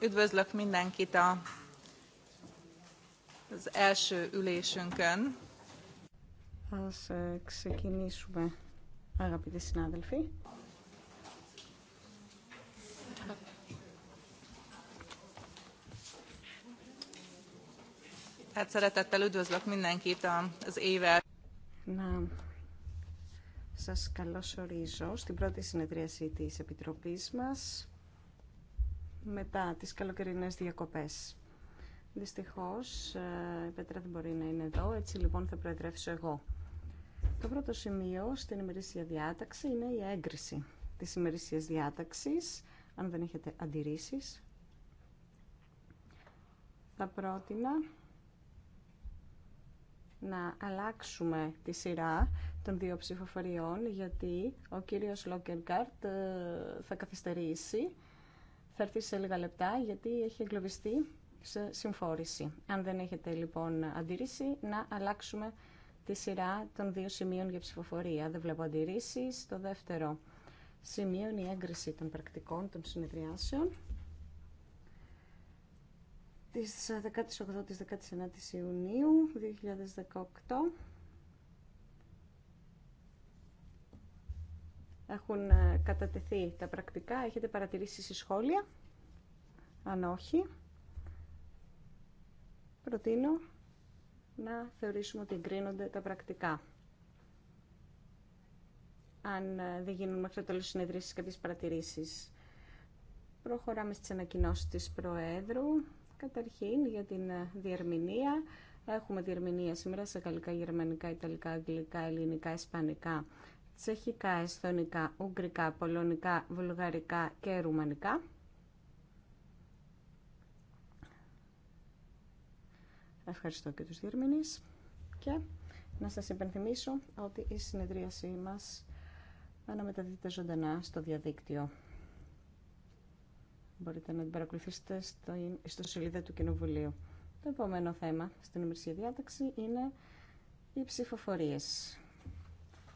Üdvözlök mindenkit a, az első ülésünkön. Az ξεκινήσουμε, αγαπητοί συνάδελφοι. Hát szeretettel üdvözlök mindenkit az évvel σας καλωσορίζω στην πρώτη συνεδρίαση της Επιτροπής μας μετά τις καλοκαιρινές διακοπές. Δυστυχώς ε, η Πέτρα δεν μπορεί να είναι εδώ, έτσι λοιπόν θα προεδρεύσω εγώ. Το πρώτο σημείο στην ημερήσια διάταξη είναι η έγκριση της ημερήσιας διάταξης, αν δεν έχετε αντιρρήσεις. Θα πρότεινα να αλλάξουμε τη σειρά των δύο ψηφοφοριών γιατί ο κύριος Λόκεργκαρτ ε, θα καθυστερήσει, θα έρθει σε λίγα λεπτά γιατί έχει εγκλωβιστεί σε συμφόρηση. Αν δεν έχετε λοιπόν αντίρρηση να αλλάξουμε τη σειρά των δύο σημείων για ψηφοφορία. Δεν βλέπω αντιρρήσει. Το δεύτερο σημείο είναι η έγκριση των πρακτικών των συνεδριάσεων της 18 η 19 η ιουνιου 2018 Έχουν ε, κατατεθεί τα πρακτικά. Έχετε παρατηρήσει σχόλια. Αν όχι, προτείνω να θεωρήσουμε ότι εγκρίνονται τα πρακτικά. Αν ε, δεν γίνουν μέχρι το τέλος συνεδρίσεις κάποιες παρατηρήσεις. Προχωράμε στις ανακοινώσεις της Προέδρου. Καταρχήν για την ε, διερμηνία. Έχουμε διερμηνία σήμερα σε γαλλικά, γερμανικά, ιταλικά, αγγλικά, ελληνικά, ισπανικά, τσεχικά, εσθονικά, ουγγρικά, πολωνικά, βουλγαρικά και ρουμανικά. Ευχαριστώ και τους διερμηνείς και να σας υπενθυμίσω ότι η συνεδρίασή μας αναμεταδίδεται ζωντανά στο διαδίκτυο. Μπορείτε να την παρακολουθήσετε στο ιστοσελίδα του Κοινοβουλίου. Το επόμενο θέμα στην ημερησία διάταξη είναι οι ψηφοφορίες.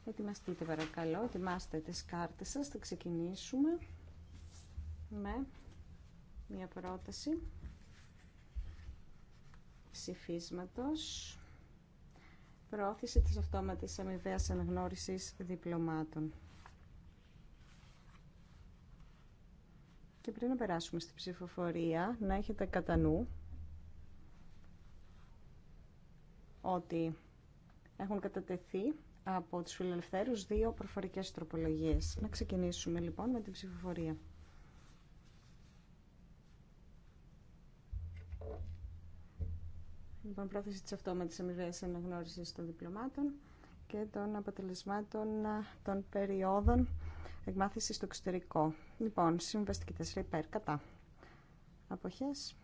Ετοιμαστείτε παρακαλώ, ετοιμάστε τις κάρτες σας, θα ξεκινήσουμε με μια πρόταση ψηφίσματος προώθηση της αυτόματης αμοιβαίας αναγνώρισης διπλωμάτων. Και πριν να περάσουμε στη ψηφοφορία, να έχετε κατά νου ότι έχουν κατατεθεί από τους φιλελευθέρους δύο προφορικές τροπολογίες. Να ξεκινήσουμε λοιπόν με την ψηφοφορία. Λοιπόν, πρόθεση της αυτόματης αμοιβαίας αναγνώρισης των διπλωμάτων και των αποτελεσμάτων των περιόδων εκμάθησης στο εξωτερικό. Λοιπόν, συμβαστική τέσσερα υπέρ, κατά. Αποχές,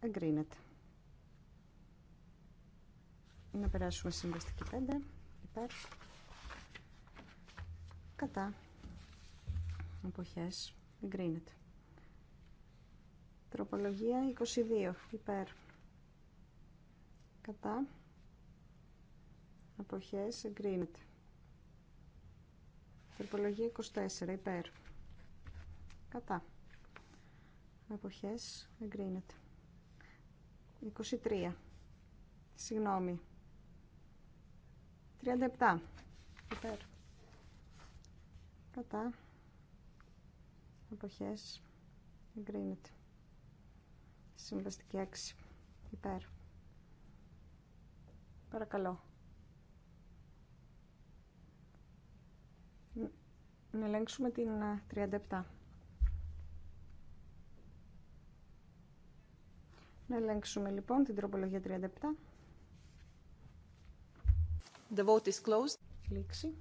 εγκρίνεται. Να περάσουμε στη συμβαστική 5. Υπέρ. Κατά. Εποχές. Εγκρίνεται. Τροπολογία 22. Υπέρ. Κατά. εποχές εγκρίνεται. Τροπολογία 24. Υπέρ. Κατά. εποχές εγκρίνεται. 23. Συγγνώμη. 37. Υπέρ. Κατά. Αποχές. Εγκρίνεται. Συμβαστική 6. Υπέρ. Παρακαλώ. Να ελέγξουμε την 37. Ε, να ελέγξουμε λοιπόν την τροπολογία 37. The vote is closed. Λήξη.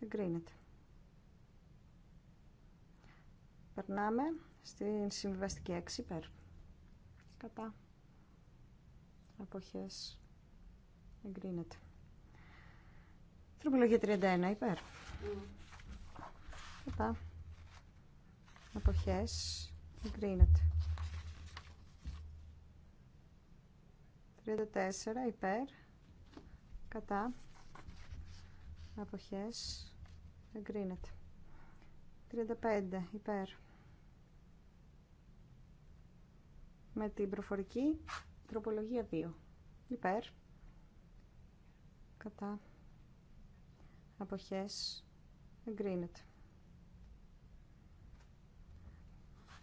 Εγκρίνεται. Περνάμε στην συμβιβαστική 6 υπέρ. Κατά. Αποχές. Εγκρίνεται. Τροπολογία 31 υπέρ. Mm. Κατά. Αποχές. Εγκρίνεται. 34 υπέρ κατά αποχές εγκρίνεται 35 υπέρ με την προφορική τροπολογία 2 υπέρ κατά αποχές εγκρίνεται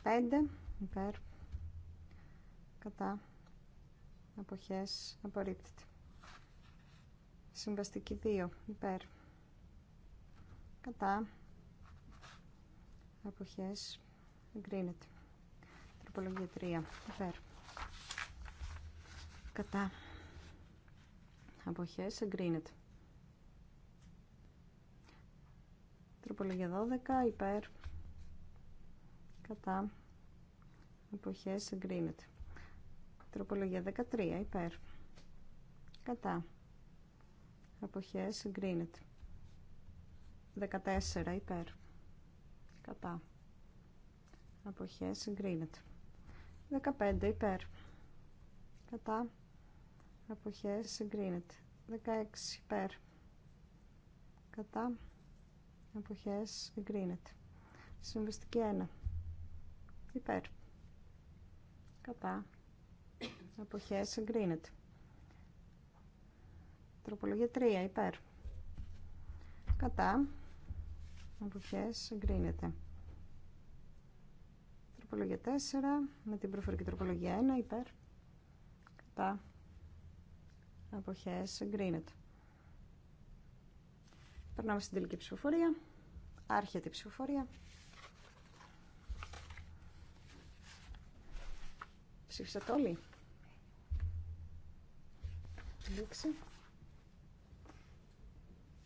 5 υπέρ κατά αποχές απορρίπτεται. Συμβαστική 2 υπέρ κατά αποχές εγκρίνεται. Τροπολογία 3 υπέρ κατά αποχές εγκρίνεται. Τροπολογία 12 υπέρ κατά αποχές εγκρίνεται. Τροπολογία 13 υπέρ. Κατά. Αποχές συγκρίνεται. 14 υπέρ. Κατά. Αποχές συγκρίνεται. 15 υπέρ. Κατά. Αποχές συγκρίνεται, 16 υπέρ. Κατά. Αποχές εγκρίνεται. Συμβαστική 1. Υπέρ. Κατά αποχές εγκρίνεται. Τροπολογία 3 υπέρ. Κατά αποχές εγκρίνεται. Τροπολογία 4 με την προφορική τροπολογία 1 υπέρ. Κατά εποχέ, συγκρίνεται. Περνάμε στην τελική ψηφοφορία. Άρχεται η ψηφοφορία. Ψήφισατε όλοι.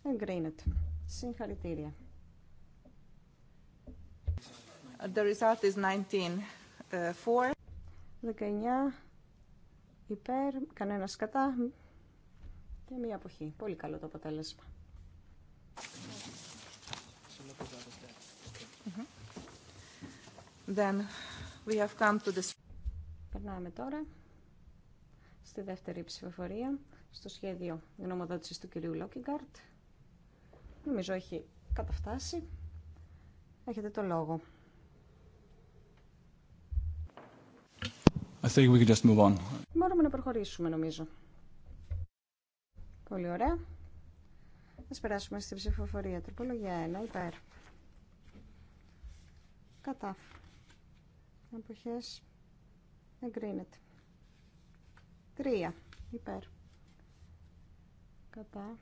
Εγκρίνεται. Συγχαρητήρια. The result is 19 Uh, 19 υπέρ, κανένα κατά και μία αποχή. Πολύ καλό το αποτέλεσμα. Mm-hmm. Then we have come to Περνάμε τώρα στη δεύτερη ψηφοφορία στο σχέδιο γνωμοδότησης του κυρίου Λόκιγκαρτ. Νομίζω έχει καταφτάσει. Έχετε το λόγο. I think we just move on. Μπορούμε να προχωρήσουμε νομίζω. Πολύ ωραία. Α περάσουμε στην ψηφοφορία. Τροπολογία 1, υπέρ. Κατά. Αποχές. εγκρίνεται. 3, υπέρ κατά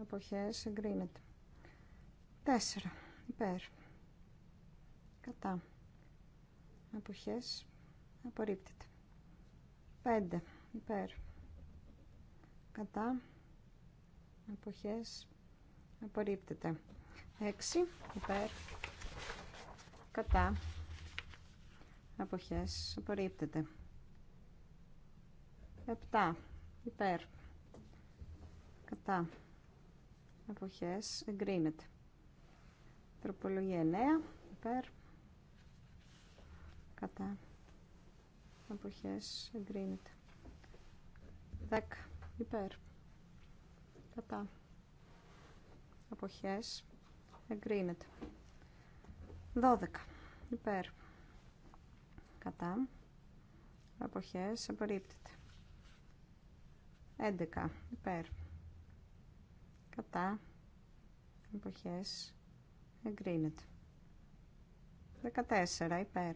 αποχές εγκρίνεται 4 υπέρ κατά αποχές απορρίπτεται 5 υπέρ κατά αποχές απορρίπτεται 6 υπέρ κατά αποχές απορρίπτεται 7 υπέρ κατά εποχές εγκρίνεται. Τροπολογία 9 υπέρ κατά εποχές εγκρίνεται. 10 υπέρ κατά εποχές εγκρίνεται. 12 υπέρ κατά εποχές απορρίπτεται. 11 υπέρ κατά εποχές εγκρίνεται 14 υπέρ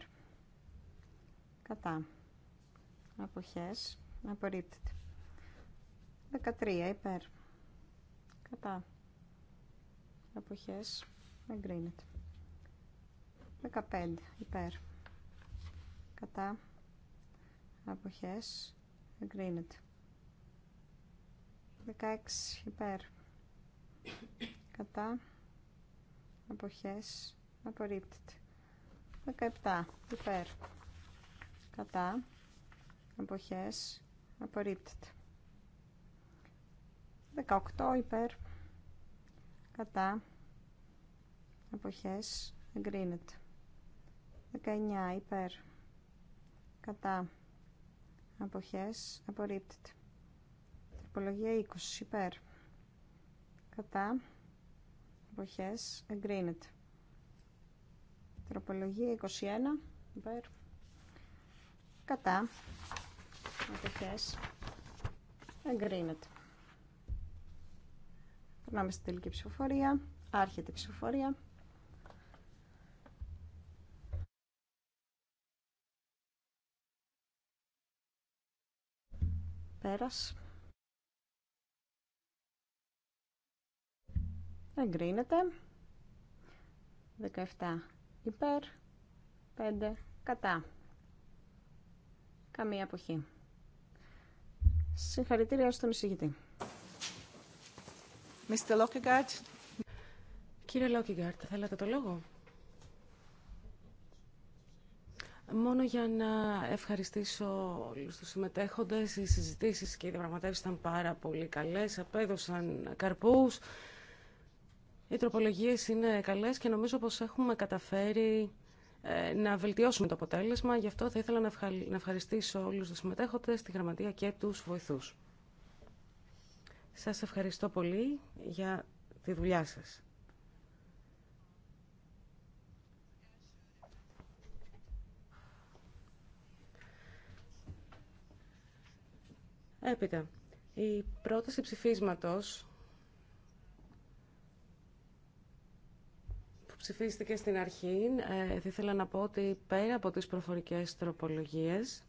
κατά εποχές απορρίπτεται 13 υπέρ κατά εποχές εγκρίνεται 15 υπέρ κατά αποχές εγκρίνεται 16 υπέρ κατά αποχές απορρίπτεται 17 υπέρ κατά αποχές απορρίπτεται 18 υπέρ κατά αποχές εγκρίνεται 19 υπέρ κατά αποχές απορρίπτεται τροπολογία 20 υπέρ κατά εποχές εγκρίνεται. Τροπολογία 21 βερ, κατά εποχές εγκρίνεται. Περνάμε στην τελική ψηφοφορία. Άρχεται η ψηφοφορία. Πέρας. Εγκρίνεται. 17 υπέρ, 5 κατά. Καμία αποχή. Συγχαρητήρια στον εισηγητή. Mr. Lockegaard. Κύριε Λόκιγκαρτ, θέλατε το λόγο. Μόνο για να ευχαριστήσω όλους τους συμμετέχοντες. Οι συζητήσεις και οι διαπραγματεύσεις ήταν πάρα πολύ καλές. Απέδωσαν καρπούς. Οι τροπολογίε είναι καλές και νομίζω πως έχουμε καταφέρει ε, να βελτιώσουμε το αποτέλεσμα. Γι' αυτό θα ήθελα να ευχαριστήσω όλους τους συμμετέχοντε τη Γραμματεία και τους βοηθούς. Σας ευχαριστώ πολύ για τη δουλειά σας. Έπειτα, η πρόταση ψηφίσματος ψηφίστηκε στην αρχή, ε, θα ήθελα να πω ότι πέρα από τις προφορικές τροπολογίες,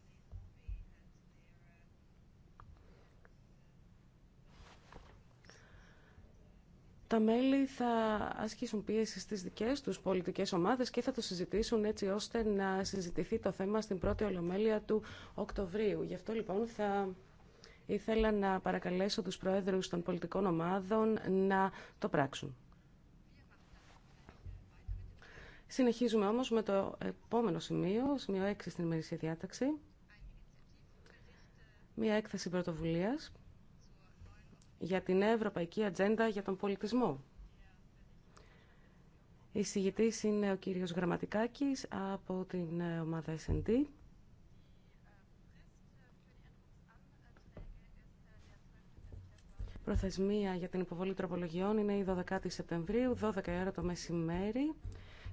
τα μέλη θα ασκήσουν πίεση στις δικές τους πολιτικές ομάδες και θα το συζητήσουν έτσι ώστε να συζητηθεί το θέμα στην πρώτη ολομέλεια του Οκτωβρίου. Γι' αυτό λοιπόν θα ήθελα να παρακαλέσω τους προέδρους των πολιτικών ομάδων να το πράξουν. Συνεχίζουμε όμως με το επόμενο σημείο, σημείο 6 στην ημερήσια διάταξη. Μία έκθεση πρωτοβουλίας για την Ευρωπαϊκή Ατζέντα για τον Πολιτισμό. Η συγητής είναι ο κύριος Γραμματικάκης από την ομάδα S&D. Προθεσμία για την υποβολή τροπολογιών είναι η 12η Σεπτεμβρίου, 12 η ώρα το μεσημέρι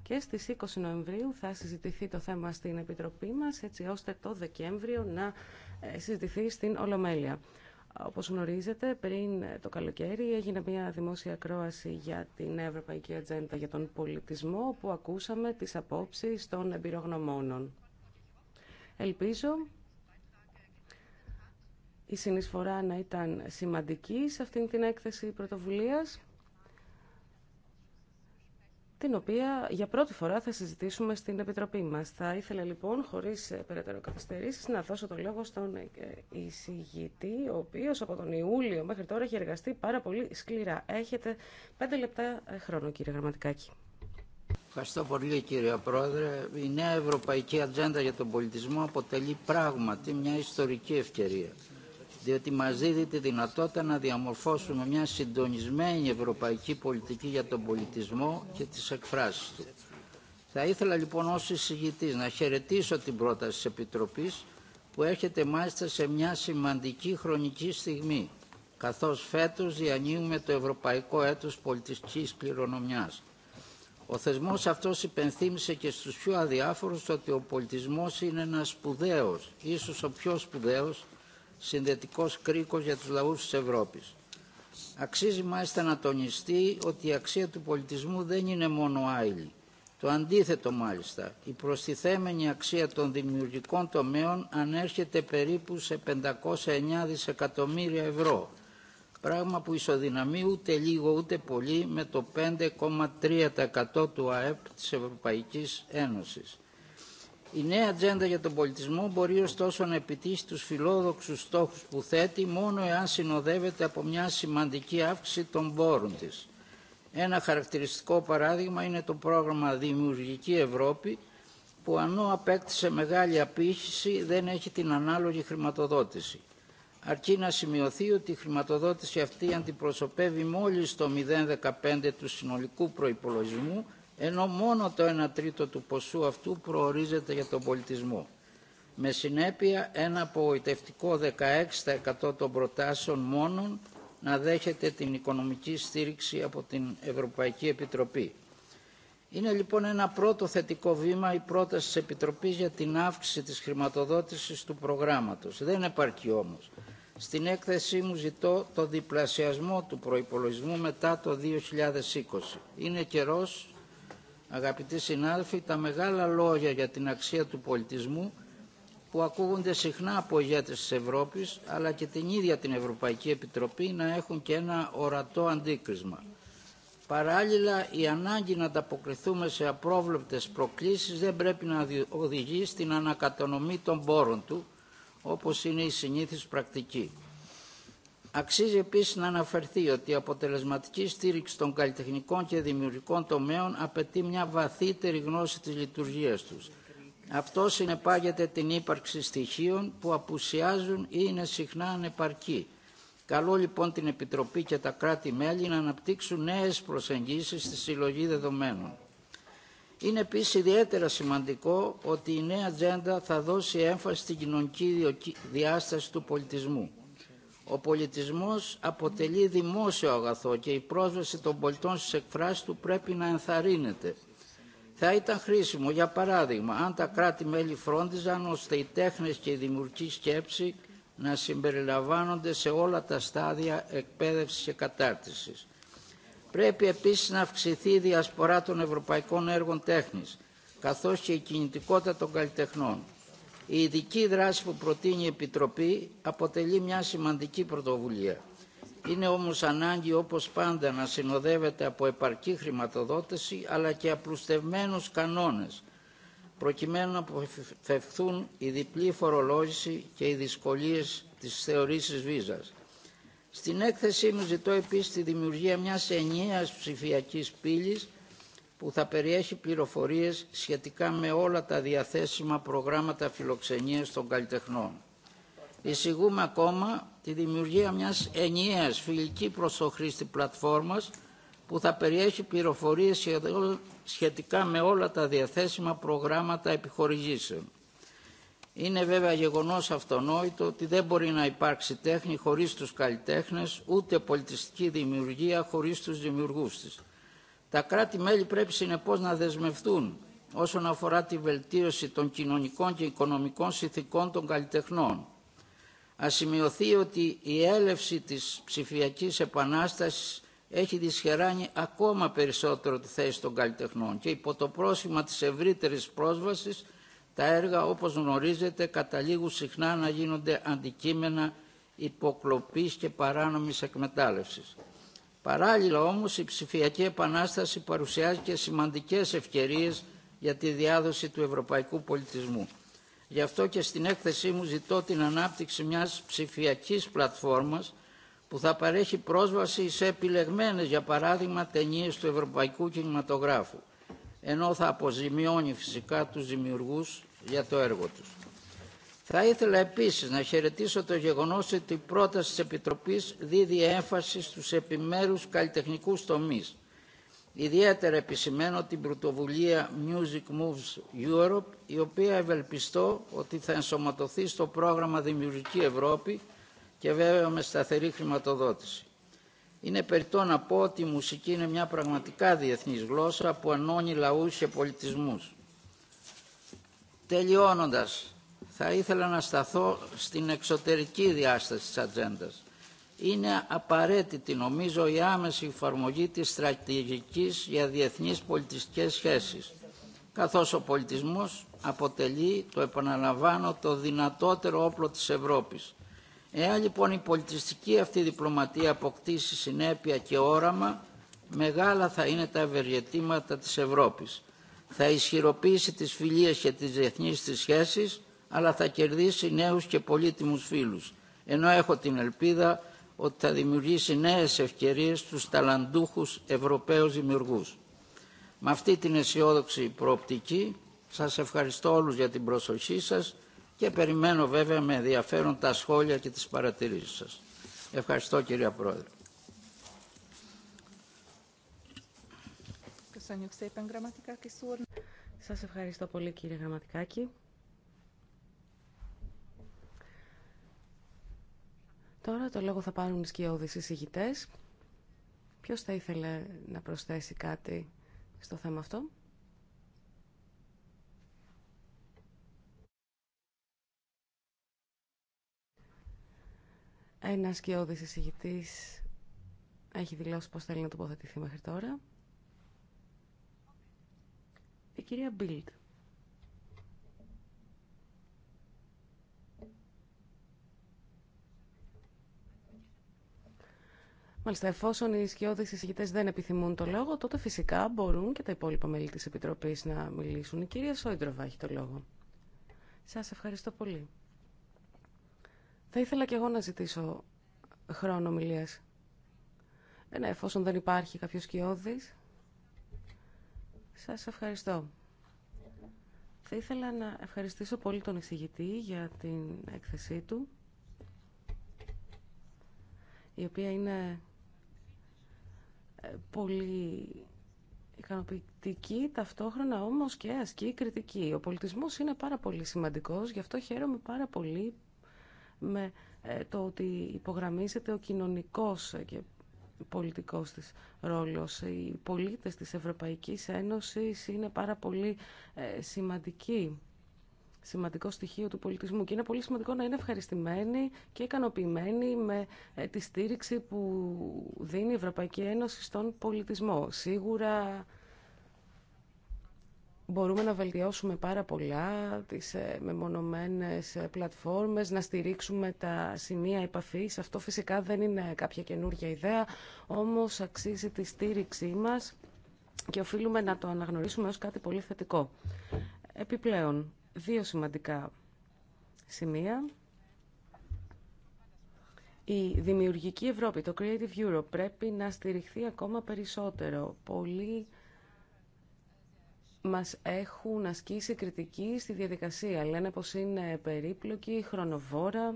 και στις 20 Νοεμβρίου θα συζητηθεί το θέμα στην Επιτροπή μας έτσι ώστε το Δεκέμβριο να ε, συζητηθεί στην Ολομέλεια. Όπως γνωρίζετε, πριν το καλοκαίρι έγινε μια δημόσια ακρόαση για την Ευρωπαϊκή Ατζέντα για τον πολιτισμό που ακούσαμε τις απόψεις των εμπειρογνωμόνων. Ελπίζω η συνεισφορά να ήταν σημαντική σε αυτήν την έκθεση πρωτοβουλίας την οποία για πρώτη φορά θα συζητήσουμε στην Επιτροπή μας. Θα ήθελα λοιπόν, χωρίς ε, περαιτέρω καθυστερήσεις, να δώσω το λόγο στον ε, ε, εισηγητή, ο οποίος από τον Ιούλιο μέχρι τώρα έχει εργαστεί πάρα πολύ σκληρά. Έχετε πέντε λεπτά χρόνο, κύριε Γραμματικάκη. Ευχαριστώ πολύ κύριε Πρόεδρε. Η νέα Ευρωπαϊκή Ατζέντα για τον πολιτισμό αποτελεί πράγματι μια ιστορική ευκαιρία διότι μας δίδει τη δυνατότητα να διαμορφώσουμε μια συντονισμένη ευρωπαϊκή πολιτική για τον πολιτισμό και τις εκφράσεις του. Θα ήθελα λοιπόν ως εισηγητής να χαιρετήσω την πρόταση της Επιτροπής που έρχεται μάλιστα σε μια σημαντική χρονική στιγμή καθώς φέτος διανύουμε το Ευρωπαϊκό Έτος Πολιτιστικής Κληρονομιάς. Ο θεσμός αυτός υπενθύμησε και στους πιο αδιάφορους ότι ο πολιτισμός είναι ένας σπουδαίος, ίσως ο πιο σπουδαίο συνδετικός κρίκος για τους λαούς της Ευρώπης. Αξίζει μάλιστα να τονιστεί ότι η αξία του πολιτισμού δεν είναι μόνο άειλη. Το αντίθετο μάλιστα, η προστιθέμενη αξία των δημιουργικών τομέων ανέρχεται περίπου σε 509 δισεκατομμύρια ευρώ, πράγμα που ισοδυναμεί ούτε λίγο ούτε πολύ με το 5,3% του ΑΕΠ της Ευρωπαϊκής Ένωσης. Η νέα ατζέντα για τον πολιτισμό μπορεί ωστόσο να επιτύχει τους φιλόδοξους στόχους που θέτει μόνο εάν συνοδεύεται από μια σημαντική αύξηση των πόρων της. Ένα χαρακτηριστικό παράδειγμα είναι το πρόγραμμα Δημιουργική Ευρώπη που ανώ απέκτησε μεγάλη απήχηση δεν έχει την ανάλογη χρηματοδότηση. Αρκεί να σημειωθεί ότι η χρηματοδότηση αυτή αντιπροσωπεύει μόλις το 0,15 του συνολικού προϋπολογισμού ενώ μόνο το 1 τρίτο του ποσού αυτού προορίζεται για τον πολιτισμό. Με συνέπεια ένα απογοητευτικό 16% των προτάσεων μόνον να δέχεται την οικονομική στήριξη από την Ευρωπαϊκή Επιτροπή. Είναι λοιπόν ένα πρώτο θετικό βήμα η πρόταση της Επιτροπής για την αύξηση της χρηματοδότησης του προγράμματος. Δεν επαρκεί όμως. Στην έκθεσή μου ζητώ το διπλασιασμό του προϋπολογισμού μετά το 2020. Είναι καιρός αγαπητοί συνάδελφοι, τα μεγάλα λόγια για την αξία του πολιτισμού που ακούγονται συχνά από ηγέτες της Ευρώπης αλλά και την ίδια την Ευρωπαϊκή Επιτροπή να έχουν και ένα ορατό αντίκρισμα. Παράλληλα, η ανάγκη να ανταποκριθούμε σε απρόβλεπτες προκλήσεις δεν πρέπει να οδηγεί στην ανακατονομή των πόρων του, όπως είναι η συνήθις πρακτική. Αξίζει επίση να αναφερθεί ότι η αποτελεσματική στήριξη των καλλιτεχνικών και δημιουργικών τομέων απαιτεί μια βαθύτερη γνώση της λειτουργία τους. Αυτό συνεπάγεται την ύπαρξη στοιχείων που απουσιάζουν ή είναι συχνά ανεπαρκή. Καλό λοιπόν την Επιτροπή και τα κράτη-μέλη να αναπτύξουν νέε προσεγγίσεις στη συλλογή δεδομένων. Είναι επίση ιδιαίτερα σημαντικό ότι η νέα ατζέντα θα δώσει έμφαση στην κοινωνική διάσταση του πολιτισμού. Ο πολιτισμός αποτελεί δημόσιο αγαθό και η πρόσβαση των πολιτών στις εκφράσεις του πρέπει να ενθαρρύνεται. Θα ήταν χρήσιμο, για παράδειγμα, αν τα κράτη-μέλη φρόντιζαν ώστε οι τέχνες και η δημιουργική σκέψη να συμπεριλαμβάνονται σε όλα τα στάδια εκπαίδευσης και κατάρτισης. Πρέπει επίσης να αυξηθεί η διασπορά των ευρωπαϊκών έργων τέχνης, καθώς και η κινητικότητα των καλλιτεχνών η ειδική δράση που προτείνει η Επιτροπή αποτελεί μια σημαντική πρωτοβουλία. Είναι όμως ανάγκη όπως πάντα να συνοδεύεται από επαρκή χρηματοδότηση αλλά και απλουστευμένους κανόνες προκειμένου να αποφευθούν η διπλή φορολόγηση και οι δυσκολίες της θεωρήσης βίζας. Στην έκθεσή μου ζητώ επίσης τη δημιουργία μιας ενιαίας ψηφιακής πύλης που θα περιέχει πληροφορίες σχετικά με όλα τα διαθέσιμα προγράμματα φιλοξενίας των καλλιτεχνών. Εισηγούμε ακόμα τη δημιουργία μιας ενιαίας φιλική προς το χρήστη πλατφόρμας που θα περιέχει πληροφορίες σχετικά με όλα τα διαθέσιμα προγράμματα επιχορηγήσεων. Είναι βέβαια γεγονός αυτονόητο ότι δεν μπορεί να υπάρξει τέχνη χωρίς τους καλλιτέχνες, ούτε πολιτιστική δημιουργία χωρίς τους δημιουργούς της. Τα κράτη-μέλη πρέπει συνεπώς να δεσμευτούν όσον αφορά τη βελτίωση των κοινωνικών και οικονομικών συνθηκών των καλλιτεχνών. Α σημειωθεί ότι η έλευση της ψηφιακής επανάστασης έχει δυσχεράνει ακόμα περισσότερο τη θέση των καλλιτεχνών και υπό το πρόσχημα της ευρύτερης πρόσβασης τα έργα όπως γνωρίζετε καταλήγουν συχνά να γίνονται αντικείμενα υποκλοπής και παράνομης εκμετάλλευσης. Παράλληλα όμως η ψηφιακή επανάσταση παρουσιάζει και σημαντικές ευκαιρίες για τη διάδοση του ευρωπαϊκού πολιτισμού. Γι' αυτό και στην έκθεσή μου ζητώ την ανάπτυξη μιας ψηφιακής πλατφόρμας που θα παρέχει πρόσβαση σε επιλεγμένες, για παράδειγμα, ταινίες του ευρωπαϊκού κινηματογράφου, ενώ θα αποζημιώνει φυσικά τους δημιουργούς για το έργο τους. Θα ήθελα επίσης να χαιρετήσω το γεγονός ότι η πρόταση της Επιτροπής δίδει έμφαση στους επιμέρους καλλιτεχνικούς τομείς. Ιδιαίτερα επισημαίνω την πρωτοβουλία Music Moves Europe, η οποία ευελπιστώ ότι θα ενσωματωθεί στο πρόγραμμα Δημιουργική Ευρώπη και βέβαια με σταθερή χρηματοδότηση. Είναι περιττό να πω ότι η μουσική είναι μια πραγματικά διεθνής γλώσσα που ανώνει λαούς και πολιτισμούς. Τελειώνοντας, θα ήθελα να σταθώ στην εξωτερική διάσταση της ατζέντα. Είναι απαραίτητη νομίζω η άμεση εφαρμογή της στρατηγικής για διεθνείς πολιτιστικές σχέσεις, καθώς ο πολιτισμός αποτελεί, το επαναλαμβάνω, το δυνατότερο όπλο της Ευρώπης. Εάν λοιπόν η πολιτιστική αυτή διπλωματία αποκτήσει συνέπεια και όραμα, μεγάλα θα είναι τα ευεργετήματα της Ευρώπης. Θα ισχυροποιήσει τις φιλίες και τις διεθνείς της σχέσεις, αλλά θα κερδίσει νέους και πολύτιμους φίλους, ενώ έχω την ελπίδα ότι θα δημιουργήσει νέες ευκαιρίες στους ταλαντούχους Ευρωπαίους δημιουργούς. Με αυτή την αισιόδοξη προοπτική σας ευχαριστώ όλους για την προσοχή σας και περιμένω βέβαια με ενδιαφέρον τα σχόλια και τις παρατηρήσεις σας. Ευχαριστώ κυρία Πρόεδρε. Σας ευχαριστώ πολύ κύριε Γραμματικάκη. Τώρα το λόγο θα πάρουν οι σκιώδεις εισηγητές. Ποιος θα ήθελε να προσθέσει κάτι στο θέμα αυτό. Ένα σκιώδης εισηγητής έχει δηλώσει πως θέλει να τοποθετηθεί μέχρι τώρα. Η κυρία Μπίλτ. Μάλιστα, εφόσον οι σκιώδει εισηγητέ δεν επιθυμούν το λόγο, τότε φυσικά μπορούν και τα υπόλοιπα μέλη τη Επιτροπή να μιλήσουν. Η κυρία Σόιντροβα έχει το λόγο. Σα ευχαριστώ πολύ. Θα ήθελα και εγώ να ζητήσω χρόνο ομιλία. Ε, ναι, εφόσον δεν υπάρχει κάποιο σκιώδη. Σα ευχαριστώ. Θα ήθελα να ευχαριστήσω πολύ τον εισηγητή για την έκθεσή του, η οποία είναι πολύ ικανοποιητική, ταυτόχρονα όμως και ασκή κριτική. Ο πολιτισμός είναι πάρα πολύ σημαντικός, γι' αυτό χαίρομαι πάρα πολύ με ε, το ότι υπογραμμίζεται ο κοινωνικός ε, και πολιτικός της ρόλος. Οι πολίτες της Ευρωπαϊκής Ένωσης είναι πάρα πολύ ε, σημαντικοί σημαντικό στοιχείο του πολιτισμού και είναι πολύ σημαντικό να είναι ευχαριστημένοι και ικανοποιημένοι με ε, τη στήριξη που δίνει η Ευρωπαϊκή Ένωση στον πολιτισμό. Σίγουρα μπορούμε να βελτιώσουμε πάρα πολλά τις ε, μεμονωμένες ε, πλατφόρμες, να στηρίξουμε τα σημεία επαφής. Αυτό φυσικά δεν είναι κάποια καινούργια ιδέα, όμως αξίζει τη στήριξή μας και οφείλουμε να το αναγνωρίσουμε ως κάτι πολύ θετικό. Επιπλέον, δύο σημαντικά σημεία. Η δημιουργική Ευρώπη, το Creative Europe, πρέπει να στηριχθεί ακόμα περισσότερο. Πολλοί μας έχουν ασκήσει κριτική στη διαδικασία. Λένε πως είναι περίπλοκη, χρονοβόρα.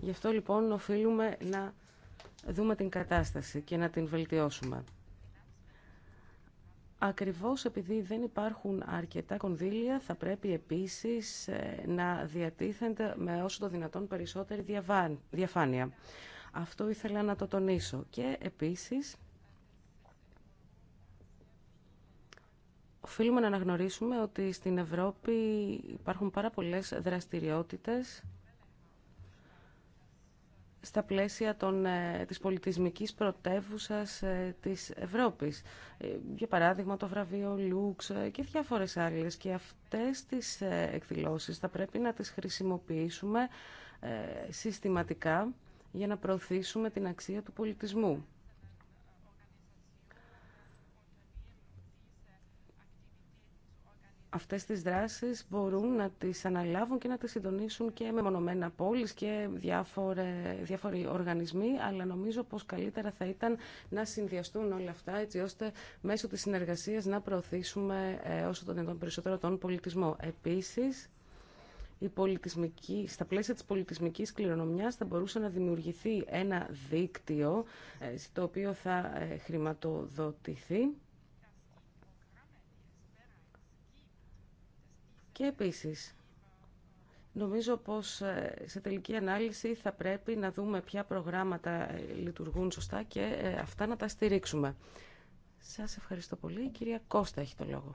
Γι' αυτό λοιπόν οφείλουμε να δούμε την κατάσταση και να την βελτιώσουμε. Ακριβώς επειδή δεν υπάρχουν αρκετά κονδύλια, θα πρέπει επίσης ε, να διατίθενται με όσο το δυνατόν περισσότερη διαφάνεια. Αυτό ήθελα να το τονίσω. Και επίσης, οφείλουμε να αναγνωρίσουμε ότι στην Ευρώπη υπάρχουν πάρα πολλές δραστηριότητες στα πλαίσια των, ε, της πολιτισμικής πρωτεύουσας ε, της Ευρώπης. Ε, για παράδειγμα το βραβείο Λούξ και διάφορες άλλες. Και αυτές τις εκδηλώσεις θα πρέπει να τις χρησιμοποιήσουμε συστηματικά για να προωθήσουμε την αξία του πολιτισμού. αυτές τις δράσεις μπορούν να τις αναλάβουν και να τις συντονίσουν και μεμονωμένα πόλεις και διάφορε, διάφοροι οργανισμοί, αλλά νομίζω πως καλύτερα θα ήταν να συνδυαστούν όλα αυτά έτσι ώστε μέσω της συνεργασίας να προωθήσουμε ε, όσο το δυνατόν περισσότερο τον πολιτισμό. Επίσης, η πολιτισμική, στα πλαίσια της πολιτισμικής κληρονομιάς θα μπορούσε να δημιουργηθεί ένα δίκτυο ε, το οποίο θα ε, χρηματοδοτηθεί Και επίσης, νομίζω πως ε, σε τελική ανάλυση θα πρέπει να δούμε ποια προγράμματα ε, λειτουργούν σωστά και ε, αυτά να τα στηρίξουμε. Σας ευχαριστώ πολύ. Η κυρία Κώστα έχει το λόγο.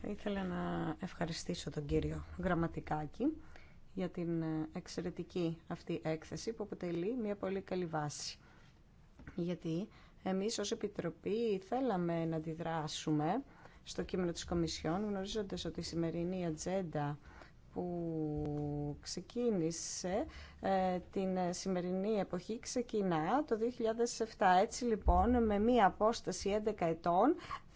Θα ήθελα να ευχαριστήσω τον κύριο Γραμματικάκη για την εξαιρετική αυτή έκθεση που αποτελεί μια πολύ καλή βάση. Γιατί εμείς ως Επιτροπή θέλαμε να αντιδράσουμε στο κείμενο της Κομισιόν, γνωρίζοντας ότι η σημερινή ατζέντα που ξεκίνησε ε, την σημερινή εποχή ξεκινά το 2007. Έτσι λοιπόν με μία απόσταση 11 ετών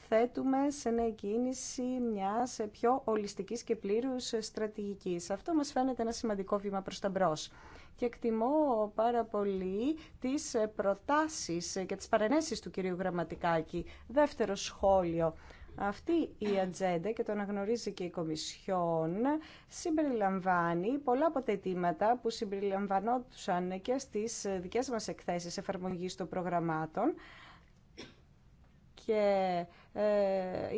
θέτουμε σε νέα κίνηση μιας πιο ολιστικής και πλήρους στρατηγικής. Αυτό μας φαίνεται ένα σημαντικό βήμα προς τα μπρος. Και εκτιμώ πάρα πολύ τις προτάσεις και τις παρενέσεις του κυρίου Γραμματικάκη. Δεύτερο σχόλιο αυτή η ατζέντα και το αναγνωρίζει και η Κομισιόν συμπεριλαμβάνει πολλά από τα αιτήματα που συμπεριλαμβανόντουσαν και στις δικές μας εκθέσεις εφαρμογής των προγραμμάτων και ε,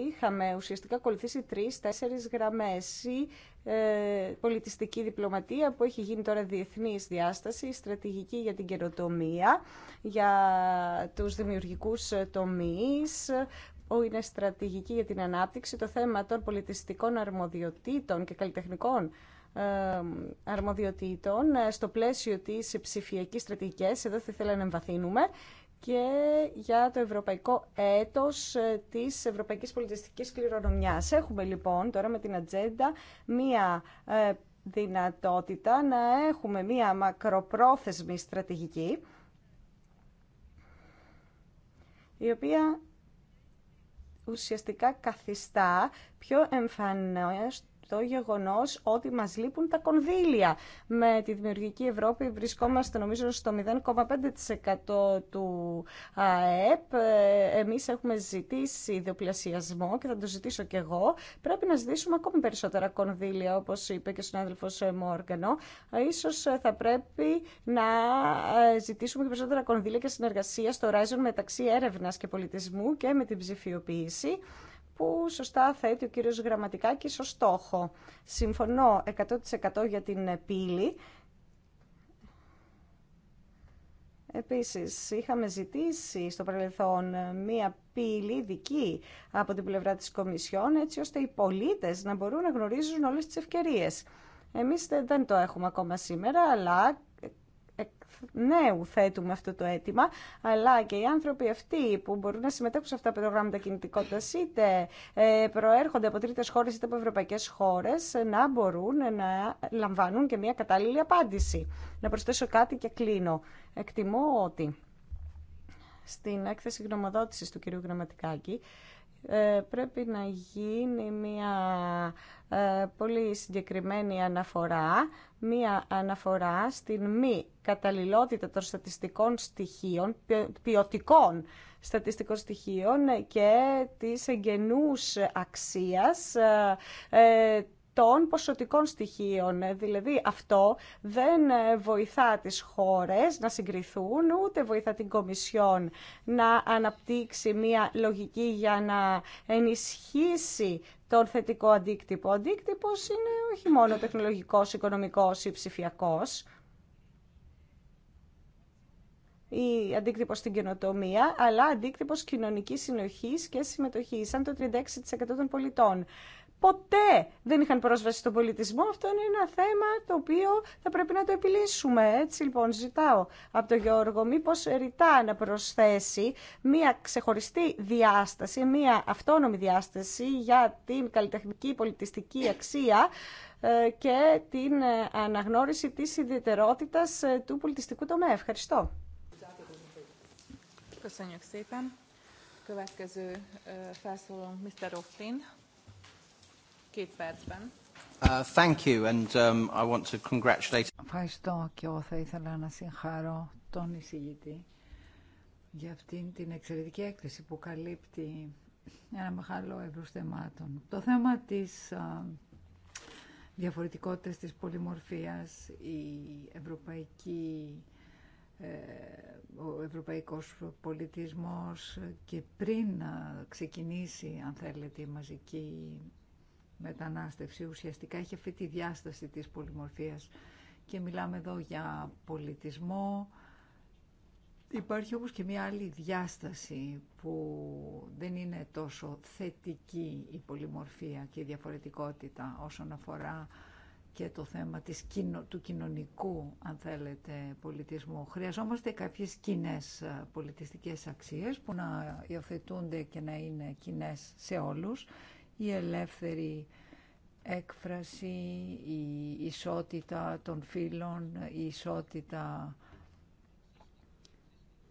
είχαμε ουσιαστικά ακολουθήσει τρεις-τέσσερις γραμμές. Η ε, πολιτιστική διπλωματία που έχει γίνει τώρα διεθνής διάσταση, η στρατηγική για την καιροτομία, για τους δημιουργικούς τομείς είναι στρατηγική για την ανάπτυξη το θέμα των πολιτιστικών αρμοδιοτήτων και καλλιτεχνικών ε, αρμοδιοτήτων ε, στο πλαίσιο της ψηφιακής στρατηγικής. Εδώ θα ήθελα να εμβαθύνουμε και για το ευρωπαϊκό έτος ε, της ευρωπαϊκής πολιτιστικής κληρονομιάς. Έχουμε λοιπόν τώρα με την ατζέντα μία δυνατότητα να έχουμε μία μακροπρόθεσμη στρατηγική η οποία ουσιαστικά καθιστά πιο εμφανές το γεγονό ότι μας λείπουν τα κονδύλια. Με τη Δημιουργική Ευρώπη βρισκόμαστε νομίζω στο 0,5% του ΑΕΠ. Εμείς έχουμε ζητήσει διοπλασιασμό και θα το ζητήσω και εγώ. Πρέπει να ζητήσουμε ακόμη περισσότερα κονδύλια, όπως είπε και ο συνάδελφο Μόργανο. Ίσως θα πρέπει να ζητήσουμε και περισσότερα κονδύλια και συνεργασία στο Horizon μεταξύ έρευνα και πολιτισμού και με την ψηφιοποίηση που σωστά θέτει ο κύριος Γραμματικάκη ως στόχο. Συμφωνώ 100% για την πύλη. Επίσης, είχαμε ζητήσει στο παρελθόν μία πύλη δική από την πλευρά της Κομισιόν, έτσι ώστε οι πολίτες να μπορούν να γνωρίζουν όλες τις ευκαιρίες. Εμείς δεν το έχουμε ακόμα σήμερα, αλλά νέου θέτουμε αυτό το αίτημα, αλλά και οι άνθρωποι αυτοί που μπορούν να συμμετέχουν σε αυτά τα προγράμματα κινητικότητα, είτε ε, προέρχονται από τρίτε χώρε είτε από ευρωπαϊκέ χώρε, να μπορούν να λαμβάνουν και μια κατάλληλη απάντηση. Να προσθέσω κάτι και κλείνω. Εκτιμώ ότι στην έκθεση γνωμοδότηση του κυρίου Γραμματικάκη ε, πρέπει να γίνει μια ε, πολύ συγκεκριμένη αναφορά, μια αναφορά στην μη καταλληλότητα των στατιστικών στοιχείων, ποιοτικών στατιστικών στοιχείων και της εγγενούς αξίας ε, των ποσοτικών στοιχείων. Ε, δηλαδή αυτό δεν ε, βοηθά τις χώρες να συγκριθούν, ούτε βοηθά την Κομισιόν να αναπτύξει μια λογική για να ενισχύσει τον θετικό αντίκτυπο. Ο αντίκτυπος είναι όχι μόνο τεχνολογικός, οικονομικός ή ψηφιακός. Η αντίκτυπος στην καινοτομία, αλλά αντίκτυπος κοινωνικής συνοχή και συμμετοχή σαν το 36% των πολιτών ποτέ δεν είχαν πρόσβαση στον πολιτισμό. Αυτό είναι ένα θέμα το οποίο θα πρέπει να το επιλύσουμε. Έτσι λοιπόν ζητάω από τον Γιώργο μήπως ρητά να προσθέσει μια ξεχωριστή διάσταση, μια αυτόνομη διάσταση για την καλλιτεχνική πολιτιστική αξία ε, και την ε, αναγνώριση της ιδιαιτερότητας ε, του πολιτιστικού τομέα. Ευχαριστώ. Ευχαριστώ, Uh, um, Ευχαριστώ και εγώ θα ήθελα να συγχαρώ τον εισηγητή για αυτήν την εξαιρετική έκθεση που καλύπτει ένα μεγάλο εύρος θεμάτων. Το θέμα της διαφορετικότητας της πολυμορφίας, η ευρωπαϊκή, ε, ο ευρωπαϊκός πολιτισμός και πριν ξεκινήσει, αν θέλετε, η μαζική μετανάστευση ουσιαστικά έχει αυτή τη διάσταση της πολυμορφίας και μιλάμε εδώ για πολιτισμό. Υπάρχει όμως και μια άλλη διάσταση που δεν είναι τόσο θετική η πολυμορφία και η διαφορετικότητα όσον αφορά και το θέμα της, του κοινωνικού, αν θέλετε, πολιτισμού. Χρειαζόμαστε κάποιες κοινέ ε, πολιτιστικές αξίες που να υιοθετούνται και να είναι κοινέ σε όλους η ελεύθερη έκφραση, η ισότητα των φύλων, η ισότητα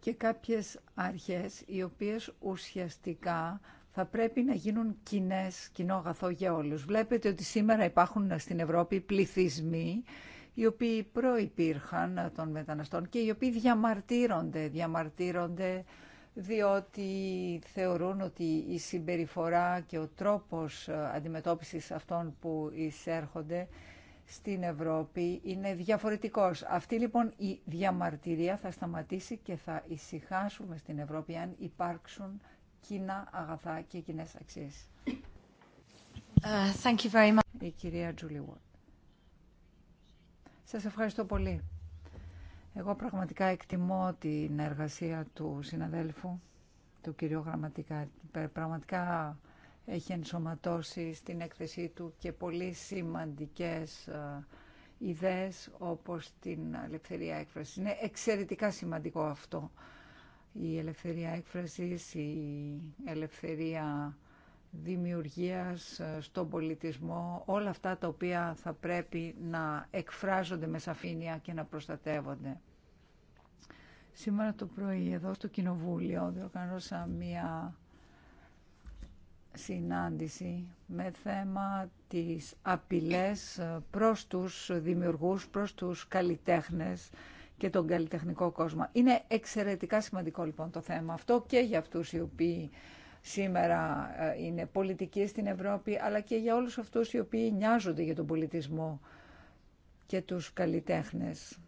και κάποιες αρχές οι οποίες ουσιαστικά θα πρέπει να γίνουν κοινέ κοινό αγαθό για όλους. Βλέπετε ότι σήμερα υπάρχουν στην Ευρώπη πληθυσμοί οι οποίοι προϋπήρχαν των μεταναστών και οι οποίοι διαμαρτύρονται, διαμαρτύρονται διότι θεωρούν ότι η συμπεριφορά και ο τρόπος ε, αντιμετώπισης αυτών που εισέρχονται στην Ευρώπη είναι διαφορετικός. Αυτή λοιπόν η διαμαρτυρία θα σταματήσει και θα ησυχάσουμε στην Ευρώπη αν υπάρξουν κοινά αγαθά και κοινέ αξίες. Uh, thank Η κυρία Σας ευχαριστώ πολύ. Εγώ πραγματικά εκτιμώ την εργασία του συναδέλφου, του κυρίου Γραμματικά. Ε, πραγματικά έχει ενσωματώσει στην έκθεσή του και πολύ σημαντικές ε, ιδέες όπως την ελευθερία έκφρασης. Είναι εξαιρετικά σημαντικό αυτό. Η ελευθερία έκφρασης, η ελευθερία δημιουργίας ε, στον πολιτισμό, όλα αυτά τα οποία θα πρέπει να εκφράζονται με σαφήνεια και να προστατεύονται. Σήμερα το πρωί εδώ στο Κοινοβούλιο διοργανώσα μία συνάντηση με θέμα τις απειλές ε, προς τους δημιουργούς, προς τους καλλιτέχνες και τον καλλιτεχνικό κόσμο. Είναι εξαιρετικά σημαντικό λοιπόν το θέμα αυτό και για αυτούς οι οποίοι σήμερα ε, είναι πολιτική στην Ευρώπη, αλλά και για όλους αυτούς οι οποίοι νοιάζονται για τον πολιτισμό και τους καλλιτέχνες.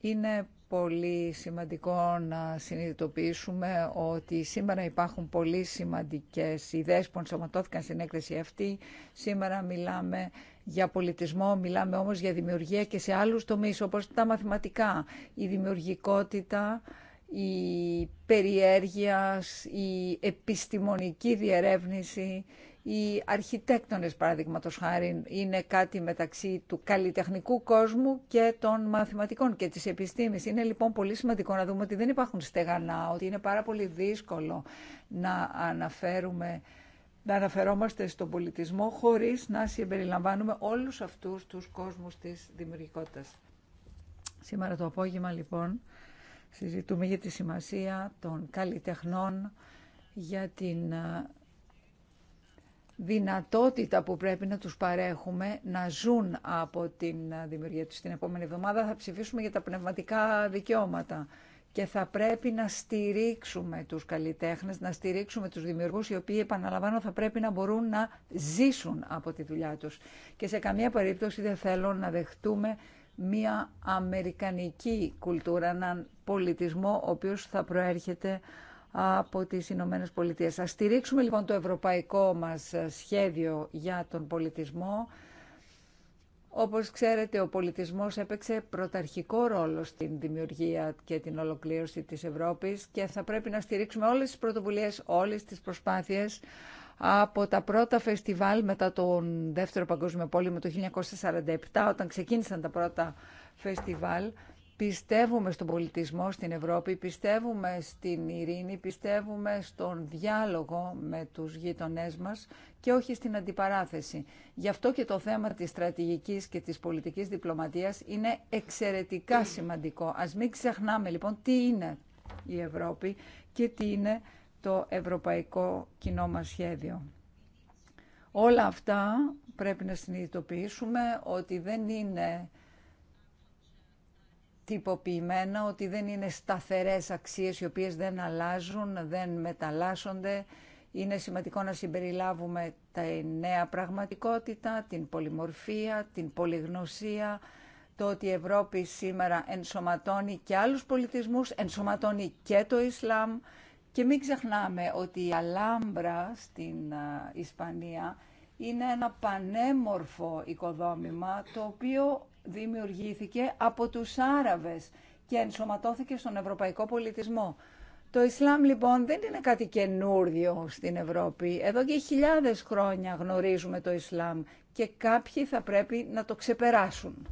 Είναι πολύ σημαντικό να συνειδητοποιήσουμε ότι σήμερα υπάρχουν πολύ σημαντικές ιδέες που ενσωματώθηκαν στην έκθεση αυτή. Σήμερα μιλάμε για πολιτισμό, μιλάμε όμως για δημιουργία και σε άλλους τομείς όπως τα μαθηματικά, η δημιουργικότητα, η περιέργεια, η επιστημονική διερεύνηση, οι αρχιτέκτονες παραδείγματο χάρη είναι κάτι μεταξύ του καλλιτεχνικού κόσμου και των μαθηματικών και της επιστήμης. Είναι λοιπόν πολύ σημαντικό να δούμε ότι δεν υπάρχουν στεγανά, ότι είναι πάρα πολύ δύσκολο να αναφέρουμε να αναφερόμαστε στον πολιτισμό χωρίς να συμπεριλαμβάνουμε όλους αυτούς τους κόσμους της δημιουργικότητας. Σήμερα το απόγευμα λοιπόν Συζητούμε για τη σημασία των καλλιτεχνών, για την ε, δυνατότητα που πρέπει να τους παρέχουμε να ζουν από την ε, δημιουργία τους. Την επόμενη εβδομάδα θα ψηφίσουμε για τα πνευματικά δικαιώματα και θα πρέπει να στηρίξουμε τους καλλιτέχνες, να στηρίξουμε τους δημιουργούς οι οποίοι επαναλαμβάνω θα πρέπει να μπορούν να ζήσουν από τη δουλειά τους. Και σε καμία περίπτωση δεν θέλω να δεχτούμε μία αμερικανική κουλτούρα, έναν πολιτισμό ο οποίος θα προέρχεται από τις Ηνωμένε Πολιτείες. Ας στηρίξουμε λοιπόν το ευρωπαϊκό μας σχέδιο για τον πολιτισμό. Όπως ξέρετε, ο πολιτισμός έπαιξε πρωταρχικό ρόλο στην δημιουργία και την ολοκλήρωση της Ευρώπης και θα πρέπει να στηρίξουμε όλες τις πρωτοβουλίες, όλες τις προσπάθειες από τα πρώτα φεστιβάλ μετά τον Δεύτερο Παγκόσμιο Πόλεμο το 1947, όταν ξεκίνησαν τα πρώτα φεστιβάλ. Πιστεύουμε στον πολιτισμό στην Ευρώπη, πιστεύουμε στην ειρήνη, πιστεύουμε στον διάλογο με τους γειτονές μας και όχι στην αντιπαράθεση. Γι' αυτό και το θέμα της στρατηγικής και της πολιτικής διπλωματίας είναι εξαιρετικά σημαντικό. Ας μην ξεχνάμε λοιπόν τι είναι η Ευρώπη και τι είναι το ευρωπαϊκό κοινό μας σχέδιο. Όλα αυτά πρέπει να συνειδητοποιήσουμε ότι δεν είναι τυποποιημένα, ότι δεν είναι σταθερές αξίες οι οποίες δεν αλλάζουν, δεν μεταλλάσσονται. Είναι σημαντικό να συμπεριλάβουμε τα νέα πραγματικότητα, την πολυμορφία, την πολυγνωσία, το ότι η Ευρώπη σήμερα ενσωματώνει και άλλους πολιτισμούς, ενσωματώνει και το Ισλάμ, και μην ξεχνάμε ότι η Αλάμπρα στην Ισπανία είναι ένα πανέμορφο οικοδόμημα το οποίο δημιουργήθηκε από τους Άραβες και ενσωματώθηκε στον ευρωπαϊκό πολιτισμό. Το Ισλάμ λοιπόν δεν είναι κάτι καινούριο στην Ευρώπη. Εδώ και χιλιάδες χρόνια γνωρίζουμε το Ισλάμ και κάποιοι θα πρέπει να το ξεπεράσουν.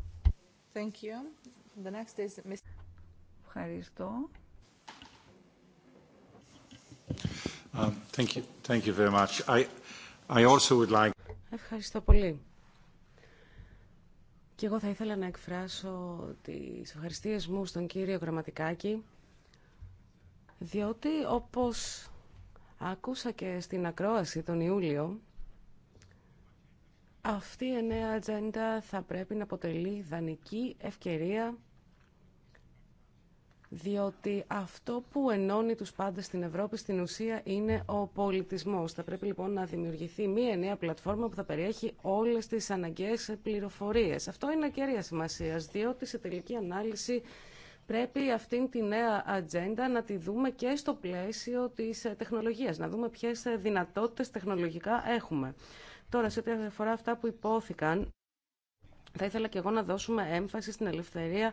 Thank you. The next is... Ευχαριστώ. Ευχαριστώ πολύ. Και εγώ θα ήθελα να εκφράσω τις ευχαριστίες μου στον κύριο Γραμματικάκη, διότι όπως άκουσα και στην ακρόαση τον Ιούλιο, αυτή η νέα ατζέντα θα πρέπει να αποτελεί δανεική ευκαιρία διότι αυτό που ενώνει τους πάντες στην Ευρώπη στην ουσία είναι ο πολιτισμός. Θα πρέπει λοιπόν να δημιουργηθεί μία νέα πλατφόρμα που θα περιέχει όλες τις αναγκαίες πληροφορίες. Αυτό είναι κέρια σημασία, διότι σε τελική ανάλυση πρέπει αυτήν τη νέα ατζέντα να τη δούμε και στο πλαίσιο της τεχνολογίας, να δούμε ποιες δυνατότητες τεχνολογικά έχουμε. Τώρα, σε ό,τι αφορά αυτά που υπόθηκαν, θα ήθελα και εγώ να δώσουμε έμφαση στην ελευθερία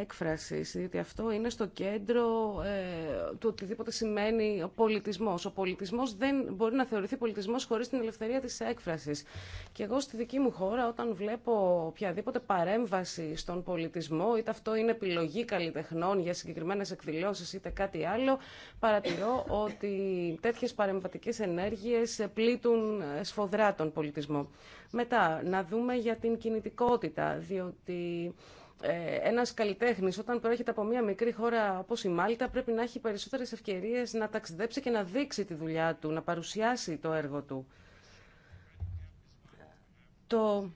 έκφρασης, γιατί αυτό είναι στο κέντρο ε, του οτιδήποτε σημαίνει ο πολιτισμός. Ο πολιτισμός δεν μπορεί να θεωρηθεί πολιτισμός χωρίς την ελευθερία της έκφρασης. Και εγώ στη δική μου χώρα όταν βλέπω οποιαδήποτε παρέμβαση στον πολιτισμό, είτε αυτό είναι επιλογή καλλιτεχνών για συγκεκριμένες εκδηλώσεις είτε κάτι άλλο, παρατηρώ ότι τέτοιες παρεμβατικές ενέργειες πλήττουν σφοδρά τον πολιτισμό. Μετά, να δούμε για την κινητικότητα, διότι ε, ένας καλλιτέχνης όταν προέρχεται από μια μικρή χώρα όπως η Μάλτα πρέπει να έχει περισσότερες ευκαιρίες να ταξιδέψει και να δείξει τη δουλειά του, να παρουσιάσει το έργο του. Το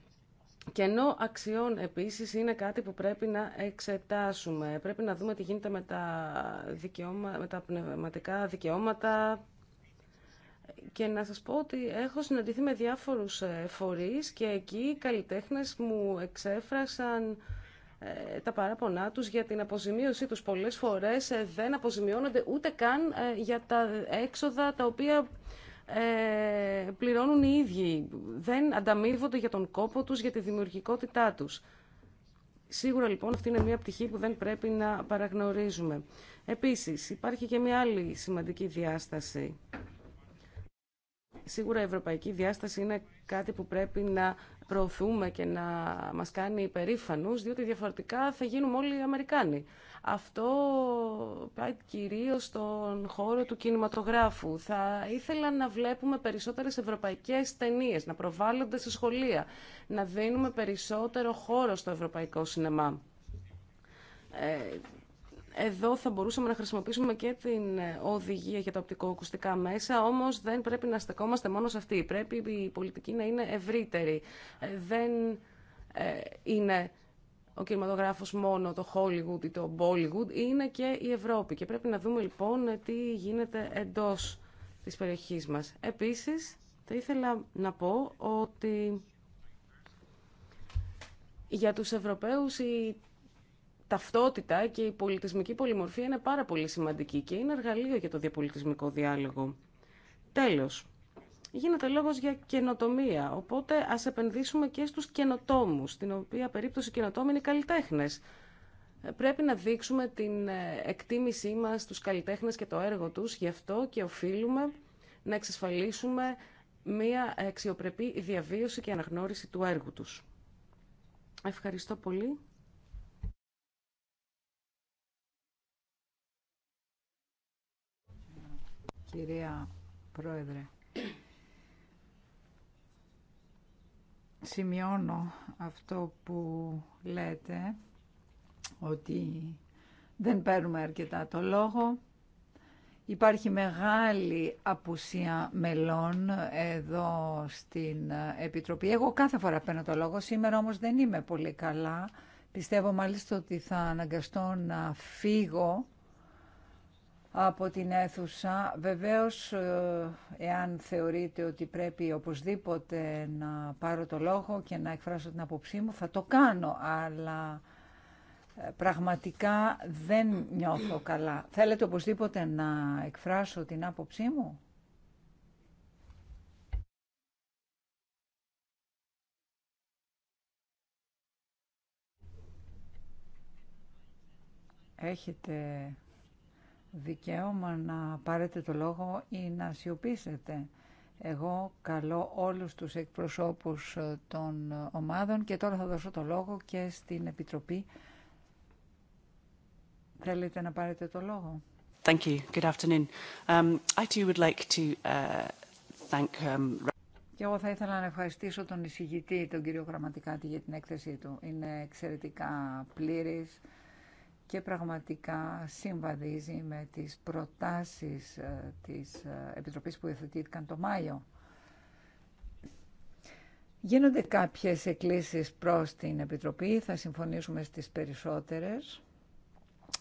κενό αξιών επίσης είναι κάτι που πρέπει να εξετάσουμε. Πρέπει να δούμε τι γίνεται με τα, δικαιώμα, με τα πνευματικά δικαιώματα, και να σας πω ότι έχω συναντηθεί με διάφορους ε, φορείς και εκεί οι καλλιτέχνες μου εξέφρασαν ε, τα παράπονά τους για την αποζημίωσή τους. Πολλές φορές ε, δεν αποζημιώνονται ούτε καν για τα έξοδα τα οποία πληρώνουν οι ίδιοι. Δεν ανταμείβονται για τον κόπο τους, για τη δημιουργικότητά τους. Σίγουρα λοιπόν αυτή είναι μια πτυχή που δεν πρέπει να παραγνωρίζουμε. Επίσης υπάρχει και μια άλλη σημαντική διάσταση Σίγουρα η ευρωπαϊκή διάσταση είναι κάτι που πρέπει να προωθούμε και να μας κάνει υπερήφανους, διότι διαφορετικά θα γίνουμε όλοι οι Αμερικάνοι. Αυτό πάει κυρίως στον χώρο του κινηματογράφου. Θα ήθελα να βλέπουμε περισσότερες ευρωπαϊκές ταινίες, να προβάλλονται σε σχολεία, να δίνουμε περισσότερο χώρο στο ευρωπαϊκό σινεμά. Ε, εδώ θα μπορούσαμε να χρησιμοποιήσουμε και την ε, οδηγία για τα οπτικοακουστικά μέσα, όμως δεν πρέπει να στεκόμαστε μόνο σε αυτή. Πρέπει η πολιτική να είναι ευρύτερη. Ε, δεν ε, είναι ο κινηματογράφος μόνο το Hollywood ή το Bollywood, είναι και η Ευρώπη. Και πρέπει να δούμε λοιπόν τι γίνεται εντός της περιοχής μας. Επίσης, θα ήθελα να πω ότι για τους Ευρωπαίους ταυτότητα και η πολιτισμική πολυμορφία είναι πάρα πολύ σημαντική και είναι εργαλείο για το διαπολιτισμικό διάλογο. Τέλος, γίνεται λόγος για καινοτομία, οπότε ας επενδύσουμε και στους καινοτόμους, στην οποία περίπτωση καινοτόμοι είναι καλλιτέχνες. Πρέπει να δείξουμε την ε, εκτίμησή μας στους καλλιτέχνες και το έργο τους, γι' αυτό και οφείλουμε να εξασφαλίσουμε μία αξιοπρεπή διαβίωση και αναγνώριση του έργου τους. Ευχαριστώ πολύ. Κυρία Πρόεδρε, σημειώνω αυτό που λέτε ότι δεν παίρνουμε αρκετά το λόγο. Υπάρχει μεγάλη απουσία μελών εδώ στην Επιτροπή. Εγώ κάθε φορά παίρνω το λόγο, σήμερα όμως δεν είμαι πολύ καλά. Πιστεύω μάλιστα ότι θα αναγκαστώ να φύγω από την αίθουσα. Βεβαίως, ε, εάν θεωρείτε ότι πρέπει οπωσδήποτε να πάρω το λόγο και να εκφράσω την απόψή μου, θα το κάνω, αλλά ε, πραγματικά δεν νιώθω καλά. Θέλετε οπωσδήποτε να εκφράσω την άποψή μου. Έχετε δικαίωμα να πάρετε το λόγο ή να σιωπήσετε. Εγώ καλώ όλους τους εκπροσώπους ε, των ομάδων και τώρα θα δώσω το λόγο και στην Επιτροπή. Θέλετε να πάρετε το λόγο. Thank you. Good afternoon. Um, I too would like to uh, thank. Um, και εγώ θα ήθελα να ευχαριστήσω τον εισηγητή, τον κύριο Γραμματικάτη, για την έκθεσή του. Είναι εξαιρετικά πλήρης και πραγματικά συμβαδίζει με τις προτάσεις ε, της ε, Επιτροπής που υιοθετήθηκαν το Μάιο. Γίνονται κάποιες εκκλήσεις προς την Επιτροπή, θα συμφωνήσουμε στις περισσότερες.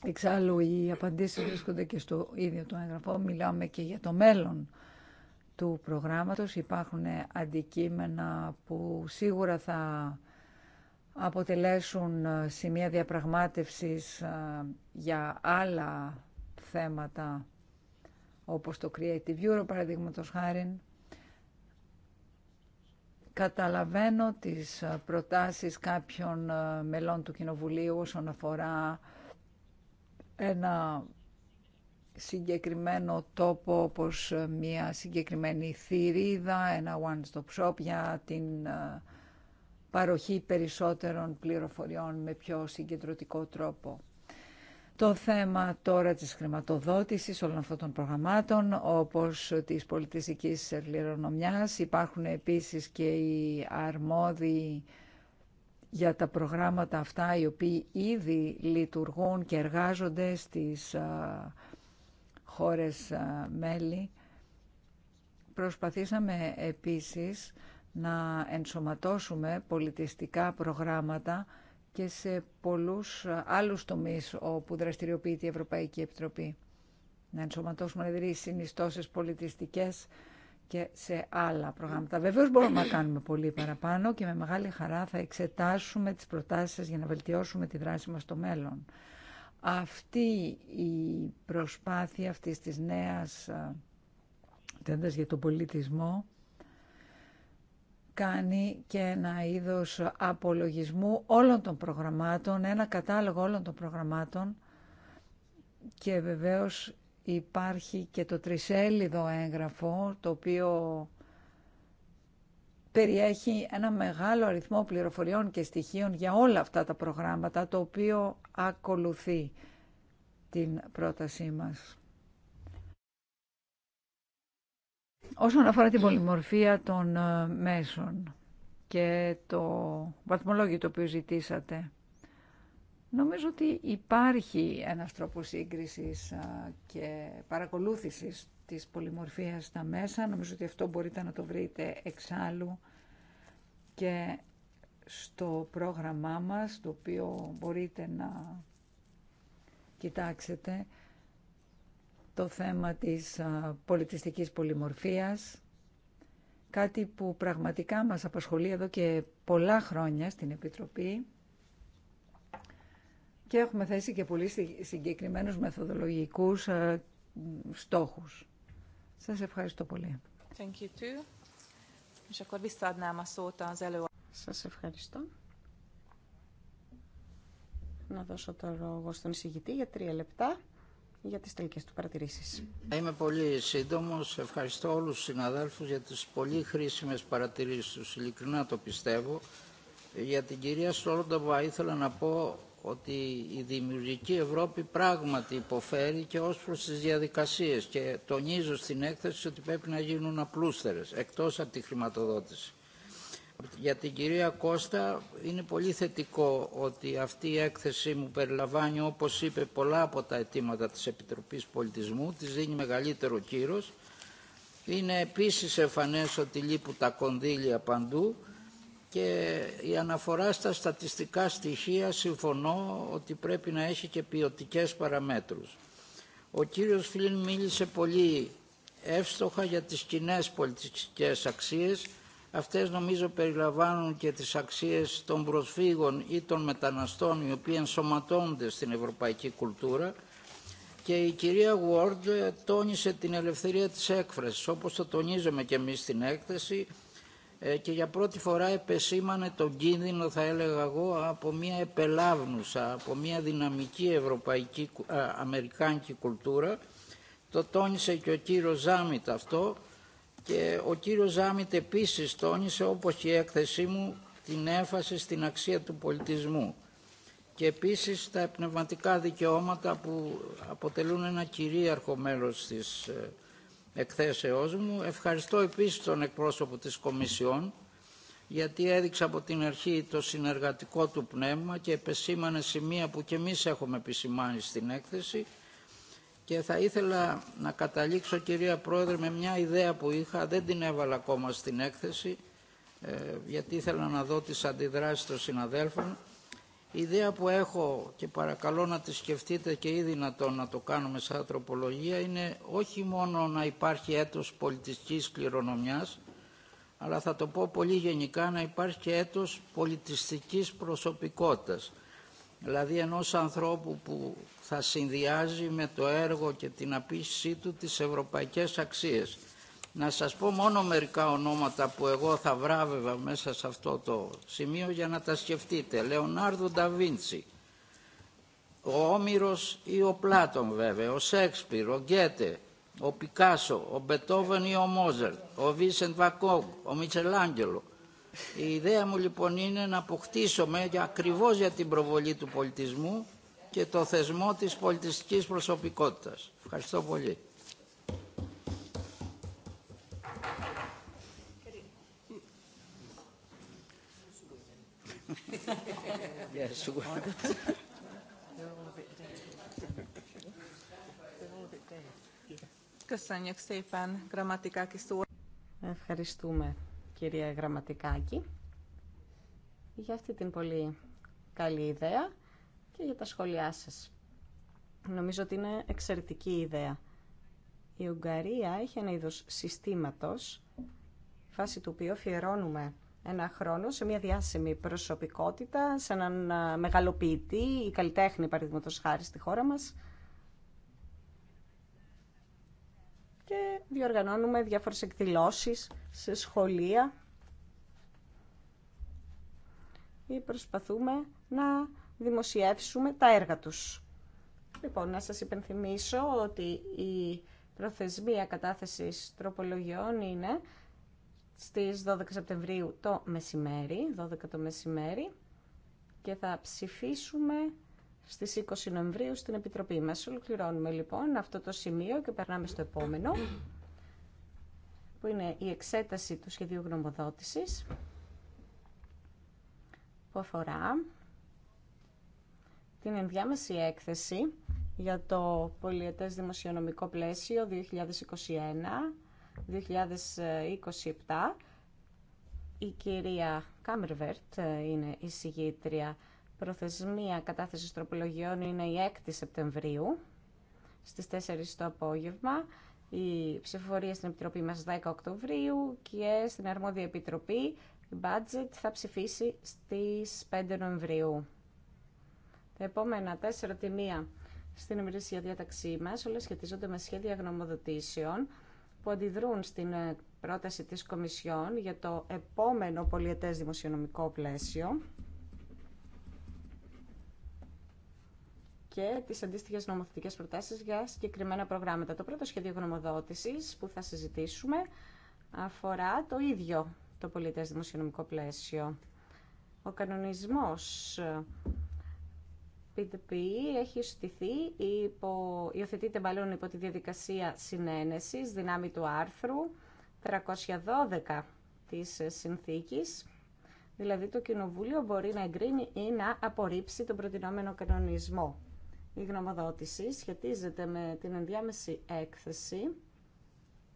Εξάλλου οι απαντήσεις βρίσκονται και στο ίδιο το έγγραφο. Μιλάμε και για το μέλλον του προγράμματος. Υπάρχουν αντικείμενα που σίγουρα θα αποτελέσουν ε, σημεία διαπραγμάτευσης ε, για άλλα θέματα όπως το Creative Euro παραδείγματος χάρη. Καταλαβαίνω τις ε, προτάσεις κάποιων μελών του Κοινοβουλίου όσον αφορά ένα συγκεκριμένο τόπο όπως μια συγκεκριμένη θηρίδα, ένα one-stop shop για την παροχή περισσότερων πληροφοριών με πιο συγκεντρωτικό τρόπο. Το θέμα τώρα της χρηματοδότησης όλων αυτών των προγραμμάτων, όπως της πολιτιστικής κληρονομιάς, υπάρχουν επίσης και οι αρμόδιοι για τα προγράμματα αυτά, οι οποίοι ήδη λειτουργούν και εργάζονται στις χώρες μέλη. Προσπαθήσαμε επίσης να ενσωματώσουμε πολιτιστικά προγράμματα και σε πολλούς άλλους τομείς όπου δραστηριοποιείται η Ευρωπαϊκή Επιτροπή. Να ενσωματώσουμε δηλαδή συνιστώσεις πολιτιστικές και σε άλλα προγράμματα. Βεβαίως μπορούμε να κάνουμε πολύ παραπάνω και με μεγάλη χαρά θα εξετάσουμε τις προτάσεις για να βελτιώσουμε τη δράση μας στο μέλλον. Αυτή η προσπάθεια αυτής της νέας ε, τέντας για τον πολιτισμό κάνει και ένα είδος απολογισμού όλων των προγραμμάτων, ένα κατάλογο όλων των προγραμμάτων και βεβαίως υπάρχει και το τρισέλιδο έγγραφο το οποίο περιέχει ένα μεγάλο αριθμό πληροφοριών και στοιχείων για όλα αυτά τα προγράμματα το οποίο ακολουθεί την πρότασή μας. Όσον αφορά την πολυμορφία των ε, μέσων και το βαθμολόγιο το οποίο ζητήσατε, νομίζω ότι υπάρχει ένας τρόπος σύγκρισης ε, και παρακολούθησης της πολυμορφίας στα μέσα. Νομίζω ότι αυτό μπορείτε να το βρείτε εξάλλου και στο πρόγραμμά μας, το οποίο μπορείτε να κοιτάξετε το θέμα της πολιτιστικής πολυμορφίας, κάτι που πραγματικά μας απασχολεί εδώ και πολλά χρόνια στην Επιτροπή και έχουμε θέσει και πολύ συγκεκριμένους μεθοδολογικούς στόχους. Σας ευχαριστώ πολύ. Thank you too. Σας ευχαριστώ. Να δώσω το λόγο στον εισηγητή για τρία λεπτά για τις τελικές του παρατηρήσεις. Είμαι πολύ σύντομος. Ευχαριστώ όλους τους συναδέλφους για τις πολύ χρήσιμες παρατηρήσεις τους. Ειλικρινά το πιστεύω. Για την κυρία Στόλονταβα ήθελα να πω ότι η δημιουργική Ευρώπη πράγματι υποφέρει και ως προς τις διαδικασίες και τονίζω στην έκθεση ότι πρέπει να γίνουν απλούστερες εκτός από τη χρηματοδότηση. Για την κυρία Κώστα είναι πολύ θετικό ότι αυτή η έκθεσή μου περιλαμβάνει όπως είπε πολλά από τα αιτήματα της Επιτροπής Πολιτισμού, της δίνει μεγαλύτερο κύρος. Είναι επίσης εμφανές ότι λείπουν τα κονδύλια παντού και η αναφορά στα στατιστικά στοιχεία συμφωνώ ότι πρέπει να έχει και ποιοτικέ παραμέτρους. Ο κύριος Φλίν μίλησε πολύ εύστοχα για τις κοινέ πολιτιστικές αξίες Αυτές νομίζω περιλαμβάνουν και τις αξίες των προσφύγων ή των μεταναστών οι οποίοι ενσωματώνται στην ευρωπαϊκή κουλτούρα και η κυρία Ward τόνισε την ελευθερία της έκφρασης όπως το τονίζουμε και εμείς στην έκθεση ε, και για πρώτη φορά επεσήμανε τον κίνδυνο θα έλεγα εγώ από μια επελάβνουσα, από μια δυναμική ευρωπαϊκή, αμερικάνικη κουλτούρα το τόνισε και ο κύριος Ζάμιτ αυτό και ο κύριος Ζάμιτ επίσης τόνισε όπως η έκθεσή μου την έφαση στην αξία του πολιτισμού και επίσης τα πνευματικά δικαιώματα που αποτελούν ένα κυρίαρχο μέλος της ε, εκθέσεώς μου. Ευχαριστώ επίσης τον εκπρόσωπο της Κομισιόν γιατί έδειξε από την αρχή το συνεργατικό του πνεύμα και επεσήμανε σημεία που και εμείς έχουμε επισημάνει στην έκθεση και θα ήθελα να καταλήξω, κυρία Πρόεδρε, με μια ιδέα που είχα, δεν την έβαλα ακόμα στην έκθεση, ε, γιατί ήθελα να δω τις αντιδράσεις των συναδέλφων. Η ιδέα που έχω και παρακαλώ να τη σκεφτείτε και να να το κάνουμε σαν τροπολογία είναι όχι μόνο να υπάρχει έτος πολιτιστικής κληρονομιάς, αλλά θα το πω πολύ γενικά να υπάρχει και έτος πολιτιστικής προσωπικότητας. Δηλαδή ενός ανθρώπου που θα συνδυάζει με το έργο και την απίσυσή του τις ευρωπαϊκές αξίες. Να σας πω μόνο μερικά ονόματα που εγώ θα βράβευα μέσα σε αυτό το σημείο για να τα σκεφτείτε. Λεωνάρδο Νταβίντσι, ο Όμηρος ή ο Πλάτων βέβαια, ο Σέξπιρ, ο Γκέτε, ο Πικάσο, ο Μπετόβεν ή ο Μόζερτ, ο Βίσεντ Βακόγκ, ο Μιτσελάγγελο. Η ο πλατων βεβαια ο σεξπιρ ο γκετε ο πικασο ο μπετοβεν η ο Μόζελ, ο βισεντ βακογκ ο μιτσελαγγελο η ιδεα μου λοιπόν είναι να αποκτήσουμε ακριβώς για την προβολή του πολιτισμού και το θεσμό της πολιτιστικής προσωπικότητας. Ευχαριστώ πολύ. Ευχαριστούμε κυρία Γραμματικάκη για αυτή την πολύ καλή ιδέα και για τα σχόλιά σας. Νομίζω ότι είναι εξαιρετική ιδέα. Η Ουγγαρία έχει ένα είδος συστήματος, φάση του οποίου αφιερώνουμε ένα χρόνο σε μια διάσημη προσωπικότητα, σε έναν μεγαλοποιητή ή καλλιτέχνη, παραδείγματο χάρη στη χώρα μας. Και διοργανώνουμε διάφορες εκδηλώσεις σε σχολεία ή προσπαθούμε να δημοσιεύσουμε τα έργα τους. Λοιπόν, να σας υπενθυμίσω ότι η προθεσμία κατάθεσης τροπολογιών είναι στις 12 Σεπτεμβρίου το μεσημέρι, 12 το μεσημέρι και θα ψηφίσουμε στις 20 Νοεμβρίου στην Επιτροπή μας. Ολοκληρώνουμε λοιπόν αυτό το σημείο και περνάμε στο επόμενο που είναι η εξέταση του σχεδίου γνωμοδότησης που αφορά την ενδιάμεση έκθεση για το πολιετές δημοσιονομικό πλαίσιο 2021-2027. Η κυρία Κάμερβερτ είναι η συγγήτρια. Προθεσμία κατάθεσης τροπολογιών είναι η 6η Σεπτεμβρίου στις 4 το απόγευμα. Η ψηφοφορία στην Επιτροπή μας 10 Οκτωβρίου και στην Αρμόδια Επιτροπή η budget θα ψηφίσει στις 5 Νοεμβρίου. Τα επόμενα τέσσερα τιμία στην ημερήσια διάταξή μα όλα σχετίζονται με σχέδια γνωμοδοτήσεων που αντιδρούν στην ε, πρόταση της Κομισιόν για το επόμενο πολιετές δημοσιονομικό πλαίσιο και τις αντίστοιχε νομοθετικές προτάσεις για συγκεκριμένα προγράμματα. Το πρώτο σχέδιο γνωμοδότησης που θα συζητήσουμε αφορά το ίδιο το πολιτες δημοσιονομικό πλαίσιο. Ο κανονισμός PDPE έχει στηθεί υπό, υιοθετείται μάλλον υπό τη διαδικασία συνένεσης δυνάμει του άρθρου 312 της συνθήκης δηλαδή το Κοινοβούλιο μπορεί να εγκρίνει ή να απορρίψει τον προτινόμενο κανονισμό. Η γνωμοδότηση σχετίζεται με την ενδιάμεση έκθεση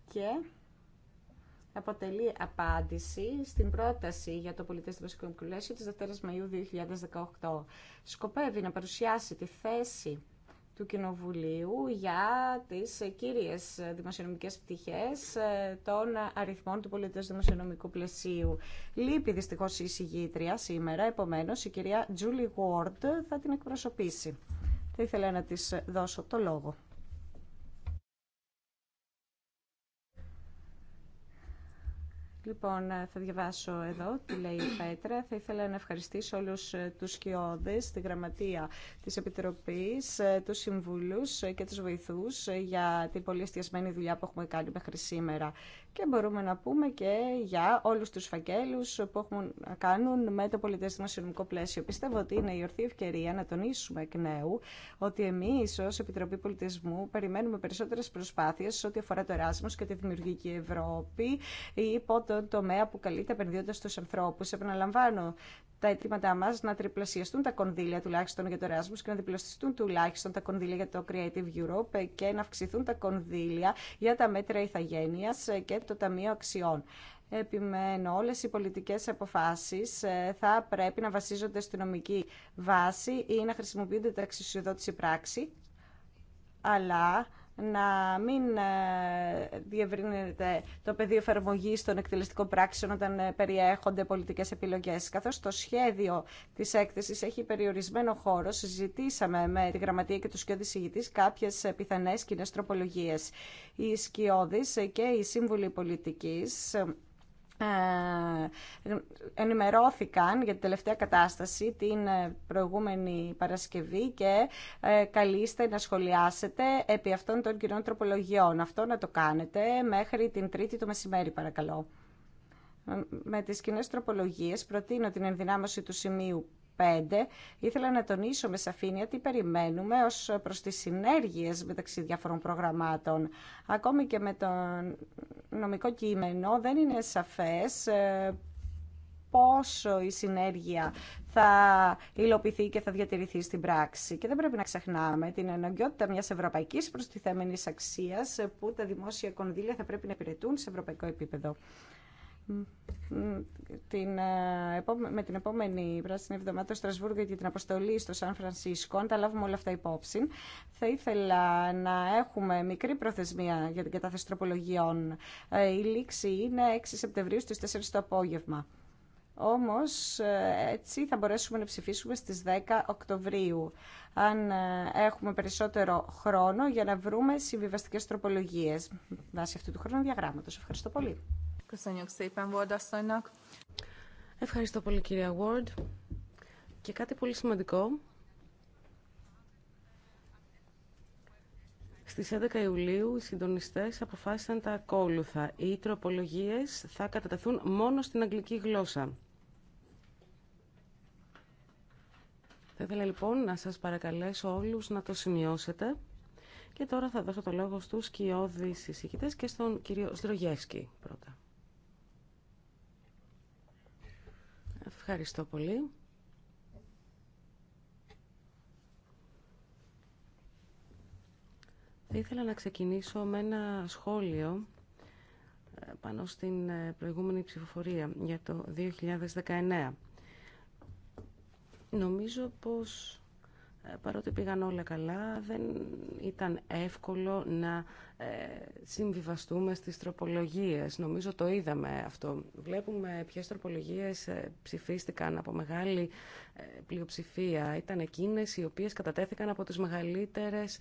και αποτελεί απάντηση στην πρόταση για το πολιτές του Πλαίσιο της Δευτέρας Μαΐου 2018. Σκοπεύει να παρουσιάσει τη θέση του Κοινοβουλίου για τις κύριες δημοσιονομικές πτυχές ε, των αριθμών του πολιτές δημοσιονομικού πλαισίου. Λείπει δυστυχώς η συγγήτρια σήμερα, επομένως η κυρία Τζούλι Γουόρντ θα την εκπροσωπήσει. Θα ήθελα να της δώσω το λόγο. Λοιπόν, ε, θα διαβάσω εδώ τι λέει η Πέτρα. Θα ήθελα να ευχαριστήσω όλους ε, τους σκιώδες, τη γραμματεία της Επιτροπής, ε, τους συμβούλους και τους βοηθούς για την πολύ εστιασμένη δουλειά που έχουμε κάνει μέχρι σήμερα και μπορούμε να πούμε και για όλους τους φακέλους που έχουν να κάνουν με το πολιτισμό-συνομικό πλαίσιο. Πιστεύω ότι είναι η ορθή ευκαιρία να τονίσουμε εκ νέου ότι εμείς ως Επιτροπή Πολιτισμού περιμένουμε περισσότερες προσπάθειες ό,τι αφορά το Εράσμος και τη Δημιουργική Ευρώπη υπό το τομέα που καλείται επενδύοντα στους ανθρώπου, Επαναλαμβάνω, τα αιτήματά μα να τριπλασιαστούν τα κονδύλια τουλάχιστον για το Erasmus και να διπλασιαστούν τουλάχιστον τα κονδύλια για το Creative Europe και να αυξηθούν τα κονδύλια για τα μέτρα ηθαγένεια και το Ταμείο Αξιών. Επιμένω, όλες οι πολιτικές αποφάσεις ε, θα πρέπει να βασίζονται στη νομική βάση ή να χρησιμοποιούνται τα εξουσιοδότηση πράξη, αλλά να μην ε, διευρύνεται το πεδίο εφαρμογή των εκτελεστικών πράξεων όταν ε, περιέχονται πολιτικέ επιλογέ. Καθώ το σχέδιο τη έκθεση έχει περιορισμένο χώρο, συζητήσαμε με τη Γραμματεία και του Σκιώδη Ηγητή κάποιε πιθανέ κοινέ τροπολογίε. Οι Σκιώδη και οι Σύμβουλοι Πολιτική ε, ε, ενημερώθηκαν για την τελευταία κατάσταση την ε, προηγούμενη Παρασκευή και ε, καλείστε να σχολιάσετε επί αυτών των κοινών τροπολογιών. Αυτό να το κάνετε μέχρι την Τρίτη το μεσημέρι παρακαλώ. Με τις κοινέ τροπολογίες προτείνω την ενδυνάμωση του σημείου ήθελα να τονίσω με σαφήνεια τι περιμένουμε ως προς τις συνέργειες μεταξύ διαφορών προγραμμάτων. Ακόμη και με το νομικό κείμενο δεν είναι σαφές ε, πόσο η συνέργεια θα υλοποιηθεί και θα διατηρηθεί στην πράξη. Και δεν πρέπει να ξεχνάμε την αναγκαιότητα μια ευρωπαϊκή προστιθέμενη αξία ε, που τα δημόσια κονδύλια θα πρέπει να υπηρετούν σε ευρωπαϊκό επίπεδο την, ε, με την επόμενη πράσινη εβδομάδα στο Στρασβούργο για την αποστολή στο Σαν Φρανσίσκο, Αν τα λάβουμε όλα αυτά υπόψη. Θα ήθελα να έχουμε μικρή προθεσμία για την κατάθεση τροπολογιών. Ε, η λήξη είναι 6 Σεπτεμβρίου στις 4 το απόγευμα. Όμως ε, έτσι θα μπορέσουμε να ψηφίσουμε στις 10 Οκτωβρίου, αν έχουμε περισσότερο χρόνο για να βρούμε συμβιβαστικές τροπολογίες βάσει αυτού του διαγράμματος. Ευχαριστώ πολύ. Ευχαριστώ πολύ κυρία Ward. Και κάτι πολύ σημαντικό. Στις 11 Ιουλίου οι συντονιστές αποφάσισαν τα ακόλουθα. Οι τροπολογίες θα κατατεθούν μόνο στην αγγλική γλώσσα. Θα ήθελα λοιπόν να σας παρακαλέσω όλους να το σημειώσετε. Και τώρα θα δώσω το λόγο στους κοιόδης εισηγητές και στον κύριο Στρογεύσκη πρώτα. Ευχαριστώ πολύ. Θα ήθελα να ξεκινήσω με ένα σχόλιο ε, πάνω στην ε, προηγούμενη ψηφοφορία για το 2019. Νομίζω πως ε, παρότι πήγαν όλα καλά, δεν ήταν εύκολο να ε, συμβιβαστούμε στις τροπολογίες. Νομίζω το είδαμε αυτό. Βλέπουμε ποιες τροπολογίες ε, ψηφίστηκαν από μεγάλη πλειοψηφία. Ήταν εκείνες οι οποίες κατατέθηκαν από τις μεγαλύτερες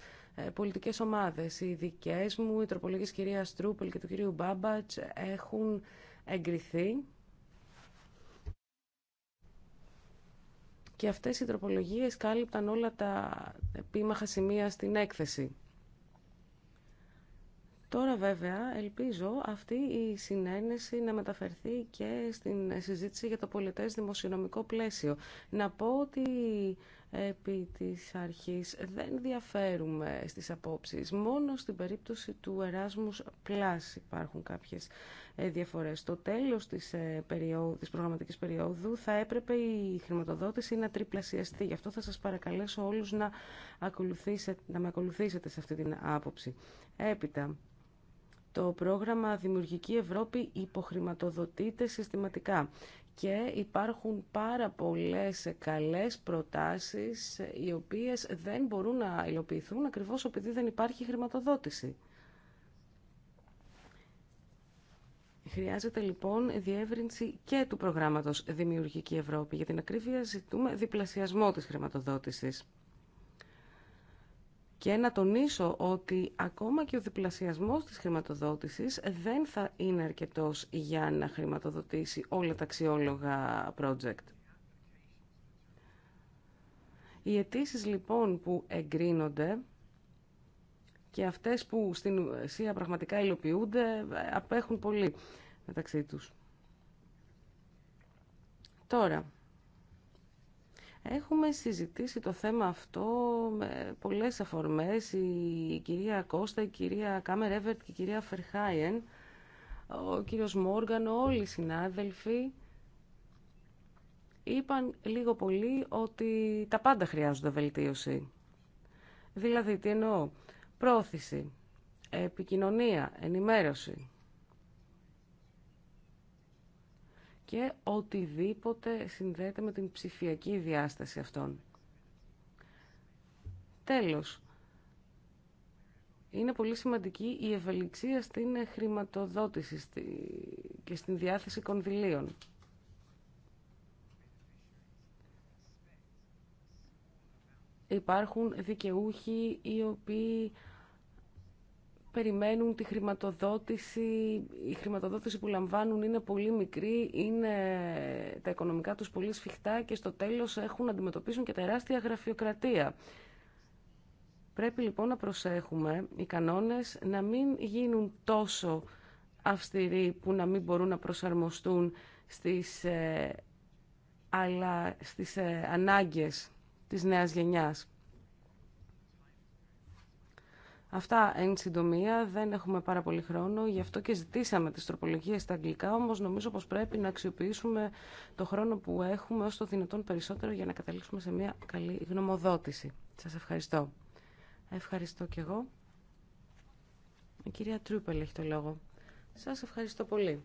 πολιτικές ομάδες. Οι δικές μου, οι τροπολογίες κυρία Τρούπελ και του κυρίου Μπάμπατς έχουν εγκριθεί Και αυτές οι τροπολογίες κάλυπταν όλα τα επίμαχα σημεία στην έκθεση. Τώρα βέβαια ελπίζω αυτή η συνένεση να μεταφερθεί και στην συζήτηση για το πολιτές δημοσιονομικό πλαίσιο. Να πω ότι επί της αρχής δεν διαφέρουμε στις απόψεις. Μόνο στην περίπτωση του εράσμους πλάση υπάρχουν κάποιες ε, διαφορές. Στο τέλος της, ε, περίοδου, της προγραμματικής περίοδου θα έπρεπε η χρηματοδότηση να τριπλασιαστεί. Γι' αυτό θα σας παρακαλέσω όλους να, ακολουθήσετε, να με ακολουθήσετε σε αυτή την άποψη. Έπειτα, το πρόγραμμα Δημιουργική Ευρώπη υποχρηματοδοτείται συστηματικά και υπάρχουν πάρα πολλές καλές προτάσεις οι οποίες δεν μπορούν να υλοποιηθούν ακριβώς επειδή δεν υπάρχει χρηματοδότηση. Χρειάζεται λοιπόν διεύρυνση και του προγράμματος Δημιουργική Ευρώπη. Για την ακρίβεια ζητούμε διπλασιασμό της χρηματοδότησης. Και να τονίσω ότι ακόμα και ο διπλασιασμός της χρηματοδότησης δεν θα είναι αρκετός για να χρηματοδοτήσει όλα τα αξιόλογα project. Οι αιτήσει λοιπόν που εγκρίνονται και αυτές που στην ουσία πραγματικά υλοποιούνται απέχουν πολύ μεταξύ τους. Τώρα, Έχουμε συζητήσει το θέμα αυτό με πολλές αφορμές. Η κυρία Κώστα, η κυρία Κάμερ Εύερτ και η κυρία Φερχάιεν, ο κύριος Μόργαν, όλοι οι συνάδελφοι είπαν λίγο πολύ ότι τα πάντα χρειάζονται βελτίωση. Δηλαδή, τι εννοώ, πρόθεση, επικοινωνία, ενημέρωση, και οτιδήποτε συνδέεται με την ψηφιακή διάσταση αυτών. Τέλος, είναι πολύ σημαντική η ευελιξία στην χρηματοδότηση και στην διάθεση κονδυλίων. Υπάρχουν δικαιούχοι οι οποίοι περιμένουν τη χρηματοδότηση, η χρηματοδότηση που λαμβάνουν είναι πολύ μικρή, είναι τα οικονομικά τους πολύ σφιχτά και στο τέλος έχουν να αντιμετωπίσουν και τεράστια γραφειοκρατία. Πρέπει λοιπόν να προσέχουμε οι κανόνες να μην γίνουν τόσο αυστηροί που να μην μπορούν να προσαρμοστούν στις, ε, αλλά στις ε, ανάγκες της νέας γενιάς. Αυτά εν συντομία, δεν έχουμε πάρα πολύ χρόνο, γι' αυτό και ζητήσαμε τις τροπολογίες στα αγγλικά, όμως νομίζω πως πρέπει να αξιοποιήσουμε το χρόνο που έχουμε ως το δυνατόν περισσότερο για να καταλήξουμε σε μια καλή γνωμοδότηση. Σας ευχαριστώ. Ευχαριστώ και εγώ. Η κυρία Τρούπελ έχει το λόγο. Σας ευχαριστώ πολύ.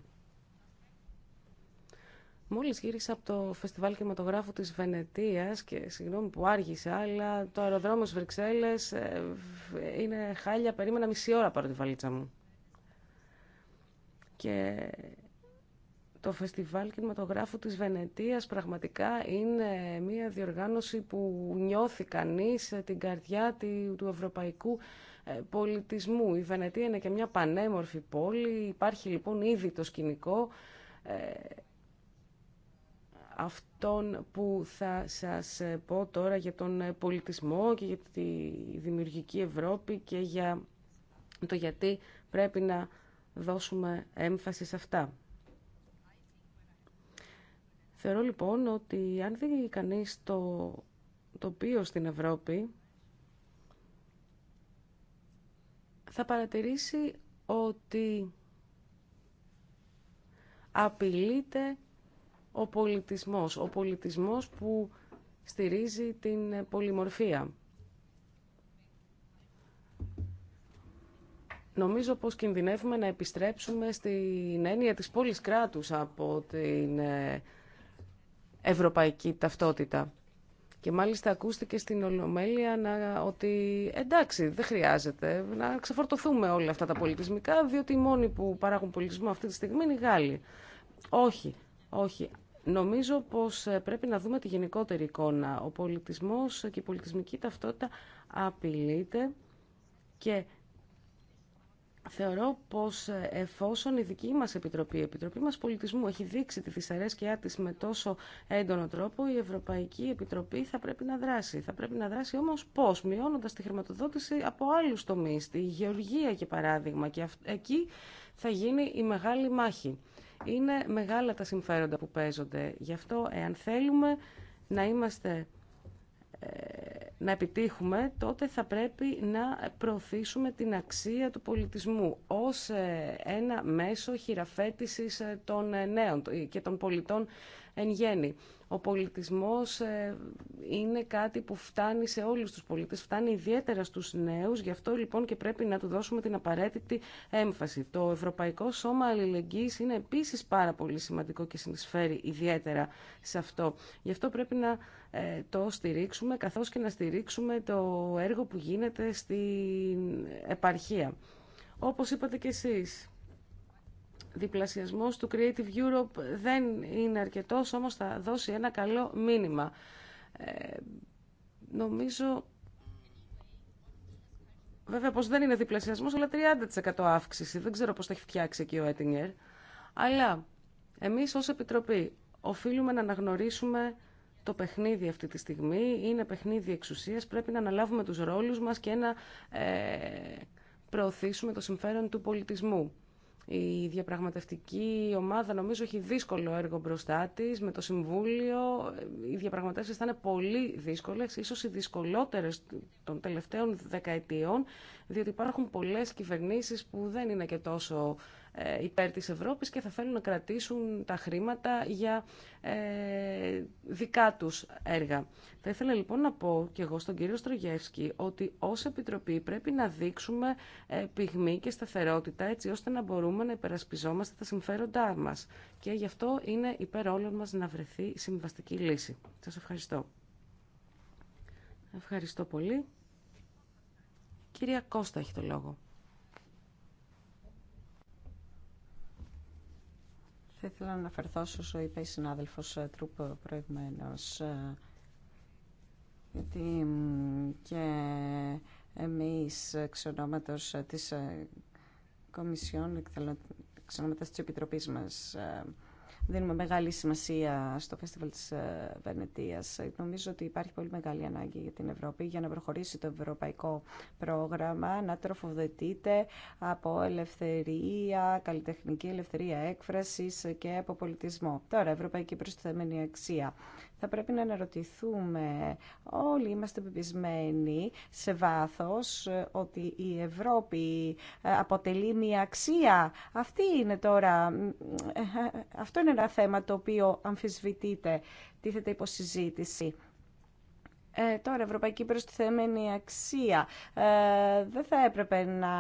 Μόλις γύρισα από το Φεστιβάλ Κινηματογράφου της Βενετίας και συγγνώμη που άργησα, αλλά το αεροδρόμιο Βρυξέλλες ε, είναι χάλια, περίμενα μισή ώρα πάρω τη βαλίτσα μου. Και το Φεστιβάλ Κινηματογράφου της Βενετίας πραγματικά είναι μια διοργάνωση που νιώθει κανείς την καρδιά του ευρωπαϊκού ε, πολιτισμού. Η Βενετία είναι και μια πανέμορφη πόλη, υπάρχει λοιπόν ήδη το σκηνικό ε, Αυτόν που θα σας πω τώρα για τον πολιτισμό και για τη δημιουργική Ευρώπη και για το γιατί πρέπει να δώσουμε έμφαση σε αυτά. Θεωρώ λοιπόν ότι αν δει κανείς το τοπίο στην Ευρώπη θα παρατηρήσει ότι απειλείται ο πολιτισμός. Ο πολιτισμός που στηρίζει την πολυμορφία. Νομίζω πως κινδυνεύουμε να επιστρέψουμε στην έννοια της πόλης κράτους από την ε, ευρωπαϊκή ταυτότητα. Και μάλιστα ακούστηκε στην Ολομέλεια να, ότι εντάξει δεν χρειάζεται να ξεφορτωθούμε όλα αυτά τα πολιτισμικά διότι οι μόνοι που παράγουν πολιτισμό αυτή τη στιγμή είναι οι Γάλλοι. Όχι, όχι. Νομίζω πως ε, πρέπει να δούμε τη γενικότερη εικόνα. Ο πολιτισμός και η πολιτισμική ταυτότητα απειλείται και θεωρώ πως ε, εφόσον η δική μας Επιτροπή, η Επιτροπή μας Πολιτισμού έχει δείξει τη δυσαρέσκειά της με τόσο έντονο τρόπο, η Ευρωπαϊκή Επιτροπή θα πρέπει να δράσει. Θα πρέπει να δράσει όμως πώς, μειώνοντας τη χρηματοδότηση από άλλους τομείς, τη γεωργία για παράδειγμα, και εκεί θα γίνει η μεγάλη μάχη. Είναι μεγάλα τα συμφέροντα που παίζονται. Γι' αυτό, εάν θέλουμε να είμαστε ε, να επιτύχουμε, τότε θα πρέπει να προωθήσουμε την αξία του πολιτισμού ως ε, ένα μέσο χειραφέτησης ε, των νέων και των πολιτών εν γέννη. Ο πολιτισμός ε, είναι κάτι που φτάνει σε όλους τους πολίτες, φτάνει ιδιαίτερα στους νέους, γι' αυτό λοιπόν και πρέπει να του δώσουμε την απαραίτητη έμφαση. Το Ευρωπαϊκό Σώμα Αλληλεγγύης είναι επίσης πάρα πολύ σημαντικό και συνεισφέρει ιδιαίτερα σε αυτό. Γι' αυτό πρέπει να ε, το στηρίξουμε, καθώς και να στηρίξουμε το έργο που γίνεται στην επαρχία. Όπως είπατε και εσείς, διπλασιασμός του Creative Europe δεν είναι αρκετός, όμως θα δώσει ένα καλό μήνυμα. Ε, νομίζω, βέβαια πως δεν είναι διπλασιασμός, αλλά 30% αύξηση. Δεν ξέρω πώς το έχει φτιάξει εκεί ο Έτινγκερ. Αλλά εμείς ως Επιτροπή οφείλουμε να αναγνωρίσουμε το παιχνίδι αυτή τη στιγμή. Είναι παιχνίδι εξουσίας, πρέπει να αναλάβουμε τους ρόλους μας και να ε, προωθήσουμε το συμφέρον του πολιτισμού. Η διαπραγματευτική ομάδα νομίζω έχει δύσκολο έργο μπροστά τη με το Συμβούλιο. Οι διαπραγματεύσει θα είναι πολύ δύσκολε, ίσω οι δυσκολότερε των τελευταίων δεκαετιών, διότι υπάρχουν πολλέ κυβερνήσει που δεν είναι και τόσο ε, υπέρ της Ευρώπης και θα θέλουν να κρατήσουν τα χρήματα για ε, δικά τους έργα. Θα ήθελα λοιπόν να πω και εγώ στον κύριο Στρογεύσκη ότι ως Επιτροπή πρέπει να δείξουμε ε, πυγμή και σταθερότητα έτσι ώστε να μπορούμε να υπερασπιζόμαστε τα συμφέροντά μας και γι' αυτό είναι υπέρ όλων μας να βρεθεί συμβαστική λύση. Σας ευχαριστώ. Ευχαριστώ πολύ. Κυρία Κώστα έχει το λόγο. Θα ήθελα να αναφερθώ όσο είπε η συνάδελφος ε, Τρούπ ε, προηγουμένως ε, γιατί και εμείς εξ της Κομισιόν εξ της Επιτροπής μας δίνουμε μεγάλη σημασία στο φεστιβάλ της ε, Βενετίας. Νομίζω ότι υπάρχει πολύ μεγάλη ανάγκη για την Ευρώπη για να προχωρήσει το ευρωπαϊκό πρόγραμμα, να τροφοδοτείται από ελευθερία, καλλιτεχνική ελευθερία έκφρασης και από πολιτισμό. Τώρα, ευρωπαϊκή προστιθέμενη αξία θα πρέπει να αναρωτηθούμε. Όλοι είμαστε πεπισμένοι σε βάθος ε, ότι η Ευρώπη ε, αποτελεί μια αξία. Αυτή είναι τώρα, ε, αυτό είναι ένα θέμα το οποίο αμφισβητείται, τίθεται υποσυζήτηση. Ε, τώρα, ευρωπαϊκή προστιθέμενη αξία. Ε, δεν θα έπρεπε να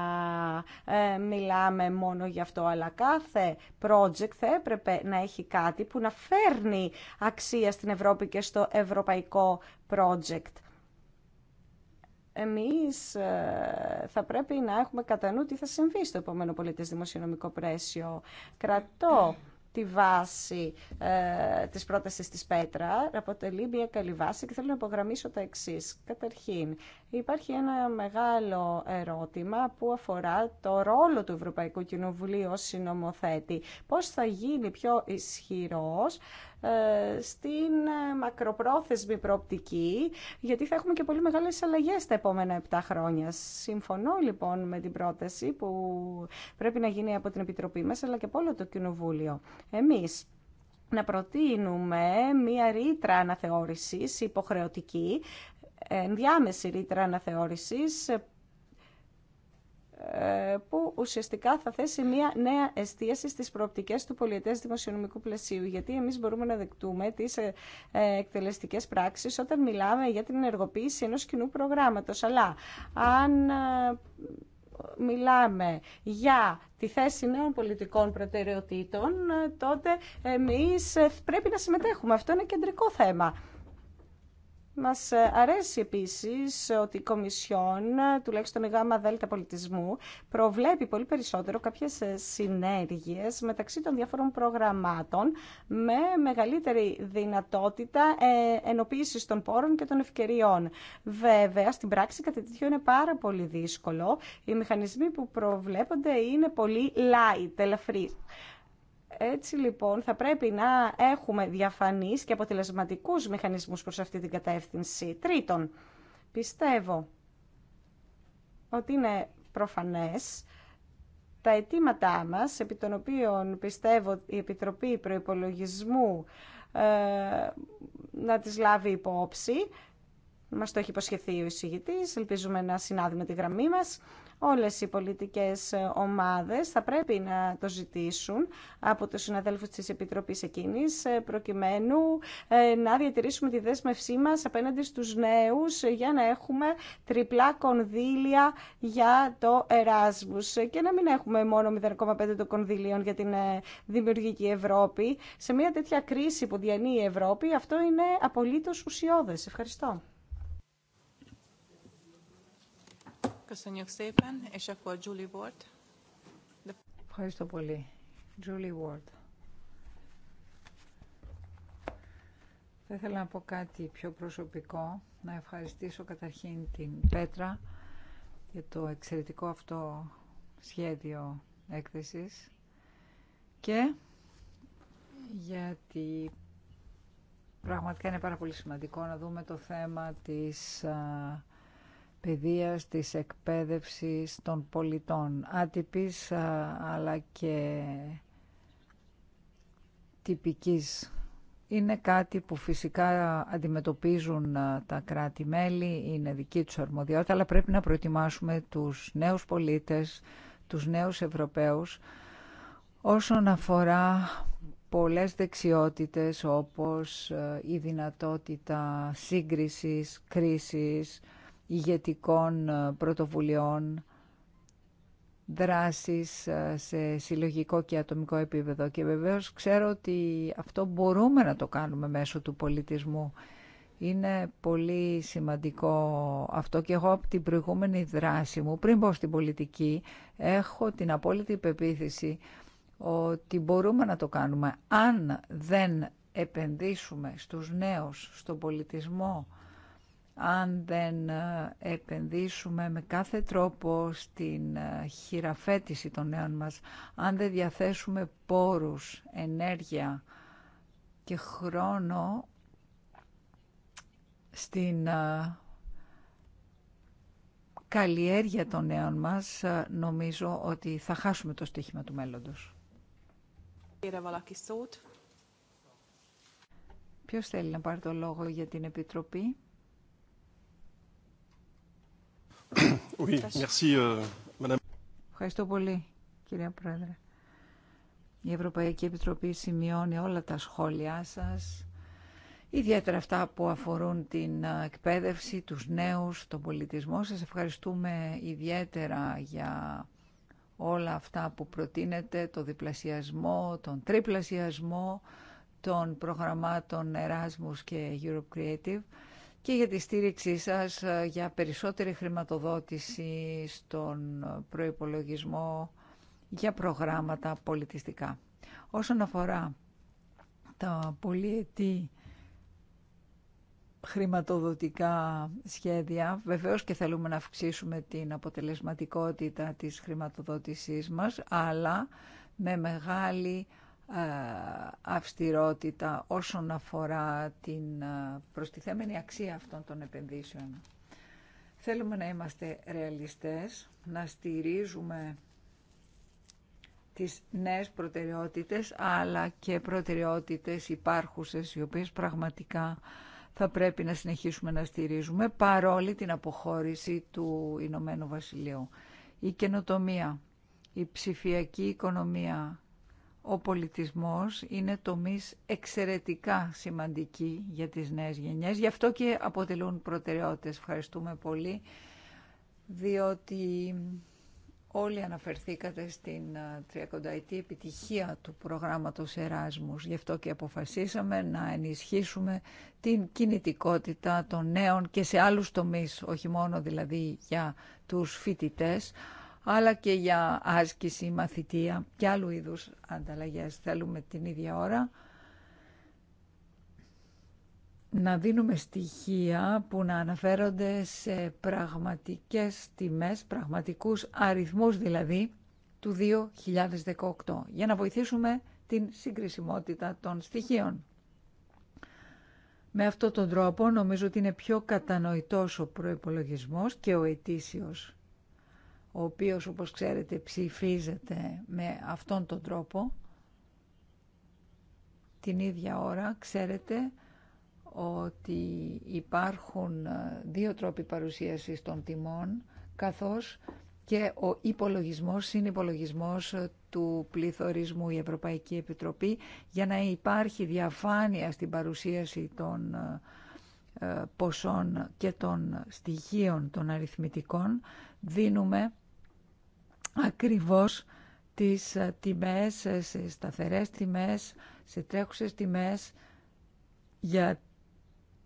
ε, μιλάμε μόνο γι' αυτό, αλλά κάθε project θα έπρεπε να έχει κάτι που να φέρνει αξία στην Ευρώπη και στο ευρωπαϊκό project. Εμείς ε, θα πρέπει να έχουμε κατά νου τι θα συμβεί στο επόμενο πολιτές δημοσιονομικό πρέσιο. Κρατώ τη βάση ε, της πρότασης της Πέτρα, αποτελεί μια καλή βάση και θέλω να απογραμμίσω τα εξή. Καταρχήν, Υπάρχει ένα μεγάλο ερώτημα που αφορά το ρόλο του Ευρωπαϊκού Κοινοβουλίου ως συνομοθέτη. Πώς θα γίνει πιο ισχυρός ε, στην ε, μακροπρόθεσμη προοπτική, γιατί θα έχουμε και πολύ μεγάλες αλλαγές τα επόμενα 7 χρόνια. Συμφωνώ λοιπόν με την πρόταση που πρέπει να γίνει από την Επιτροπή μας, αλλά και από όλο το Κοινοβούλιο. Εμείς να προτείνουμε μία ρήτρα αναθεώρησης υποχρεωτική ενδιάμεση ρήτρα αναθεώρησης ε, που ουσιαστικά θα θέσει μια νέα εστίαση στις προοπτικές του πολιετές δημοσιονομικού πλαισίου. Γιατί εμείς μπορούμε να δεκτούμε τις ε, ε, εκτελεστικές πράξεις όταν μιλάμε για την ενεργοποίηση ενός κοινού προγράμματος. Αλλά αν μιλάμε για τη θέση νέων πολιτικών προτεραιοτήτων, τότε εμείς πρέπει να συμμετέχουμε. Αυτό είναι κεντρικό θέμα. Μας ε, αρέσει επίσης ότι η Κομισιόν, ε, τουλάχιστον η ΓΑΜΑ ΔΕΛΤΑ Πολιτισμού, προβλέπει πολύ περισσότερο κάποιες ε, συνέργειες μεταξύ των διάφορων προγραμμάτων με μεγαλύτερη δυνατότητα ενοποίησης των πόρων και των ευκαιριών. Βέβαια, στην πράξη κάτι τέτοιο είναι πάρα πολύ δύσκολο. Οι μηχανισμοί που προβλέπονται είναι πολύ light, ελαφρύ. Έτσι λοιπόν θα πρέπει να έχουμε διαφανείς και αποτελεσματικούς μηχανισμούς προς αυτή την κατεύθυνση. Τρίτον, πιστεύω ότι είναι προφανές τα αιτήματά μας, επί των οποίων πιστεύω η Επιτροπή Προϋπολογισμού ε, να τις λάβει υπόψη, μας το έχει υποσχεθεί ο εισηγητής, ελπίζουμε να συνάδει με τη γραμμή μας, όλες οι πολιτικές ομάδες θα πρέπει να το ζητήσουν από τους συναδέλφους της Επιτροπής εκείνης ε, προκειμένου ε, να διατηρήσουμε τη δέσμευσή μας απέναντι στους νέους για να έχουμε τριπλά κονδύλια για το Εράσμους και να μην έχουμε μόνο 0,5 των κονδυλίων για την ε, δημιουργική Ευρώπη. Σε μια τέτοια κρίση που διανύει η Ευρώπη αυτό είναι απολύτως ουσιώδες. Ευχαριστώ. Ευχαριστώ πολύ. Julie Βόρτ. Θα ήθελα να πω κάτι πιο προσωπικό. Να ευχαριστήσω καταρχήν την Πέτρα για το εξαιρετικό αυτό σχέδιο έκθεσης και γιατί πραγματικά είναι πάρα πολύ σημαντικό να δούμε το θέμα της παιδείας, της εκπαίδευσης των πολιτών, άτυπης αλλά και τυπικής. Είναι κάτι που φυσικά αντιμετωπίζουν τα κράτη-μέλη, είναι δική τους αρμοδιότητα, αλλά πρέπει να προετοιμάσουμε τους νέους πολίτες, τους νέους Ευρωπαίους, όσον αφορά πολλές δεξιότητες όπως η δυνατότητα σύγκρισης, κρίσης, ηγετικών ε, πρωτοβουλειών, δράσεις ε, σε συλλογικό και ατομικό επίπεδο. Και βεβαίως ξέρω ότι αυτό μπορούμε να το κάνουμε μέσω του πολιτισμού. Είναι πολύ σημαντικό αυτό και εγώ από την προηγούμενη δράση μου, πριν πω στην πολιτική, έχω την απόλυτη υπεποίθηση ότι μπορούμε να το κάνουμε αν δεν επενδύσουμε στους νέους, στον πολιτισμό, αν δεν ε, επενδύσουμε με κάθε τρόπο στην ε, χειραφέτηση των νέων μας, αν δεν διαθέσουμε πόρους, ενέργεια και χρόνο στην ε, καλλιέργεια των νέων μας, νομίζω ότι θα χάσουμε το στοίχημα του μέλλοντος. Ποιος θέλει να πάρει το λόγο για την Επιτροπή? Euh, Ευχαριστώ πολύ, κυρία Πρόεδρε. Η Ευρωπαϊκή Επιτροπή σημειώνει όλα τα σχόλιά σας, ιδιαίτερα αυτά που αφορούν την ε, εκπαίδευση, τους νέους, τον πολιτισμό. Σας ευχαριστούμε ιδιαίτερα για όλα αυτά που προτείνετε, το διπλασιασμό, τον τριπλασιασμό των προγραμμάτων Erasmus και Europe Creative και για τη στήριξή σας ε, για περισσότερη χρηματοδότηση στον προϋπολογισμό για προγράμματα πολιτιστικά. Όσον αφορά τα πολυετή χρηματοδοτικά σχέδια, βεβαίως και θέλουμε να αυξήσουμε την αποτελεσματικότητα της χρηματοδότησής μας, αλλά με μεγάλη ε, αυστηρότητα όσον αφορά την ε, προστιθέμενη αξία αυτών των επενδύσεων. Θέλουμε να είμαστε ρεαλιστές, να στηρίζουμε τις νέες προτεραιότητες, αλλά και προτεραιότητες υπάρχουσες, οι οποίες πραγματικά θα πρέπει να συνεχίσουμε να στηρίζουμε, παρόλη την αποχώρηση του Ηνωμένου Βασιλείου. Η καινοτομία, η ψηφιακή οικονομία, ο πολιτισμός είναι τομείς εξαιρετικά σημαντική για τις νέες γενιές. Γι' αυτό και αποτελούν προτεραιότητες. Ευχαριστούμε πολύ, διότι όλοι αναφερθήκατε στην 30η επιτυχία του προγράμματος Εράσμους. Γι' αυτό και αποφασίσαμε να ενισχύσουμε την κινητικότητα των νέων και σε άλλους τομείς, όχι μόνο δηλαδή για τους φοιτητές, αλλά και για άσκηση, μαθητεία και άλλου είδους ανταλλαγές. Θέλουμε την ίδια ώρα να δίνουμε στοιχεία που να αναφέρονται σε πραγματικές τιμές, πραγματικούς αριθμούς δηλαδή, του 2018, για να βοηθήσουμε την συγκρισιμότητα των στοιχείων. Με αυτόν τον τρόπο νομίζω ότι είναι πιο κατανοητός ο προϋπολογισμός και ο ετήσιος ο οποίος όπως ξέρετε ψηφίζεται με αυτόν τον τρόπο την ίδια ώρα ξέρετε ότι υπάρχουν ε, δύο τρόποι παρουσίασης των τιμών καθώς και ο υπολογισμός, συνυπολογισμός ε, του πληθωρισμού η Ευρωπαϊκή Επιτροπή για να υπάρχει διαφάνεια στην παρουσίαση των ε, ποσών και των στοιχείων των αριθμητικών δίνουμε ακριβώς τις ε, τιμές, ε, σε σταθερές τιμές, σε τρέχουσες τιμές για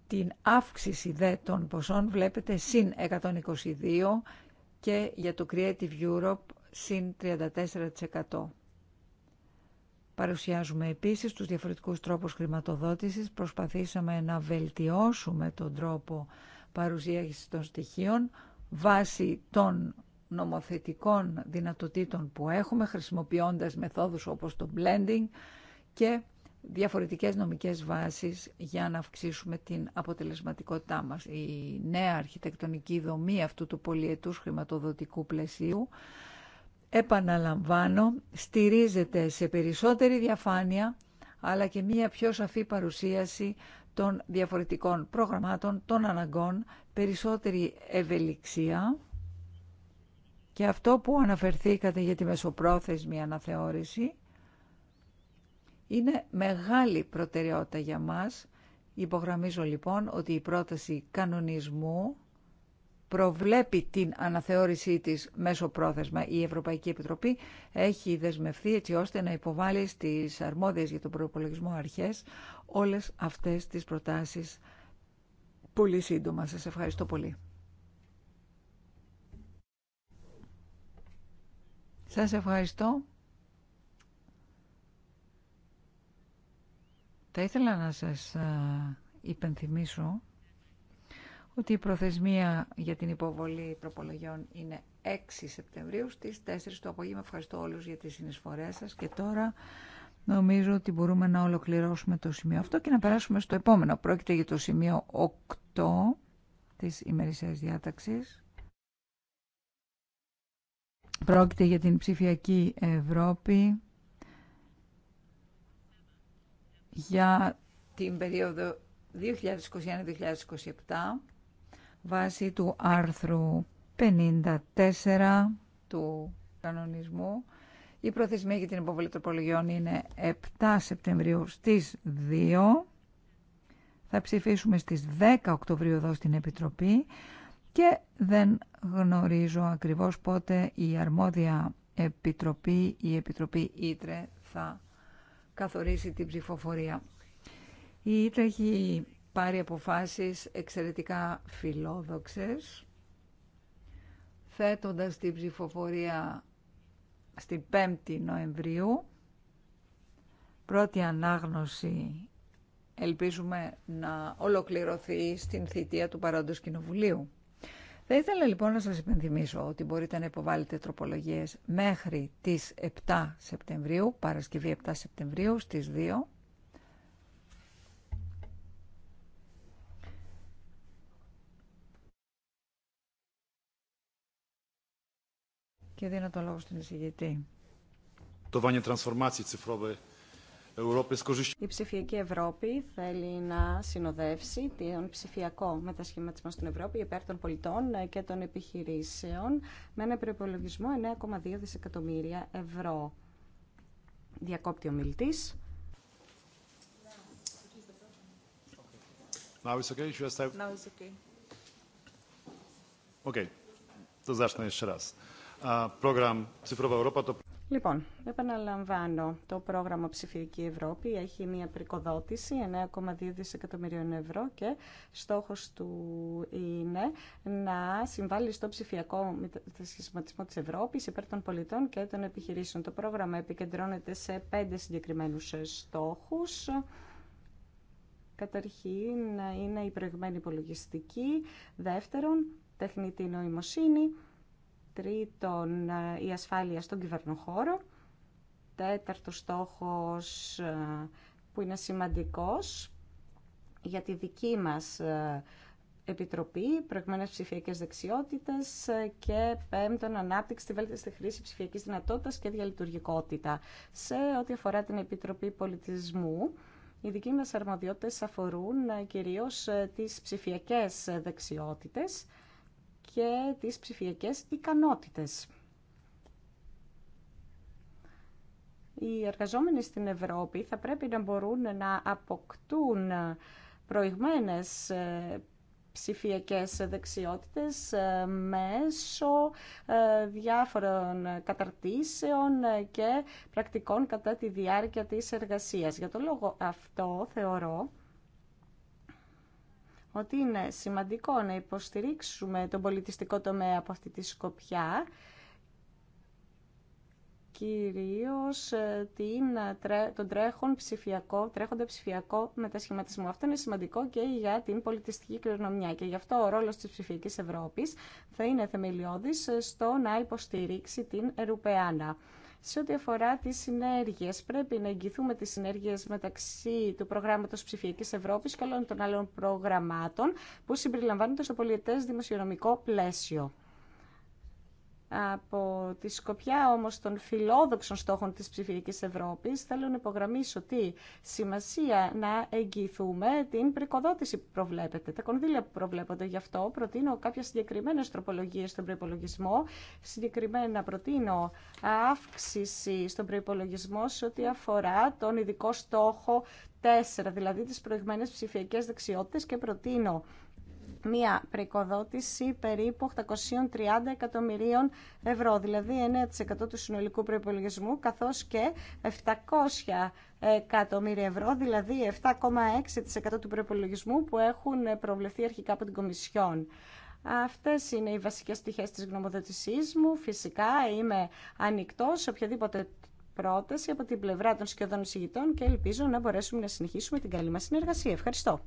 την αύξηση δε των ποσών βλέπετε συν 122 και για το Creative Europe συν 34%. Παρουσιάζουμε επίσης τους διαφορετικούς τρόπους χρηματοδότησης. Προσπαθήσαμε να βελτιώσουμε τον τρόπο παρουσίασης των στοιχείων βάσει των νομοθετικών δυνατοτήτων που έχουμε χρησιμοποιώντας μεθόδους όπως το blending και διαφορετικές νομικές βάσεις για να αυξήσουμε την αποτελεσματικότητά μας. Η νέα αρχιτεκτονική δομή αυτού του πολυετούς χρηματοδοτικού πλαισίου επαναλαμβάνω, στηρίζεται σε περισσότερη διαφάνεια αλλά και μία πιο σαφή παρουσίαση των διαφορετικών προγραμμάτων, των αναγκών, περισσότερη ευελιξία και αυτό που αναφερθήκατε για τη μεσοπρόθεσμη αναθεώρηση είναι μεγάλη προτεραιότητα για μας. Υπογραμμίζω λοιπόν ότι η πρόταση κανονισμού προβλέπει την αναθεώρησή της μέσω Η Ευρωπαϊκή Επιτροπή έχει δεσμευθεί έτσι ώστε να υποβάλει στις αρμόδιες για τον προπολογισμό αρχές όλες αυτές τις προτάσεις πολύ σύντομα. Σας ευχαριστώ πολύ. Σας ευχαριστώ. Θα ήθελα να σας ε, υπενθυμίσω ότι η προθεσμία για την υποβολή προπολογιών είναι 6 Σεπτεμβρίου στις 4 το απόγευμα. Ευχαριστώ όλους για τις συνεισφορές σας και τώρα νομίζω ότι μπορούμε να ολοκληρώσουμε το σημείο αυτό και να περάσουμε στο επόμενο. Πρόκειται για το σημείο 8 της ημερησίας διάταξης. Πρόκειται για την ψηφιακή Ευρώπη για την περίοδο 2021-2027 βάσει του άρθρου 54 του κανονισμού. Η προθεσμία για την υποβολή τροπολογιών είναι 7 Σεπτεμβρίου στις 2. Θα ψηφίσουμε στις 10 Οκτωβρίου εδώ στην Επιτροπή και δεν γνωρίζω ακριβώς πότε η αρμόδια επιτροπή, η Επιτροπή Ήτρε θα καθορίσει την ψηφοφορία. Η Ήτρε έχει πάρει αποφάσεις εξαιρετικά φιλόδοξες, θέτοντας την ψηφοφορία στην 5η Νοεμβρίου, πρώτη ανάγνωση ελπίζουμε να ολοκληρωθεί στην θητεία του παρόντος Κοινοβουλίου. Θα ήθελα λοιπόν να σας υπενθυμίσω ότι μπορείτε να υποβάλλετε τροπολογίες μέχρι τις 7 Σεπτεμβρίου, Παρασκευή 7 Σεπτεμβρίου στις 2. Και δίνω το λόγο στην εισηγητή. Το η ψηφιακή Ευρώπη θέλει να συνοδεύσει τον ψηφιακό μετασχηματισμό στην Ευρώπη υπέρ των πολιτών και των επιχειρήσεων με ένα προπολογισμό 9,2 δισεκατομμύρια ευρώ. Διακόπτει ο μιλητή. Now it's okay. To jeszcze raz. Λοιπόν, επαναλαμβάνω, το πρόγραμμα Ψηφιακή Ευρώπη έχει μια πρικοδότηση 9,2 δισεκατομμυρίων ευρώ και στόχος του είναι να συμβάλλει στο ψηφιακό μετασχηματισμό της Ευρώπης υπέρ των πολιτών και των επιχειρήσεων. Το πρόγραμμα επικεντρώνεται σε πέντε συγκεκριμένους στόχους. Καταρχήν είναι η προηγμένη υπολογιστική, δεύτερον τεχνητή νοημοσύνη, Τρίτον, ε, η ασφάλεια στον κυβερνοχώρο. Τέταρτος στόχος ε, που είναι σημαντικός για τη δική μας ε, Επιτροπή, προηγμένες ψηφιακές δεξιότητες και πέμπτον ανάπτυξη τη βέλτιστη χρήση ψηφιακής δυνατότητας και διαλειτουργικότητα. Σε ό,τι αφορά την Επιτροπή Πολιτισμού, οι δικοί μας αρμοδιότητες αφορούν κυρίως τις ψηφιακές δεξιότητες και τις ψηφιακές ικανότητες. Οι εργαζόμενοι στην Ευρώπη θα πρέπει να μπορούν να αποκτούν προηγμένες ε, ψηφιακές δεξιότητες ε, μέσω ε, διάφορων καταρτήσεων και πρακτικών κατά τη διάρκεια της εργασίας. Για το λόγο αυτό θεωρώ ότι είναι σημαντικό να υποστηρίξουμε τον πολιτιστικό τομέα από αυτή τη σκοπιά κυρίως ε, την, τον τρέχον ψηφιακό, τρέχοντα ψηφιακό μετασχηματισμό. Αυτό είναι σημαντικό και για την πολιτιστική κληρονομιά και γι' αυτό ο ρόλος της ψηφιακής Ευρώπης θα είναι θεμελιώδης ε, στο να υποστηρίξει την Ευρωπαϊκή σε ό,τι αφορά τι συνέργειε, πρέπει να εγγυθούμε τι συνέργειε μεταξύ του προγράμματο Ψηφιακή Ευρώπη και όλων των άλλων προγραμμάτων που συμπεριλαμβάνονται στο πολιετέ δημοσιονομικό πλαίσιο. Από τη σκοπιά όμως των φιλόδοξων στόχων της ψηφιακής Ευρώπης θέλω να υπογραμμίσω ότι σημασία να εγγυηθούμε την πρικοδότηση που προβλέπεται, τα κονδύλια που προβλέπονται. Γι' αυτό προτείνω κάποια συγκεκριμένες τροπολογίες στον προϋπολογισμό. Συγκεκριμένα προτείνω αύξηση στον προϋπολογισμό σε ό,τι αφορά τον ειδικό στόχο 4, δηλαδή τις προηγμένες ψηφιακές δεξιότητες και προτείνω μία προοικοδότηση περίπου 830 εκατομμυρίων ευρώ, δηλαδή 9% του συνολικού προϋπολογισμού, καθώς και 700 εκατομμύρια ευρώ, δηλαδή 7,6% του προϋπολογισμού που έχουν προβλεφθεί αρχικά από την Κομισιόν. Αυτές είναι οι βασικές στοιχές της γνωμοδοτησής μου. Φυσικά είμαι ανοιχτό σε οποιαδήποτε πρόταση από την πλευρά των σχεδόν συγητών και ελπίζω να μπορέσουμε να συνεχίσουμε την καλή μας συνεργασία. Ευχαριστώ.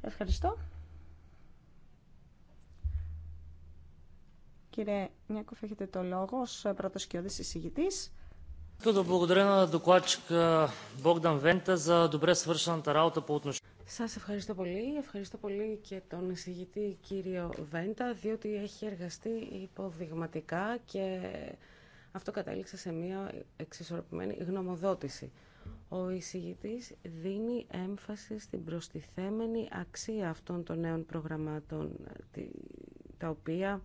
Ευχαριστώ. Κύριε Νιάκοφ, έχετε το λόγο ως πρώτος και όδης εισηγητής. Σας ευχαριστώ πολύ. Ευχαριστώ πολύ και τον εισηγητή κύριο Βέντα, διότι έχει εργαστεί υποδειγματικά και αυτό κατέληξε σε μια εξισορροπημένη γνωμοδότηση. Ο εισηγητής δίνει έμφαση στην προστιθέμενη αξία αυτών των νέων προγραμμάτων, τα οποία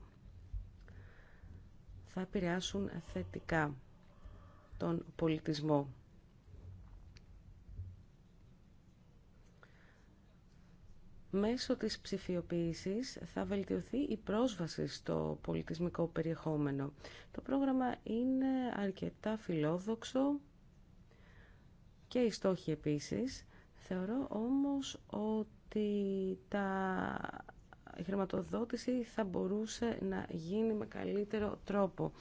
θα επηρεάσουν θετικά τον πολιτισμό. Μέσω της ψηφιοποίησης θα βελτιωθεί η πρόσβαση στο πολιτισμικό περιεχόμενο. Το πρόγραμμα είναι αρκετά φιλόδοξο και οι στόχοι επίσης. Θεωρώ όμως ότι τα... η χρηματοδότηση θα μπορούσε να γίνει με καλύτερο τρόπο.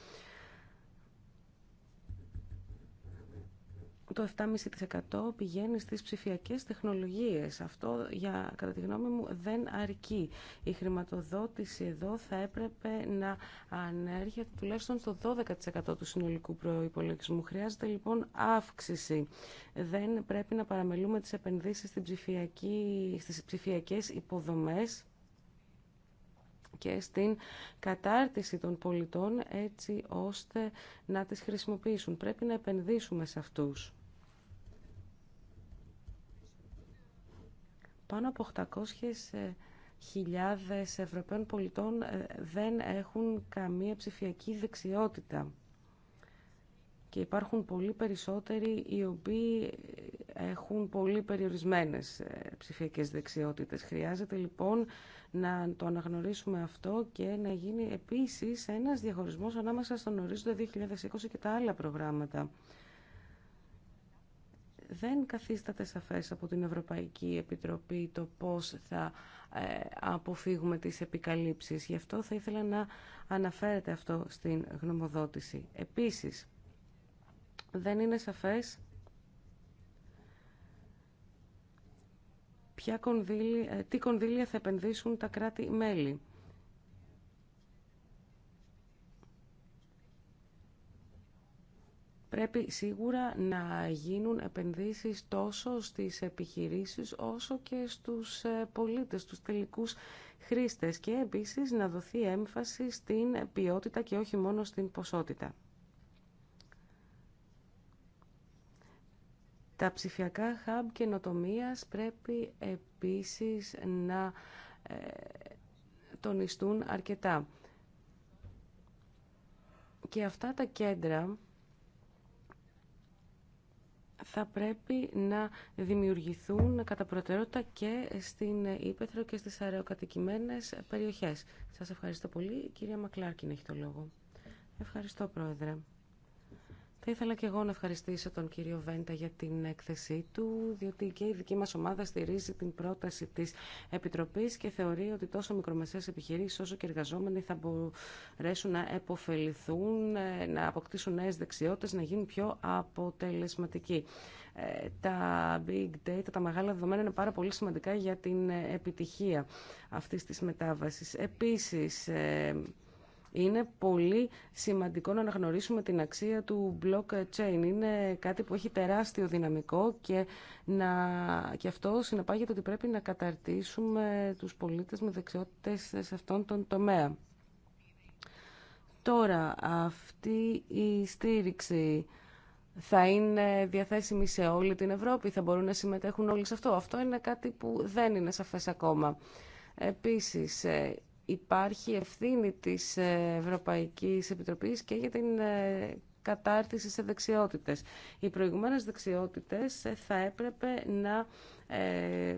το 7,5% πηγαίνει στις ψηφιακές τεχνολογίες. Αυτό, για, κατά τη γνώμη μου, δεν αρκεί. Η χρηματοδότηση εδώ θα έπρεπε να ανέρχεται τουλάχιστον στο 12% του συνολικού προϋπολογισμού. Χρειάζεται λοιπόν αύξηση. Δεν πρέπει να παραμελούμε τις επενδύσεις στην ψηφιακή, στις ψηφιακές υποδομές και στην κατάρτιση των πολιτών έτσι ώστε να τις χρησιμοποιήσουν. Πρέπει να επενδύσουμε σε αυτούς. Πάνω από 800.000 ε, Ευρωπαίων πολιτών ε, δεν έχουν καμία ψηφιακή δεξιότητα και υπάρχουν πολύ περισσότεροι οι οποίοι έχουν πολύ περιορισμένες ε, ψηφιακές δεξιότητες. Χρειάζεται λοιπόν να το αναγνωρίσουμε αυτό και να γίνει επίσης ένας διαχωρισμός ανάμεσα στον ορίζοντα 2020 και τα άλλα προγράμματα δεν καθίσταται σαφές από την Ευρωπαϊκή Επιτροπή το πώς θα ε, αποφύγουμε τις επικαλύψεις. Γι' αυτό θα ήθελα να αναφέρετε αυτό στην γνωμοδότηση. Επίσης, δεν είναι σαφές ποια ε, τι κονδύλια θα επενδύσουν τα κράτη-μέλη. Πρέπει σίγουρα να γίνουν επενδύσεις τόσο στις επιχειρήσεις όσο και στους ε, πολίτες, τους τελικούς χρήστες και επίσης να δοθεί έμφαση στην ποιότητα και όχι μόνο στην ποσότητα. Τα ψηφιακά hub καινοτομία πρέπει επίσης να ε, τονιστούν αρκετά. Και αυτά τα κέντρα θα πρέπει να δημιουργηθούν κατά προτεραιότητα και στην Ήπεθρο και στις αεροκατοικημένες περιοχές. Σας ευχαριστώ πολύ. Η κυρία Μακλάρκιν έχει το λόγο. Ευχαριστώ, Πρόεδρε. Θα ήθελα και εγώ να ευχαριστήσω τον κύριο Βέντα για την έκθεσή του, διότι και η δική μας ομάδα στηρίζει την πρόταση της Επιτροπής και θεωρεί ότι τόσο μικρομεσαίες επιχειρήσεις όσο και εργαζόμενοι θα μπορέσουν να επωφεληθούν, να αποκτήσουν νέες δεξιότητες, να γίνουν πιο αποτελεσματικοί. Ε, τα big data, τα μεγάλα δεδομένα είναι πάρα πολύ σημαντικά για την επιτυχία αυτής της μετάβασης. Επίσης, ε, είναι πολύ σημαντικό να αναγνωρίσουμε την αξία του blockchain. Είναι κάτι που έχει τεράστιο δυναμικό και, να, και αυτό συνεπάγεται ότι πρέπει να καταρτήσουμε τους πολίτες με δεξιότητες σε αυτόν τον τομέα. Τώρα, αυτή η στήριξη θα είναι διαθέσιμη σε όλη την Ευρώπη, θα μπορούν να συμμετέχουν όλοι σε αυτό. Αυτό είναι κάτι που δεν είναι σαφές ακόμα. Επίσης, ε, υπάρχει ευθύνη της Ευρωπαϊκής Επιτροπής και για την ε, κατάρτιση σε δεξιότητες. Οι προηγουμένες δεξιότητες ε, θα έπρεπε να ε,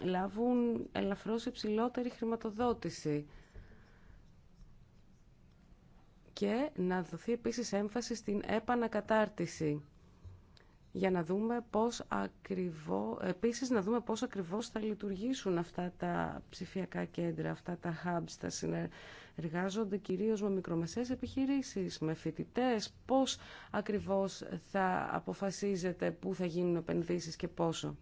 λάβουν ελαφρώς υψηλότερη χρηματοδότηση και να δοθεί επίσης έμφαση στην επανακατάρτιση για να δούμε πώς ακριβώς, επίσης να δούμε πώς ακριβώς θα λειτουργήσουν αυτά τα ψηφιακά κέντρα, αυτά τα hubs, τα συνεργάζονται κυρίως με μικρομεσαίες επιχειρήσεις, με φοιτητές, πώς ακριβώς θα αποφασίζεται πού θα γίνουν επενδύσεις και πόσο.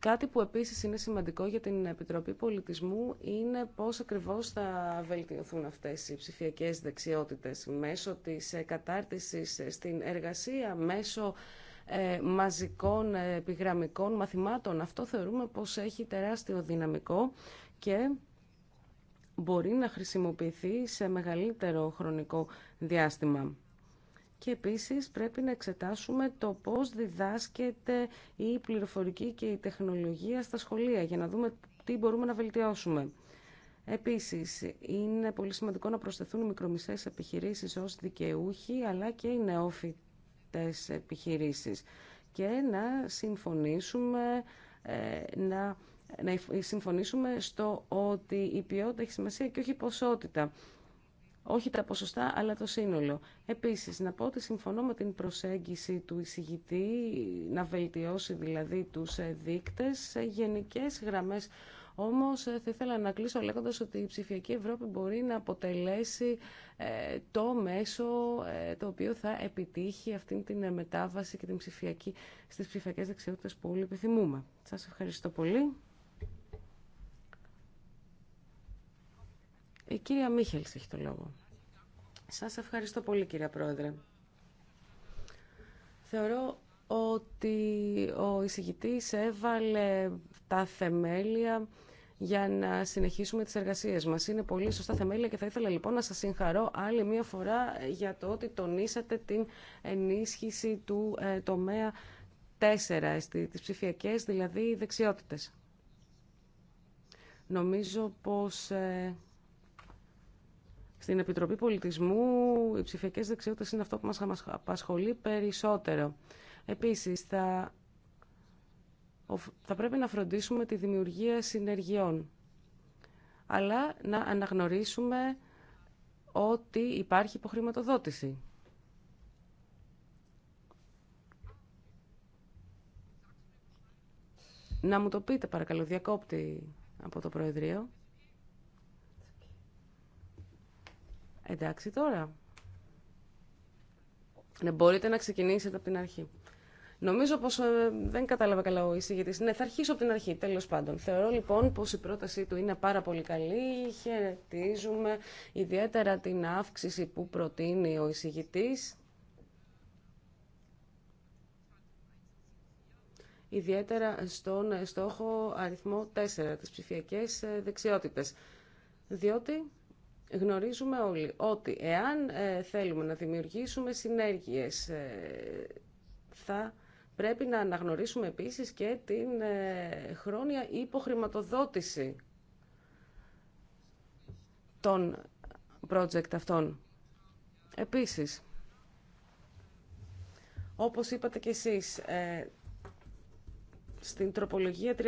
Κάτι που επίσης είναι σημαντικό για την Επιτροπή Πολιτισμού είναι πώς ακριβώς θα βελτιωθούν αυτές οι ψηφιακές δεξιότητες μέσω της ε, κατάρτισης ε, στην εργασία, μέσω ε, μαζικών επιγραμμικών μαθημάτων. Αυτό θεωρούμε πως έχει τεράστιο δυναμικό και μπορεί να χρησιμοποιηθεί σε μεγαλύτερο χρονικό διάστημα και επίσης πρέπει να εξετάσουμε το πώς διδάσκεται η πληροφορική και η τεχνολογία στα σχολεία για να δούμε τι μπορούμε να βελτιώσουμε. Επίσης, είναι πολύ σημαντικό να προσθεθούν οι μικρομισές επιχειρήσεις ως δικαιούχοι, αλλά και οι νεόφυτες επιχειρήσεις και να συμφωνήσουμε ε, να να συμφωνήσουμε στο ότι η ποιότητα έχει σημασία και όχι η ποσότητα όχι τα ποσοστά, αλλά το σύνολο. Επίσης, να πω ότι συμφωνώ με την προσέγγιση του εισηγητή, να βελτιώσει δηλαδή τους ε, δείκτες σε γενικές γραμμές. Όμως, ε, θα ήθελα να κλείσω λέγοντας ότι η ψηφιακή Ευρώπη μπορεί να αποτελέσει ε, το μέσο το οποίο θα επιτύχει αυτήν την μετάβαση και την ψηφιακή στις ψηφιακές δεξιότητες που όλοι επιθυμούμε. Σας ευχαριστώ πολύ. Η κυρία Μίχελς έχει το λόγο. Σας ευχαριστώ πολύ κυρία Πρόεδρε. Θεωρώ ότι ο εισηγητής έβαλε τα θεμέλια για να συνεχίσουμε τις εργασίες μας. Είναι πολύ σωστά θεμέλια και θα ήθελα λοιπόν να σας συγχαρώ άλλη μία φορά για το ότι τονίσατε την ενίσχυση του ε, τομέα 4, ε, τις ψηφιακές δηλαδή δεξιότητες. Νομίζω πως... Ε, στην Επιτροπή Πολιτισμού οι ψηφιακές δεξιότητες είναι αυτό που μας απασχολεί περισσότερο. Επίσης, θα, θα πρέπει να φροντίσουμε τη δημιουργία συνεργειών, αλλά να αναγνωρίσουμε ότι υπάρχει υποχρηματοδότηση. Να μου το πείτε παρακαλώ, διακόπτη από το Προεδρείο. Εντάξει τώρα. Ναι, μπορείτε να ξεκινήσετε από την αρχή. Νομίζω πως ε, δεν κατάλαβα καλά ο εισηγητής. Ναι, θα αρχίσω από την αρχή, τέλος πάντων. Θεωρώ λοιπόν πως η πρότασή του είναι πάρα πολύ καλή. Χαιρετίζουμε ιδιαίτερα την αύξηση που προτείνει ο εισηγητής. Ιδιαίτερα στον ε, στόχο αριθμό 4, τις ψηφιακές ε, δεξιότητες. Διότι γνωρίζουμε όλοι ότι εάν ε, θέλουμε να δημιουργήσουμε συνέργειες ε, θα πρέπει να αναγνωρίσουμε επίσης και την ε, χρόνια υποχρηματοδότηση των project αυτών. Επίσης, όπως είπατε κι εσείς, στην τροπολογία 32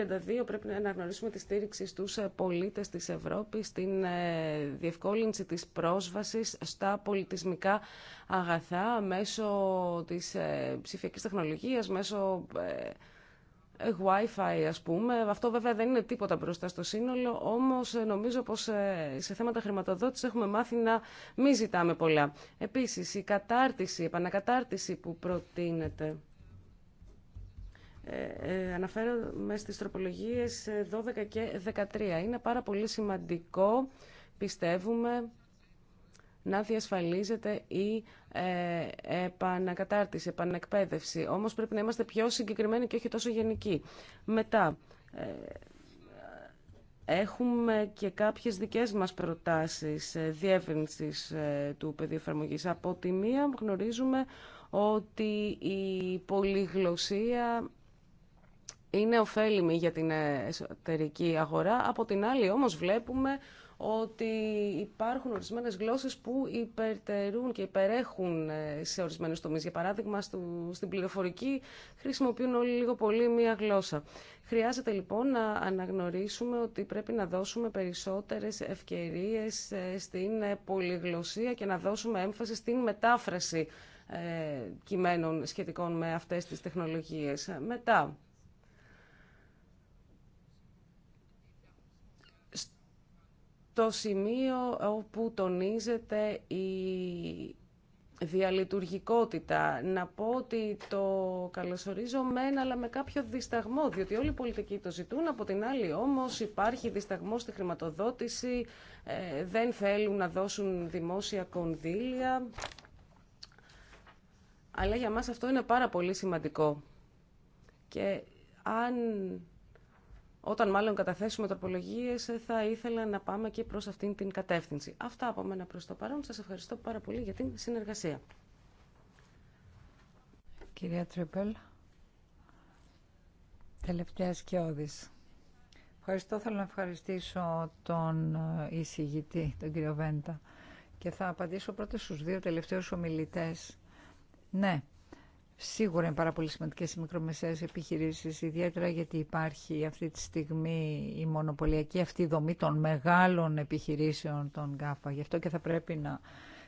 πρέπει να αναγνωρίσουμε τη στήριξη στους ε, πολίτες της Ευρώπης, στην ε, διευκόλυνση της πρόσβασης στα πολιτισμικά αγαθά μέσω της ε, ψηφιακής τεχνολογίας, μέσω Wi-Fi ας πούμε. Αυτό βέβαια δεν είναι τίποτα μπροστά στο σύνολο, όμως νομίζω πως σε θέματα χρηματοδότηση έχουμε μάθει να μην ζητάμε πολλά. Επίσης, η κατάρτιση, η επανακατάρτιση που προτείνεται ε, ε, αναφέρομαι στις τροπολογίες 12 ε, και 13. Είναι πάρα πολύ σημαντικό, πιστεύουμε, να διασφαλίζεται η επανακατάρτιση, επανεκπαίδευση. Όμως πρέπει να είμαστε πιο συγκεκριμένοι και όχι τόσο γενικοί. Μετά, Έχουμε και κάποιες δικές μας προτάσεις διεύρυνσης του πεδίου Από τη μία γνωρίζουμε ότι η πολυγλωσία είναι ωφέλιμη για την εσωτερική αγορά. Από την άλλη όμως βλέπουμε ότι υπάρχουν ορισμένες γλώσσες που υπερτερούν και υπερέχουν ε, σε ορισμένους τομείς. Για παράδειγμα, στην πληροφορική χρησιμοποιούν όλοι λίγο πολύ μία γλώσσα. Χρειάζεται λοιπόν να αναγνωρίσουμε ότι πρέπει να δώσουμε περισσότερες ευκαιρίες ε, στην ε, πολυγλωσσία και να δώσουμε έμφαση στην μετάφραση κειμένων σχετικών με αυτές τις τεχνολογίες. Μετά, το σημείο όπου τονίζεται η διαλειτουργικότητα. Να πω ότι το καλωσορίζω μεν, αλλά με κάποιο δισταγμό, διότι όλοι οι πολιτικοί το ζητούν, από την άλλη όμως υπάρχει δισταγμό στη χρηματοδότηση, ε, δεν θέλουν να δώσουν δημόσια κονδύλια, αλλά για μας αυτό είναι πάρα πολύ σημαντικό. Και αν όταν μάλλον καταθέσουμε τροπολογίε, θα ήθελα να πάμε και προ αυτήν την κατεύθυνση. Αυτά από μένα προ το παρόν. Σα ευχαριστώ πάρα πολύ για την συνεργασία. Κυρία Τρίπελ, τελευταία σκιώδη. Ευχαριστώ, θέλω να ευχαριστήσω τον εισηγητή, τον κύριο Βέντα. Και θα απαντήσω πρώτα στου δύο τελευταίους ομιλητές. Ναι, Σίγουρα είναι πάρα πολύ σημαντικέ οι μικρομεσαίε επιχειρήσει, ιδιαίτερα γιατί υπάρχει αυτή τη στιγμή η μονοπωλιακή αυτή δομή των μεγάλων επιχειρήσεων των ΚΑΠΑ. Γι' αυτό και θα πρέπει να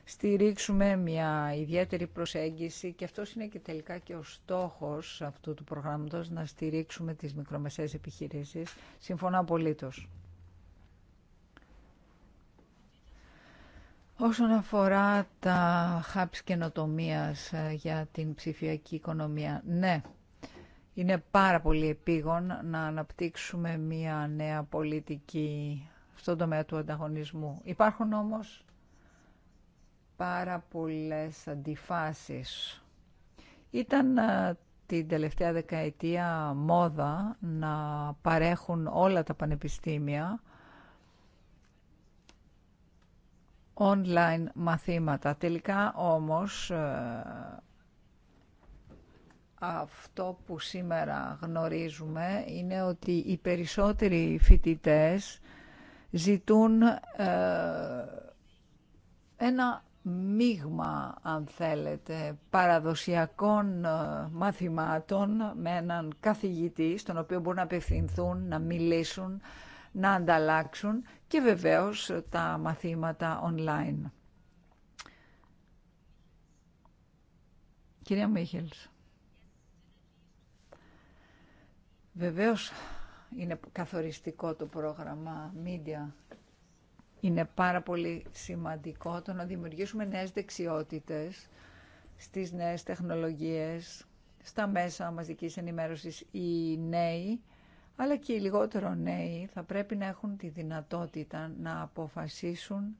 στηρίξουμε μια ιδιαίτερη προσέγγιση και αυτό είναι και τελικά και ο στόχος αυτού του προγράμματος να στηρίξουμε τις μικρομεσαίες επιχειρήσεις. Συμφωνώ απολύτως. Όσον αφορά τα χάπης καινοτομία ε, για την ψηφιακή οικονομία, ναι, είναι πάρα πολύ επίγον να αναπτύξουμε μία νέα πολιτική στον τομέα του ανταγωνισμού. Υπάρχουν όμως πάρα πολλές αντιφάσεις. Ήταν ε, την τελευταία δεκαετία μόδα να παρέχουν όλα τα πανεπιστήμια online μαθήματα. Τελικά όμως ε, αυτό που σήμερα γνωρίζουμε είναι ότι οι περισσότεροι φοιτητές ζητούν ε, ένα μείγμα, αν θέλετε, παραδοσιακών ε, μαθημάτων με έναν καθηγητή στον οποίο μπορούν να απευθυνθούν, να μιλήσουν, να ανταλλάξουν και βεβαίως τα μαθήματα online. Κυρία Μίχελς. Βεβαίως είναι καθοριστικό το πρόγραμμα Media. Είναι πάρα πολύ σημαντικό το να δημιουργήσουμε νέες δεξιότητες στις νέες τεχνολογίες, στα μέσα μαζικής ενημέρωσης οι νέοι αλλά και οι λιγότερο νέοι θα πρέπει να έχουν τη δυνατότητα να αποφασίσουν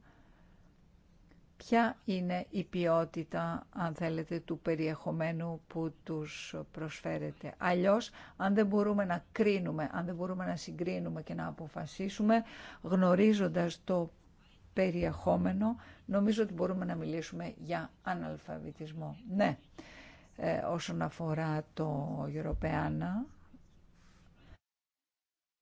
ποια είναι η ποιότητα, αν θέλετε, του περιεχομένου που τους προσφέρεται. Αλλιώς, αν δεν μπορούμε να κρίνουμε, αν δεν μπορούμε να συγκρίνουμε και να αποφασίσουμε, γνωρίζοντας το περιεχόμενο, νομίζω ότι μπορούμε να μιλήσουμε για αναλφαβητισμό. Ναι, ε, όσον αφορά το Ευρωπαϊκό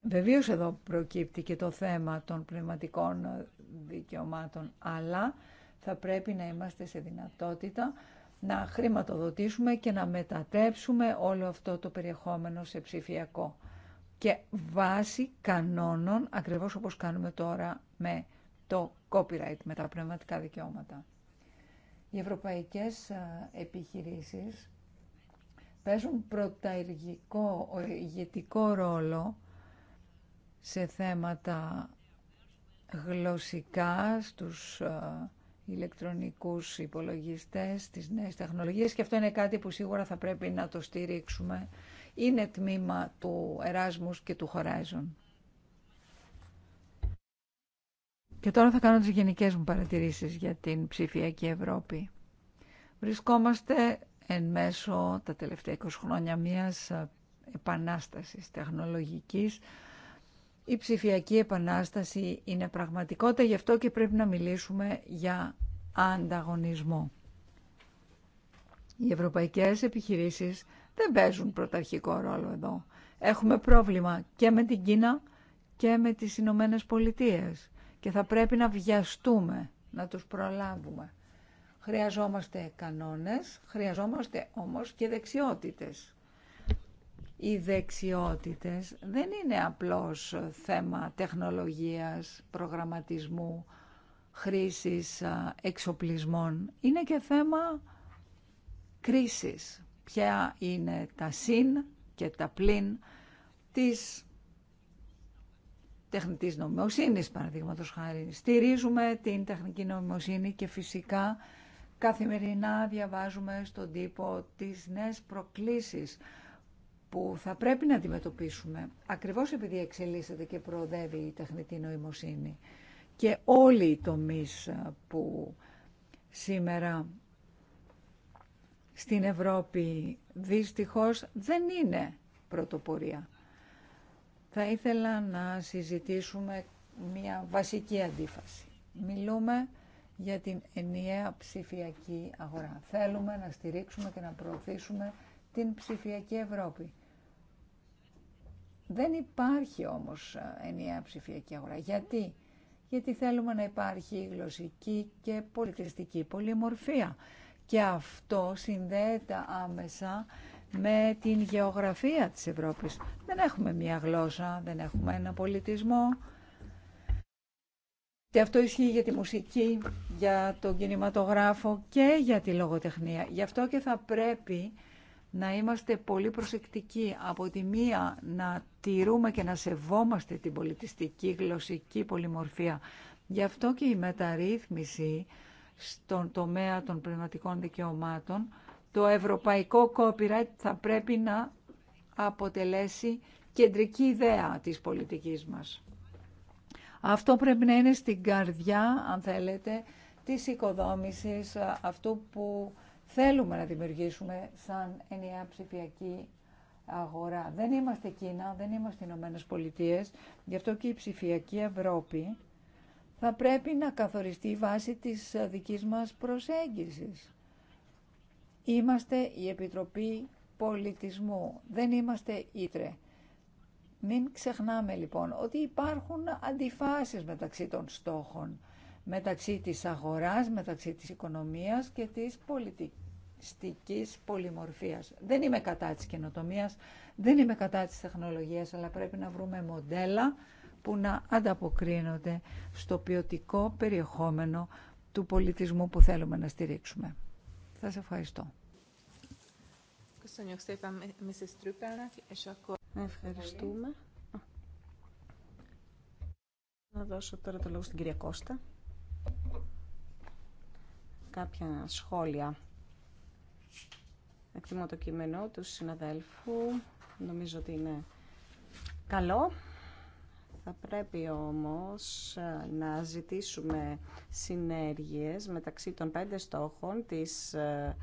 Βεβαίως εδώ προκύπτει και το θέμα των πνευματικών δικαιωμάτων, αλλά θα πρέπει να είμαστε σε δυνατότητα να χρηματοδοτήσουμε και να μετατρέψουμε όλο αυτό το περιεχόμενο σε ψηφιακό. Και βάσει κανόνων, ακριβώς όπως κάνουμε τώρα με το copyright, με τα πνευματικά δικαιώματα. Οι ευρωπαϊκές επιχειρήσεις παίζουν πρωταεργικό, ηγετικό ρόλο σε θέματα γλωσσικά, στους ε, ηλεκτρονικούς υπολογιστές, τις νέες τεχνολογίες και αυτό είναι κάτι που σίγουρα θα πρέπει να το στηρίξουμε. Είναι τμήμα του Εράσμους και του Horizon. Και τώρα θα κάνω τις γενικές μου παρατηρήσεις για την ψηφιακή Ευρώπη. Βρισκόμαστε εν μέσω τα τελευταία 20 χρόνια μιας επανάστασης τεχνολογικής η ψηφιακή επανάσταση είναι πραγματικότητα, γι' αυτό και πρέπει να μιλήσουμε για ανταγωνισμό. Οι ευρωπαϊκές επιχειρήσεις δεν παίζουν πρωταρχικό ρόλο εδώ. Έχουμε πρόβλημα και με την Κίνα και με τις Ηνωμένε Πολιτείε. και θα πρέπει να βιαστούμε, να τους προλάβουμε. Χρειαζόμαστε κανόνες, χρειαζόμαστε όμως και δεξιότητες οι δεξιότητες δεν είναι απλώς θέμα τεχνολογίας, προγραμματισμού, χρήσης εξοπλισμών. Είναι και θέμα κρίσης. Ποια είναι τα συν και τα πλήν της τεχνητής νομιμοσύνης, παραδείγματος χάρη. Στηρίζουμε την τεχνική νομιμοσύνη και φυσικά καθημερινά διαβάζουμε στον τύπο τις νέες προκλήσεις που θα πρέπει να αντιμετωπίσουμε, ακριβώς επειδή εξελίσσεται και προοδεύει η τεχνητή νοημοσύνη και όλοι οι τομείς ε, που σήμερα στην Ευρώπη δυστυχώς δεν είναι πρωτοπορία. Θα ήθελα να συζητήσουμε μια βασική αντίφαση. Μιλούμε για την ενιαία ψηφιακή αγορά. Θέλουμε να στηρίξουμε και να προωθήσουμε την ψηφιακή Ευρώπη. Δεν υπάρχει όμως ε, ενιαία ψηφιακή αγορά. Γιατί? Γιατί θέλουμε να υπάρχει γλωσσική και πολιτιστική πολυμορφία. Και αυτό συνδέεται άμεσα με την γεωγραφία της Ευρώπης. Δεν έχουμε μία γλώσσα, δεν έχουμε ένα πολιτισμό. Και αυτό ισχύει για τη μουσική, για τον κινηματογράφο και για τη λογοτεχνία. Γι' αυτό και θα πρέπει να είμαστε πολύ προσεκτικοί από τη μία να τηρούμε και να σεβόμαστε την πολιτιστική γλωσσική πολυμορφία. Γι' αυτό και η μεταρρύθμιση στον τομέα των πνευματικών δικαιωμάτων, το ευρωπαϊκό copyright θα πρέπει να αποτελέσει κεντρική ιδέα της πολιτικής μας. Αυτό πρέπει να είναι στην καρδιά, αν θέλετε, της οικοδόμησης αυτού που θέλουμε να δημιουργήσουμε σαν ενιαία ψηφιακή αγορά. Δεν είμαστε Κίνα, δεν είμαστε Ηνωμένε Πολιτείε, γι' αυτό και η ψηφιακή Ευρώπη θα πρέπει να καθοριστεί βάσει της δικής μας προσέγγισης. Είμαστε η Επιτροπή Πολιτισμού, δεν είμαστε Ήτρε. Μην ξεχνάμε λοιπόν ότι υπάρχουν αντιφάσεις μεταξύ των στόχων, μεταξύ της αγοράς, μεταξύ της οικονομίας και της πολιτικής στικής πολυμορφίας. Δεν είμαι κατά της καινοτομίας, δεν είμαι κατά της τεχνολογίας, αλλά πρέπει να βρούμε μοντέλα που να ανταποκρίνονται στο ποιοτικό περιεχόμενο του πολιτισμού που θέλουμε να στηρίξουμε. Θα σε ευχαριστώ. Ευχαριστούμε. Να δώσω τώρα το λόγο στην κυρία Κώστα. Κάποια σχόλια Εκτιμώ το κείμενο του συναδέλφου. Νομίζω ότι είναι καλό. Θα πρέπει όμως ε, να ζητήσουμε συνέργειες μεταξύ των πέντε στόχων της ε,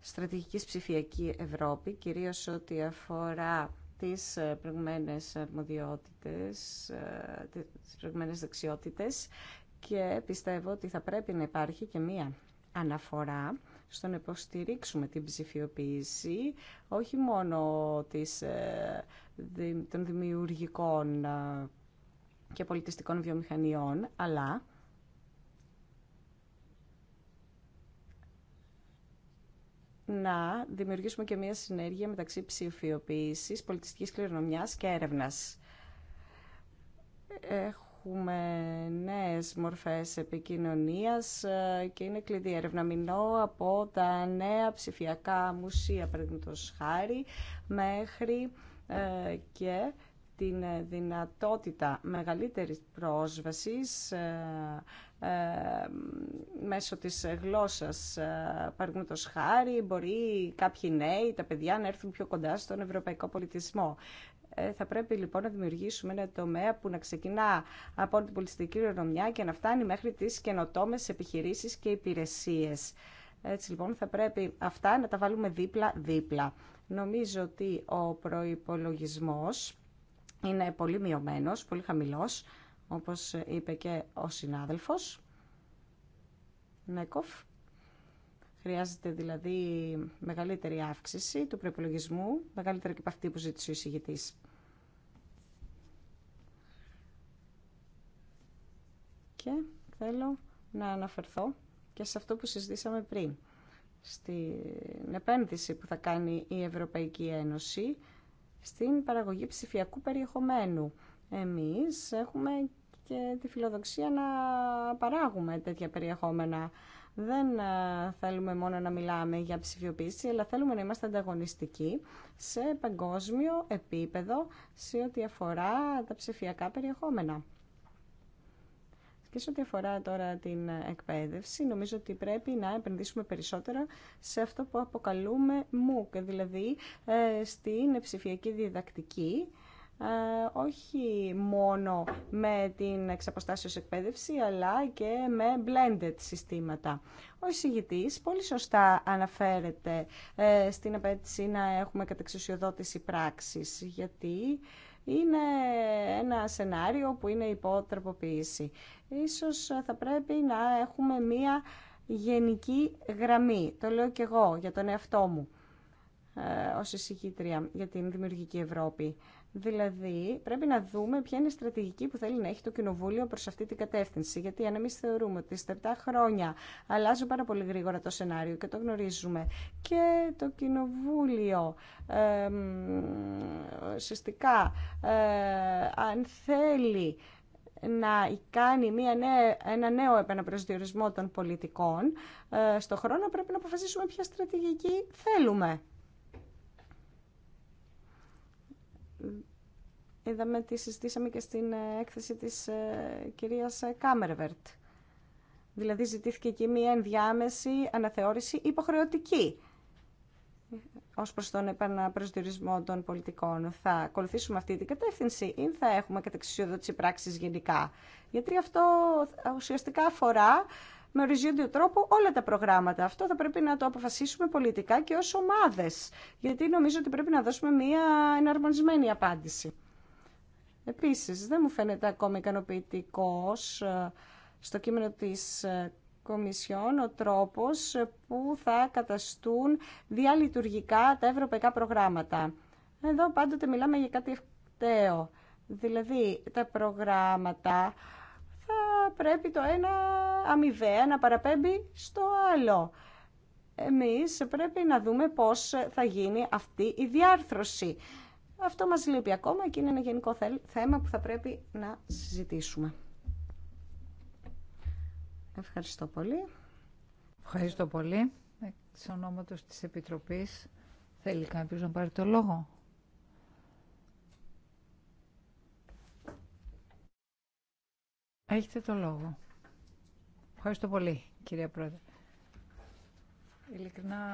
στρατηγικής ψηφιακή Ευρώπη, κυρίως ό,τι αφορά τις ε, προηγουμένες αρμοδιότητες, τις προηγουμένες δεξιότητες και πιστεύω ότι θα πρέπει να υπάρχει και μία αναφορά στο να υποστηρίξουμε την ψηφιοποίηση όχι μόνο της, ε, των δημιουργικών ε, και πολιτιστικών βιομηχανιών, αλλά να δημιουργήσουμε και μια συνέργεια μεταξύ ψηφιοποίησης, πολιτιστικής κληρονομιάς και έρευνας έχουμε νέες μορφές επικοινωνίας ε, και είναι κλειδί έρευνα. από τα νέα ψηφιακά μουσεία, παραδείγματος χάρη, μέχρι ε, και την δυνατότητα μεγαλύτερης πρόσβασης ε, μέσω της γλώσσας παραδείγματος χάρη μπορεί κάποιοι νέοι, τα παιδιά να έρθουν πιο κοντά στον ευρωπαϊκό πολιτισμό ε, θα πρέπει λοιπόν να δημιουργήσουμε ένα τομέα που να ξεκινά από την πολιτιστική κληρονομιά και να φτάνει μέχρι τις καινοτόμε επιχειρήσεις και υπηρεσίες. Έτσι λοιπόν θα πρέπει αυτά να τα βάλουμε δίπλα-δίπλα. Νομίζω ότι ο προϋπολογισμός είναι πολύ μειωμένος, πολύ χαμηλός, όπως είπε και ο συνάδελφος Νέκοφ. Χρειάζεται δηλαδή μεγαλύτερη αύξηση του προπολογισμού, μεγαλύτερη και που ζήτησε ο εισηγητής. Και θέλω να αναφερθώ και σε αυτό που συζητήσαμε πριν. Στην επένδυση που θα κάνει η Ευρωπαϊκή Ένωση στην παραγωγή ψηφιακού περιεχομένου. Εμείς έχουμε και τη φιλοδοξία να παράγουμε τέτοια περιεχόμενα. Δεν ε, θέλουμε μόνο να μιλάμε για ψηφιοποίηση, αλλά θέλουμε να είμαστε ανταγωνιστικοί σε παγκόσμιο επίπεδο σε ό,τι αφορά τα ψηφιακά περιεχόμενα. Και σε ό,τι αφορά τώρα την εκπαίδευση, νομίζω ότι πρέπει να επενδύσουμε περισσότερα σε αυτό που αποκαλούμε MOOC, δηλαδή ε, στην ψηφιακή διδακτική, ε, όχι μόνο με την εξαποστάσεως εκπαίδευση, αλλά και με blended συστήματα. Ο εισηγητής πολύ σωστά αναφέρεται ε, στην απέτηση να έχουμε κατεξουσιοδότηση πράξης, γιατί είναι ένα σενάριο που είναι υπό τροποποίηση ίσως θα πρέπει να έχουμε μία γενική γραμμή. Το λέω και εγώ για τον εαυτό μου ε, ως εισηγήτρια για την Δημιουργική Ευρώπη. Δηλαδή, πρέπει να δούμε ποια είναι η στρατηγική που θέλει να έχει το Κοινοβούλιο προ αυτή την κατεύθυνση. Γιατί αν εμεί θεωρούμε ότι στα 7 χρόνια αλλάζει πάρα πολύ γρήγορα το σενάριο και το γνωρίζουμε και το Κοινοβούλιο ουσιαστικά ε, αν θέλει να κάνει μια νέα, ένα νέο επαναπροσδιορισμό των πολιτικών ε, στο χρόνο πρέπει να αποφασίσουμε ποια στρατηγική θέλουμε. Είδαμε τι συζητήσαμε και στην ε, έκθεση της ε, κυρίας ε, Κάμερβερτ. Δηλαδή ζητήθηκε εκεί μια ενδιάμεση αναθεώρηση υποχρεωτική Ω προ τον επαναπροσδιορισμό των πολιτικών. Θα ακολουθήσουμε αυτή την κατεύθυνση ή θα έχουμε κατεξουσιοδότηση πράξη γενικά. Γιατί αυτό ουσιαστικά αφορά με οριζόντιο τρόπο όλα τα προγράμματα. Αυτό θα πρέπει να το αποφασίσουμε πολιτικά και ως ομάδες. Γιατί νομίζω ότι πρέπει να δώσουμε μια εναρμονισμένη απάντηση. Επίσης, δεν μου φαίνεται ακόμα ικανοποιητικός ε, στο κείμενο της ε, Κομισιόν ο τρόπος που θα καταστούν διαλειτουργικά τα ευρωπαϊκά προγράμματα. Εδώ πάντοτε μιλάμε για κάτι ευκταίο. Δηλαδή τα προγράμματα θα πρέπει το ένα αμοιβαία να παραπέμπει στο άλλο. Εμείς πρέπει να δούμε πώς θα γίνει αυτή η διάρθρωση. Αυτό μας λείπει ακόμα και είναι ένα γενικό θέμα που θα πρέπει να συζητήσουμε. Ευχαριστώ πολύ. Ευχαριστώ πολύ. Εξ ονόματος της Επιτροπής θέλει κάποιος να πάρει το λόγο. Έχετε το λόγο. Ευχαριστώ πολύ, κυρία Πρόεδρε. Ειλικρινά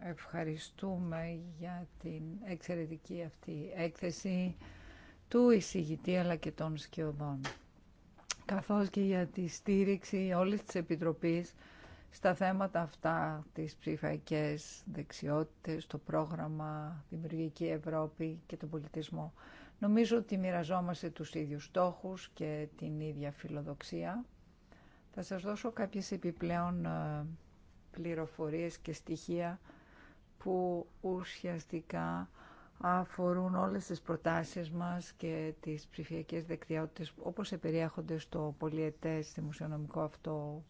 ευχαριστούμε για την εξαιρετική αυτή έκθεση του εισηγητή αλλά και των σκιωδών καθώς και για τη στήριξη όλης της Επιτροπής στα θέματα αυτά, τις ψηφιακές δεξιότητες, το πρόγραμμα Δημιουργική Ευρώπη και τον πολιτισμό. Νομίζω ότι μοιραζόμαστε τους ίδιους στόχους και την ίδια φιλοδοξία. Θα σας δώσω κάποιες επιπλέον ε, πληροφορίες και στοιχεία που ουσιαστικά αφορούν όλες τις προτάσεις μας και τις ψηφιακές δεκτυότητες όπως επεριέχονται στο πολιετές δημοσιονομικό αυτό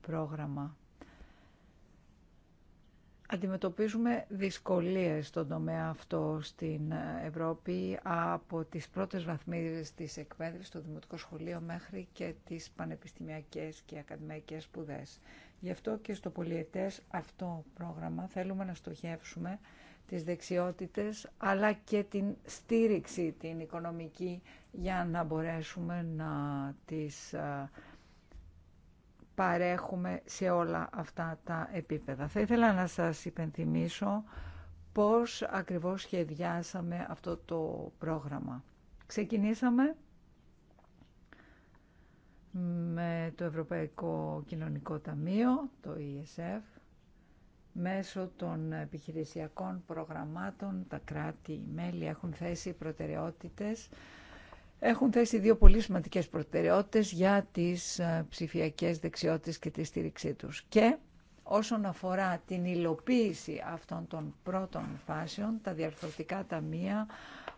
πρόγραμμα. Αντιμετωπίζουμε δυσκολίες στον τομέα αυτό στην Ευρώπη από τις πρώτες βαθμίδες της εκπαίδευσης στο Δημοτικό Σχολείο μέχρι και τις πανεπιστημιακές και ακαδημαϊκές σπουδές. Γι' αυτό και στο πολιετές αυτό πρόγραμμα θέλουμε να στοχεύσουμε τις δεξιότητες, αλλά και την στήριξη την οικονομική για να μπορέσουμε να τις ε, παρέχουμε σε όλα αυτά τα επίπεδα. Θα ήθελα να σας υπενθυμίσω πώς ακριβώς σχεδιάσαμε αυτό το πρόγραμμα. Ξεκινήσαμε με το Ευρωπαϊκό Κοινωνικό Ταμείο, το ESF, Μέσω των επιχειρησιακών προγραμμάτων τα κράτη-μέλη έχουν θέσει προτεραιότητες. Έχουν θέσει δύο πολύ σημαντικές προτεραιότητες για τις ε, ψηφιακές δεξιότητες και τη στήριξή τους. Και όσον αφορά την υλοποίηση αυτών των πρώτων φάσεων, τα διαρθρωτικά ταμεία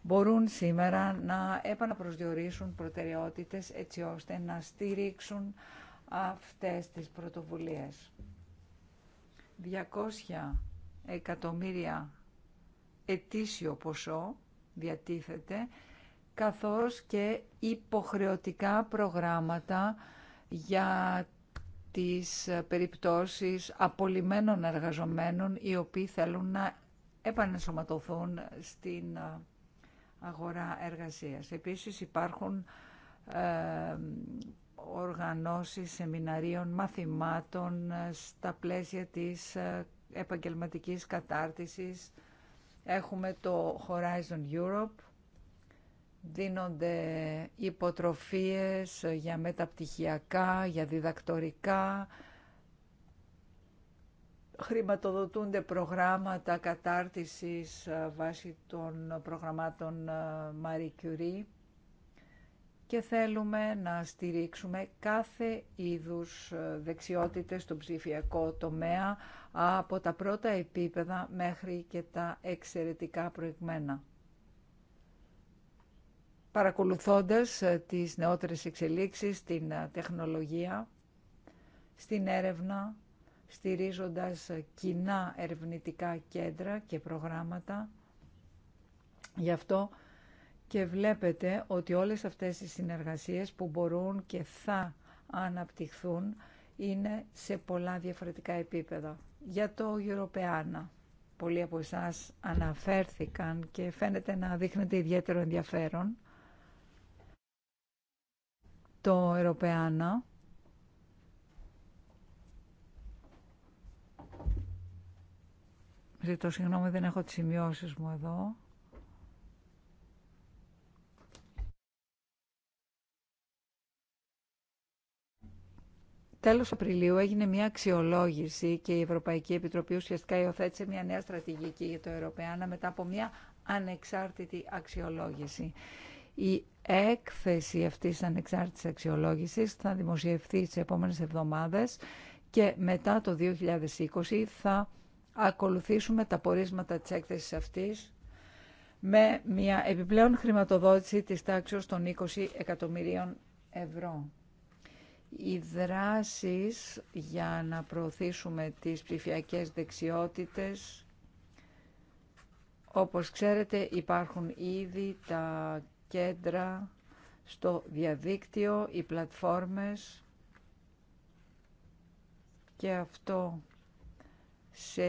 μπορούν σήμερα να επαναπροσδιορίσουν προτεραιότητες έτσι ώστε να στηρίξουν αυτές τις πρωτοβουλίες. 200 εκατομμύρια ετήσιο ποσό διατίθεται, καθώς και υποχρεωτικά προγράμματα για τις περιπτώσεις απολυμένων εργαζομένων οι οποίοι θέλουν να επανεσωματωθούν στην ε, αγορά εργασίας. Επίσης υπάρχουν ε, οργανώσεις σεμιναρίων μαθημάτων ε, στα πλαίσια της ε, επαγγελματικής κατάρτισης. Έχουμε το Horizon Europe, δίνονται υποτροφίες ε, για μεταπτυχιακά, για διδακτορικά, χρηματοδοτούνται προγράμματα κατάρτισης βάσει των προγραμμάτων Marie Curie και θέλουμε να στηρίξουμε κάθε είδους ε, δεξιότητες στον ψηφιακό τομέα από τα πρώτα επίπεδα μέχρι και τα εξαιρετικά προηγμένα. Παρακολουθώντας ε, τις νεότερες εξελίξεις στην ε, τεχνολογία, στην έρευνα, στηρίζοντας κοινά ερευνητικά κέντρα και προγράμματα. Γι' αυτό και βλέπετε ότι όλες αυτές οι συνεργασίες που μπορούν και θα αναπτυχθούν είναι σε πολλά διαφορετικά επίπεδα. Για το Ευρωπαϊκά, πολλοί από εσά αναφέρθηκαν και φαίνεται να δείχνετε ιδιαίτερο ενδιαφέρον. Το Ευρωπαϊκά Ζητώ συγγνώμη, δεν έχω τις σημειώσεις μου εδώ. Τέλος Απριλίου έγινε μια αξιολόγηση και η Ευρωπαϊκή Επιτροπή ουσιαστικά υιοθέτησε μια νέα στρατηγική για το Ευρωπαϊκό μετά από μια ανεξάρτητη αξιολόγηση. Η έκθεση αυτής της ανεξάρτητης αξιολόγησης θα δημοσιευθεί τις επόμενες εβδομάδες και μετά το 2020 θα ακολουθήσουμε τα πορίσματα της έκθεσης αυτής με μια επιπλέον χρηματοδότηση της τάξης των 20 εκατομμυρίων ευρώ οι δράσεις για να προωθήσουμε τις ψηφιακές δεξιότητες όπως ξέρετε υπάρχουν ήδη τα κέντρα στο διαδίκτυο, οι πλατφόρμες και αυτό σε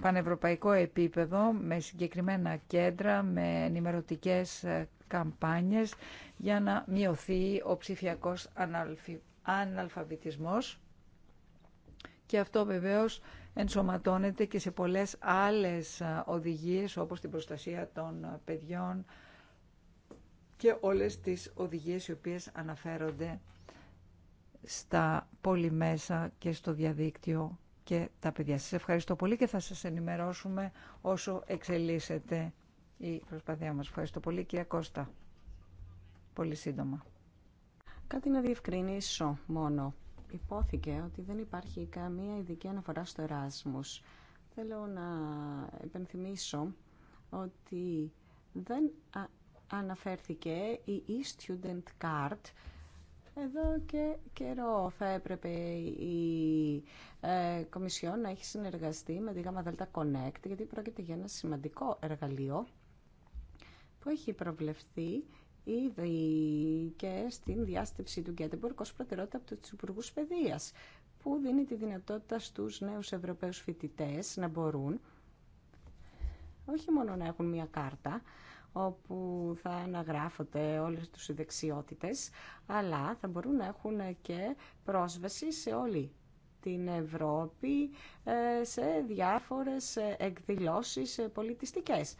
πανευρωπαϊκό επίπεδο με συγκεκριμένα κέντρα, με ενημερωτικές καμπάνιες για να μειωθεί ο ψηφιακός αναλφαβητισμός και αυτό βεβαίως ενσωματώνεται και σε πολλές άλλες οδηγίες όπως την προστασία των παιδιών και όλες τις οδηγίες οι οποίες αναφέρονται στα πολυμέσα και στο διαδίκτυο και τα παιδιά. Σας ευχαριστώ πολύ και θα σας ενημερώσουμε όσο εξελίσσεται η προσπάθειά μας. Ευχαριστώ πολύ κυρία Κώστα. Πολύ σύντομα. Κάτι να διευκρινίσω μόνο. Υπόθηκε ότι δεν υπάρχει καμία ειδική αναφορά στο Εράσμους. Θέλω να επενθυμίσω ότι δεν αναφέρθηκε η e-student card εδώ και καιρό θα έπρεπε η ε, Κομισιόν να έχει συνεργαστεί με τη ΓΑΜΑ Connect γιατί πρόκειται για ένα σημαντικό εργαλείο που έχει προβλεφθεί ήδη και στην διάστηση του Γκέντεμπορκ ως προτεραιότητα από τους υπουργού Παιδείας, που δίνει τη δυνατότητα στους νέους Ευρωπαίους φοιτητές να μπορούν όχι μόνο να έχουν μία κάρτα, όπου θα αναγράφονται όλες τους οι αλλά θα μπορούν να έχουν και πρόσβαση σε όλη την Ευρώπη, ε, σε διάφορες ε, εκδηλώσεις ε, πολιτιστικές.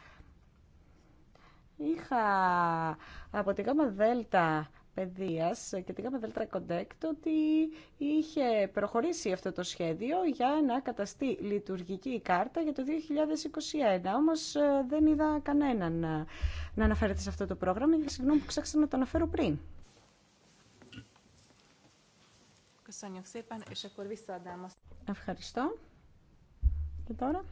Είχα από τη ΓΑΜΑ ΔΕΛΤΑ παιδείας και τη ΓΑΜΑ ΔΕΛΤΑ Κοντέκτ ότι είχε προχωρήσει αυτό το σχέδιο για να καταστεί λειτουργική η κάρτα για το 2021. Όμως ε, δεν είδα κανέναν ε, να αναφέρεται σε αυτό το πρόγραμμα για ε, συγγνώμη που ξέχασα να το αναφέρω πριν. Ευχαριστώ. Και τώρα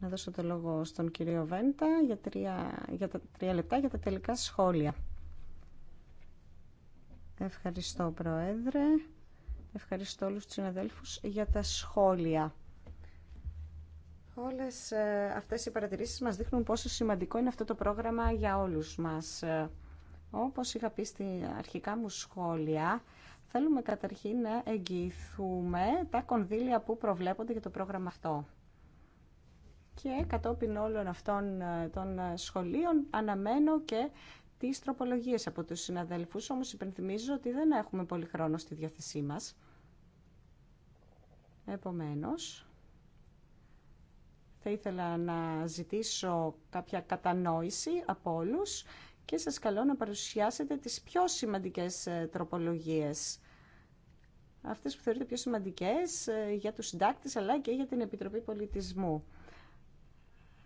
να δώσω το λόγο στον κύριο Βέντα για, τρία, για τα τρία λεπτά για τα τελικά σχόλια. Ευχαριστώ Πρόεδρε. Ευχαριστώ όλους τους συναδέλφους για τα σχόλια. Όλες ε, αυτές οι παρατηρήσεις μας δείχνουν πόσο σημαντικό είναι αυτό το πρόγραμμα για όλους μας. Ε, όπως είχα πει στην αρχικά μου σχόλια, θέλουμε καταρχήν να εγγυηθούμε τα κονδύλια που προβλέπονται για το πρόγραμμα αυτό και κατόπιν όλων αυτών ε, των ε, σχολείων αναμένω και τις τροπολογίες από τους συναδέλφους, όμως υπενθυμίζω ότι δεν έχουμε πολύ χρόνο στη διάθεσή μας. Επομένως, θα ήθελα να ζητήσω κάποια κατανόηση από όλους και σας καλώ να παρουσιάσετε τις πιο σημαντικές ε, τροπολογίες. Αυτές που θεωρείτε πιο σημαντικές για τους συντάκτες αλλά και για την Επιτροπή Πολιτισμού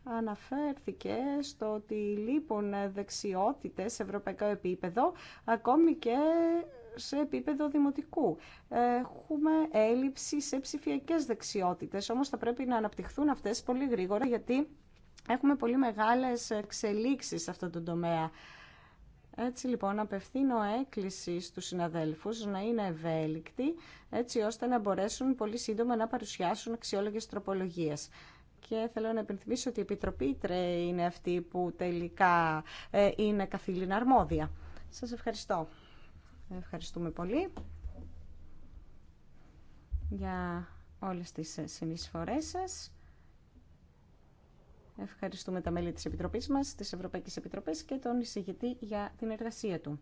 αναφέρθηκε στο ότι λείπουν δεξιότητες σε ευρωπαϊκό επίπεδο, ακόμη και σε επίπεδο δημοτικού. Έχουμε έλλειψη σε ψηφιακές δεξιότητες, όμως θα πρέπει να αναπτυχθούν αυτές πολύ γρήγορα, γιατί έχουμε πολύ μεγάλες εξελίξεις σε αυτό τον τομέα. Έτσι λοιπόν απευθύνω έκκληση στους συναδέλφους να είναι ευέλικτοι έτσι ώστε να μπορέσουν πολύ σύντομα να παρουσιάσουν αξιόλογες τροπολογίες και θέλω να επενθυμίσω ότι η Επιτροπή είναι αυτή που τελικά ε, είναι καθήλυνα αρμόδια. Σας ευχαριστώ. Ευχαριστούμε πολύ για όλες τις ε, συνεισφορές σας. Ευχαριστούμε τα μέλη της Επιτροπής μας, της Ευρωπαϊκής Επιτροπής και τον εισηγητή για την εργασία του.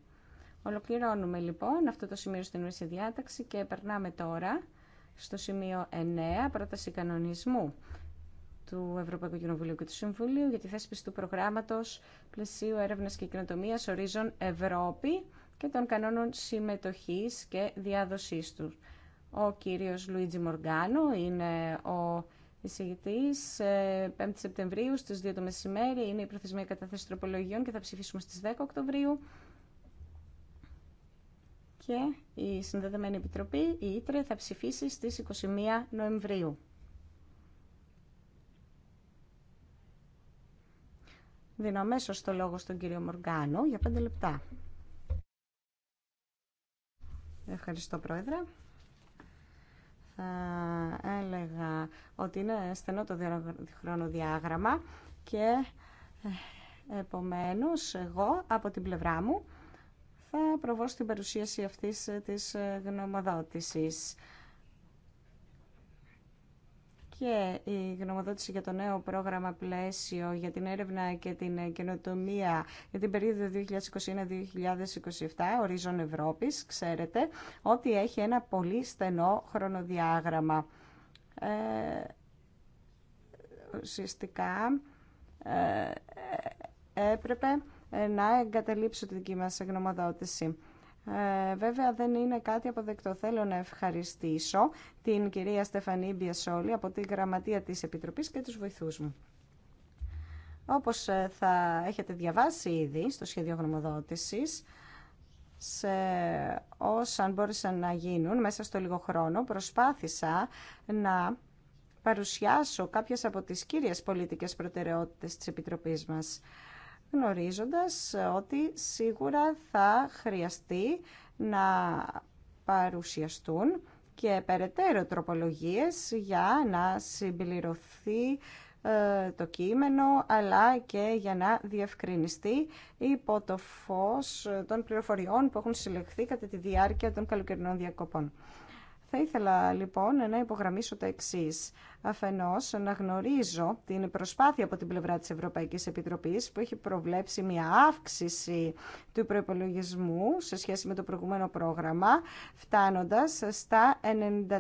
Ολοκληρώνουμε λοιπόν αυτό το σημείο στην ουρήση διάταξη και περνάμε τώρα στο σημείο 9, πρόταση κανονισμού του Ευρωπαϊκού Κοινοβουλίου και του Συμβουλίου για τη θέσπιση του προγράμματο πλαισίου Έρευνα και κοινοτομία ορίζων Ευρώπη και των κανόνων συμμετοχή και διαδοσή του. Ο κύριο Λουίτζι Μοργκάνο είναι ο εισηγητής 5 ε, Σεπτεμβρίου στι 2 το μεσημέρι. Είναι η προθεσμία κατάθεση τροπολογιών και θα ψηφίσουμε στι 10 Οκτωβρίου. Και η συνδεδεμένη επιτροπή, η Ήτρε, θα ψηφίσει στις 21 Νοεμβρίου. Δίνω αμέσω το λόγο στον κύριο μόργκανο για πέντε λεπτά. Ευχαριστώ, Πρόεδρε. Θα έλεγα ότι είναι στενό το χρονοδιάγραμμα και ε, επομένως εγώ από την πλευρά μου θα προβώ στην παρουσίαση αυτής ε, της ε, γνωμοδότησης και η γνωμοδότηση για το νέο πρόγραμμα πλαίσιο για την έρευνα και την καινοτομία για την περίοδο 2021-2027, ορίζον Ευρώπης, ξέρετε, ότι έχει ένα πολύ στενό χρονοδιάγραμμα. Ε, ουσιαστικά ε, ε έπρεπε να εγκαταλείψω την δική μας γνωμοδότηση. Ε, βέβαια δεν είναι κάτι αποδεκτό. Θέλω να ευχαριστήσω την κυρία Στεφανή Μπιασόλη από τη Γραμματεία της Επιτροπής και τους βοηθούς μου. Όπως ε, θα έχετε διαβάσει ήδη στο σχέδιο γνωμοδότησης, σε όσα μπόρεσαν να γίνουν μέσα στο λίγο χρόνο, προσπάθησα να παρουσιάσω κάποιες από τις κύριες πολιτικές προτεραιότητες της Επιτροπής μας γνωρίζοντας ότι σίγουρα θα χρειαστεί να παρουσιαστούν και περαιτέρω τροπολογίες για να συμπληρωθεί ε, το κείμενο αλλά και για να διευκρινιστεί υπό το φως των πληροφοριών που έχουν συλλεχθεί κατά τη διάρκεια των καλοκαιρινών διακοπών. Θα ήθελα λοιπόν να υπογραμμίσω τα εξή. Αφενό, να γνωρίζω την προσπάθεια από την πλευρά τη Ευρωπαϊκή Επιτροπή που έχει προβλέψει μια αύξηση του προπολογισμού σε σχέση με το προηγούμενο πρόγραμμα, φτάνοντα στα 94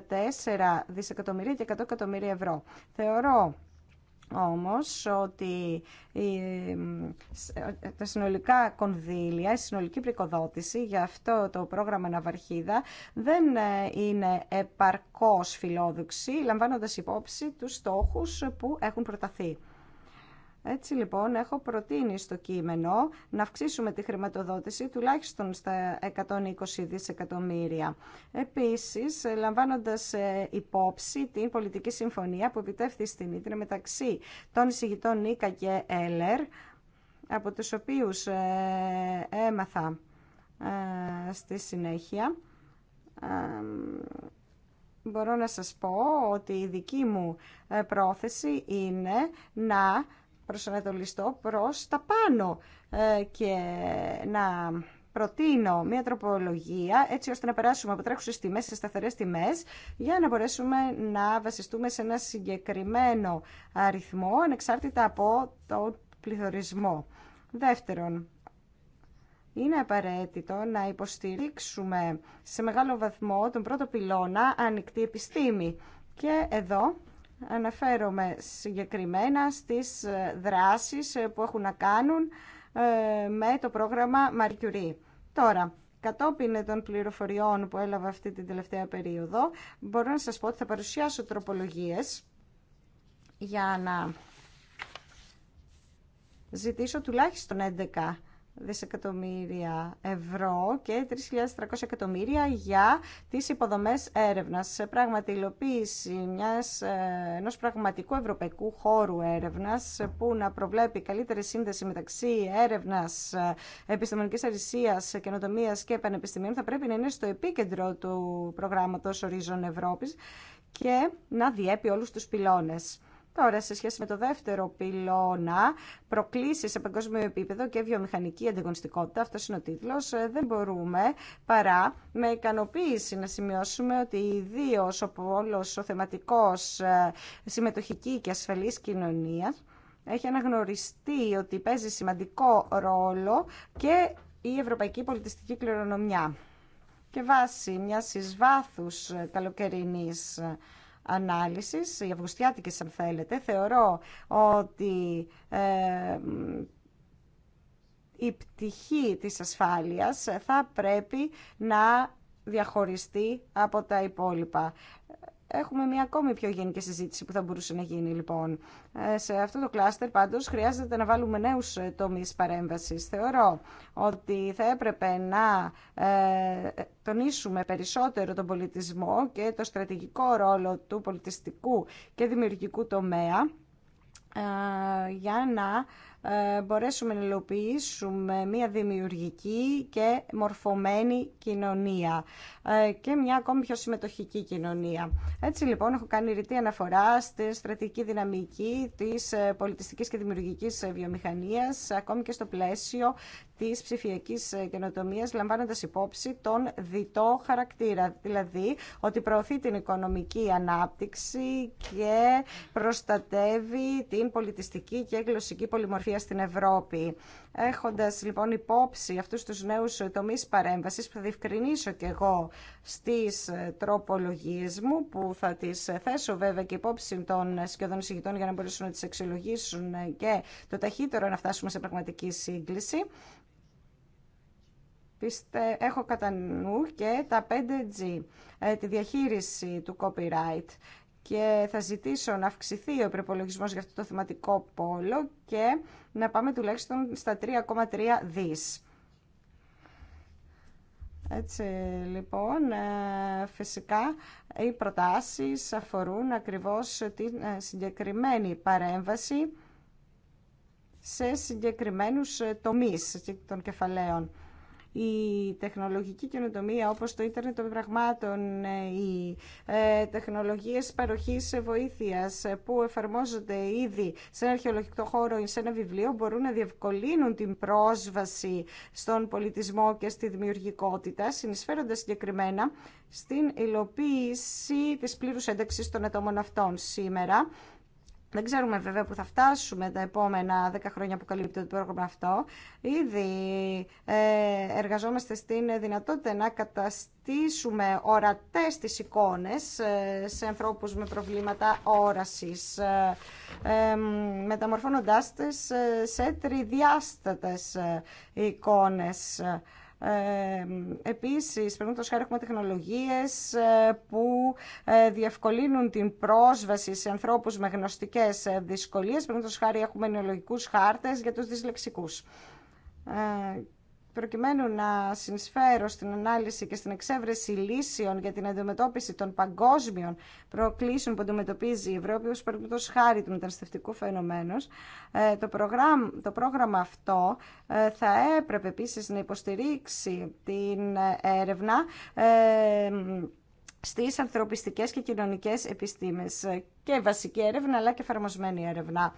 δισεκατομμύρια και 100 εκατομμύρια ευρώ. Θεωρώ όμως ότι ε, τα συνολικά κονδύλια, η συνολική πρικοδότηση για αυτό το πρόγραμμα Ναυαρχίδα δεν ε, είναι επαρκώς φιλόδοξη, λαμβάνοντας υπόψη τους στόχους που έχουν προταθεί. Έτσι λοιπόν έχω προτείνει στο κείμενο να αυξήσουμε τη χρηματοδότηση τουλάχιστον στα 120 δισεκατομμύρια. Επίσης, λαμβάνοντας ε, υπόψη την πολιτική συμφωνία που επιτεύχθη στην Ήτρε μεταξύ των εισηγητών Νίκα και Έλερ, από τους οποίους ε, έμαθα ε, στη συνέχεια, μπορώ να σας πω ότι η δική μου πρόθεση είναι να προσανατολιστώ προς τα πάνω ε, και να προτείνω μια τροπολογία έτσι ώστε να περάσουμε από τρέχουσες τιμές σε σταθερές τιμές για να μπορέσουμε να βασιστούμε σε ένα συγκεκριμένο αριθμό ανεξάρτητα από το πληθωρισμό. Δεύτερον, είναι απαραίτητο να υποστηρίξουμε σε μεγάλο βαθμό τον πρώτο πυλώνα ανοιχτή επιστήμη. Και εδώ Αναφέρομαι συγκεκριμένα στις ε, δράσεις ε, που έχουν να κάνουν ε, με το πρόγραμμα Μαρκιουρί. Τώρα, κατόπιν των πληροφοριών που έλαβα αυτή την τελευταία περίοδο, μπορώ να σας πω ότι θα παρουσιάσω τροπολογίες για να ζητήσω τουλάχιστον 11 δισεκατομμύρια ευρώ και 3.300 εκατομμύρια για τις υποδομές έρευνας. Σε πραγματι μιας, ε, ενός πραγματικού ευρωπαϊκού χώρου έρευνας που να προβλέπει καλύτερη σύνδεση μεταξύ έρευνας, ε, επιστημονικής αρισίας, καινοτομία και πανεπιστημίων θα πρέπει να είναι στο επίκεντρο του προγράμματος Horizon Ευρώπης και να διέπει όλους τους πυλώνες. Τώρα, σε σχέση με το δεύτερο πυλώνα, προκλήσει σε παγκόσμιο επίπεδο και βιομηχανική ανταγωνιστικότητα, αυτό είναι ο τίτλο, ε, δεν μπορούμε παρά με ικανοποίηση να σημειώσουμε ότι ιδίω ο πόλο, ο θεματικό, ε, συμμετοχική και ασφαλή κοινωνία, έχει αναγνωριστεί ότι παίζει σημαντικό ρόλο και η ευρωπαϊκή πολιτιστική κληρονομιά. Και βάσει μια εις καλοκαιρινή ανάλυσης, οι αυγουστιάτικες αν θέλετε, θεωρώ ότι ε, η πτυχή της ασφάλειας θα πρέπει να διαχωριστεί από τα υπόλοιπα. Έχουμε μια ακόμη πιο γενική συζήτηση που θα μπορούσε να γίνει λοιπόν. Ε, σε αυτό το κλάστερ πάντως χρειάζεται να βάλουμε νέους ε, τομείς παρέμβασης. Θεωρώ ότι θα έπρεπε να ε, τονίσουμε περισσότερο τον πολιτισμό και το στρατηγικό ρόλο του πολιτιστικού και δημιουργικού τομέα για να ε, μπορέσουμε να υλοποιήσουμε μια δημιουργική και μορφωμένη κοινωνία ε, και μια ακόμη πιο συμμετοχική κοινωνία. Έτσι λοιπόν έχω κάνει ρητή αναφορά στη στρατηγική δυναμική της ε, πολιτιστικής και δημιουργικής βιομηχανίας ακόμη και στο πλαίσιο της ψηφιακής καινοτομίας λαμβάνοντας υπόψη τον διτό χαρακτήρα, δηλαδή ότι προωθεί την οικονομική ανάπτυξη και προστατεύει την πολιτιστική και γλωσσική πολυμορφία κτηνοτροφία στην Ευρώπη. Έχοντα λοιπόν υπόψη αυτού του νέου τομεί παρέμβαση που θα διευκρινίσω και εγώ στι τροπολογίε μου που θα τι θέσω βέβαια και υπόψη των σχεδόν συγκητών για να μπορέσουν να τι αξιολογήσουν και το ταχύτερο να φτάσουμε σε πραγματική σύγκληση. Πιστε, έχω κατά νου και τα 5G, ε, τη διαχείριση του copyright και θα ζητήσω να αυξηθεί ο προπολογισμό για αυτό το θεματικό πόλο και να πάμε τουλάχιστον στα 3,3 δις. Έτσι λοιπόν, ε, φυσικά οι προτάσεις αφορούν ακριβώς την ε, συγκεκριμένη παρέμβαση σε συγκεκριμένους ε, τομείς των κεφαλαίων η τεχνολογική καινοτομία όπως το ίντερνετ των πραγμάτων, ε, οι ε, τεχνολογίες παροχής βοήθειας ε, που εφαρμόζονται ήδη σε ένα αρχαιολογικό χώρο ή σε ένα βιβλίο μπορούν να διευκολύνουν την πρόσβαση στον πολιτισμό και στη δημιουργικότητα, συνεισφέροντας συγκεκριμένα στην υλοποίηση της πλήρους ένταξης των ατόμων αυτών σήμερα. Δεν ξέρουμε βέβαια που θα φτάσουμε τα επόμενα 10 χρόνια που καλύπτει το πρόγραμμα αυτό. Ήδη ε, εργαζόμαστε στην δυνατότητα να καταστήσουμε ορατές τις εικόνες ε, σε ανθρώπους με προβλήματα όρασης, ε, μεταμορφώνοντάς τις σε τριδιάστατες εικόνες. Επίσης, πρέπει να χάρη έχουμε τεχνολογίες ε, που ε, διευκολύνουν την πρόσβαση σε ανθρώπους με γνωστικές ε, δυσκολίες. Πρέπει να χάρη έχουμε νεολογικούς χάρτες για τους δυσλεξικούς προκειμένου να συνεισφέρω στην ανάλυση και στην εξέβρεση λύσεων για την αντιμετώπιση των παγκόσμιων προκλήσεων που αντιμετωπίζει η Ευρώπη, ως παραδείγματος χάρη του μεταναστευτικού φαινομένου. Ε, το, πρόγραμμα, το πρόγραμμα αυτό ε, θα έπρεπε επίσης να υποστηρίξει την ε, έρευνα στις ανθρωπιστικές και κοινωνικές επιστήμες και βασική έρευνα αλλά και εφαρμοσμένη έρευνα.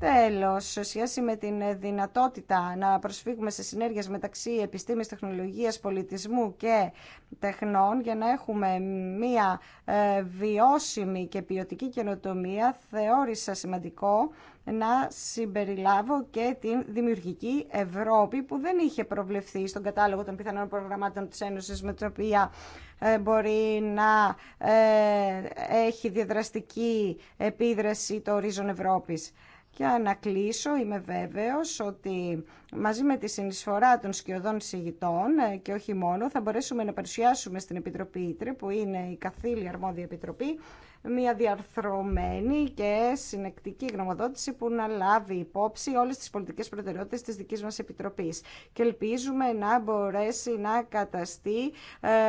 Τέλος, σε σχέση με την δυνατότητα να προσφύγουμε σε συνέργειες μεταξύ επιστήμης, τεχνολογίας, πολιτισμού και τεχνών για να έχουμε μία ε, βιώσιμη και ποιοτική καινοτομία, θεώρησα σημαντικό να συμπεριλάβω και την δημιουργική Ευρώπη που δεν είχε προβλεφθεί στον κατάλογο των πιθανών προγραμμάτων της Ένωσης με την οποία ε, μπορεί να ε, έχει διαδραστική επίδραση το ορίζον Ευρώπης. Και κλείσω, είμαι βέβαιος ότι μαζί με τη συνεισφορά των σκιωδών συγητών ε, και όχι μόνο θα μπορέσουμε να παρουσιάσουμε στην Επιτροπή Ήτρε που είναι η καθήλια αρμόδια επιτροπή μια διαρθρωμένη και συνεκτική γνωμοδότηση που να λάβει υπόψη όλες τις πολιτικές προτεραιότητες της δικής μας Επιτροπής. Και ελπίζουμε να μπορέσει να καταστεί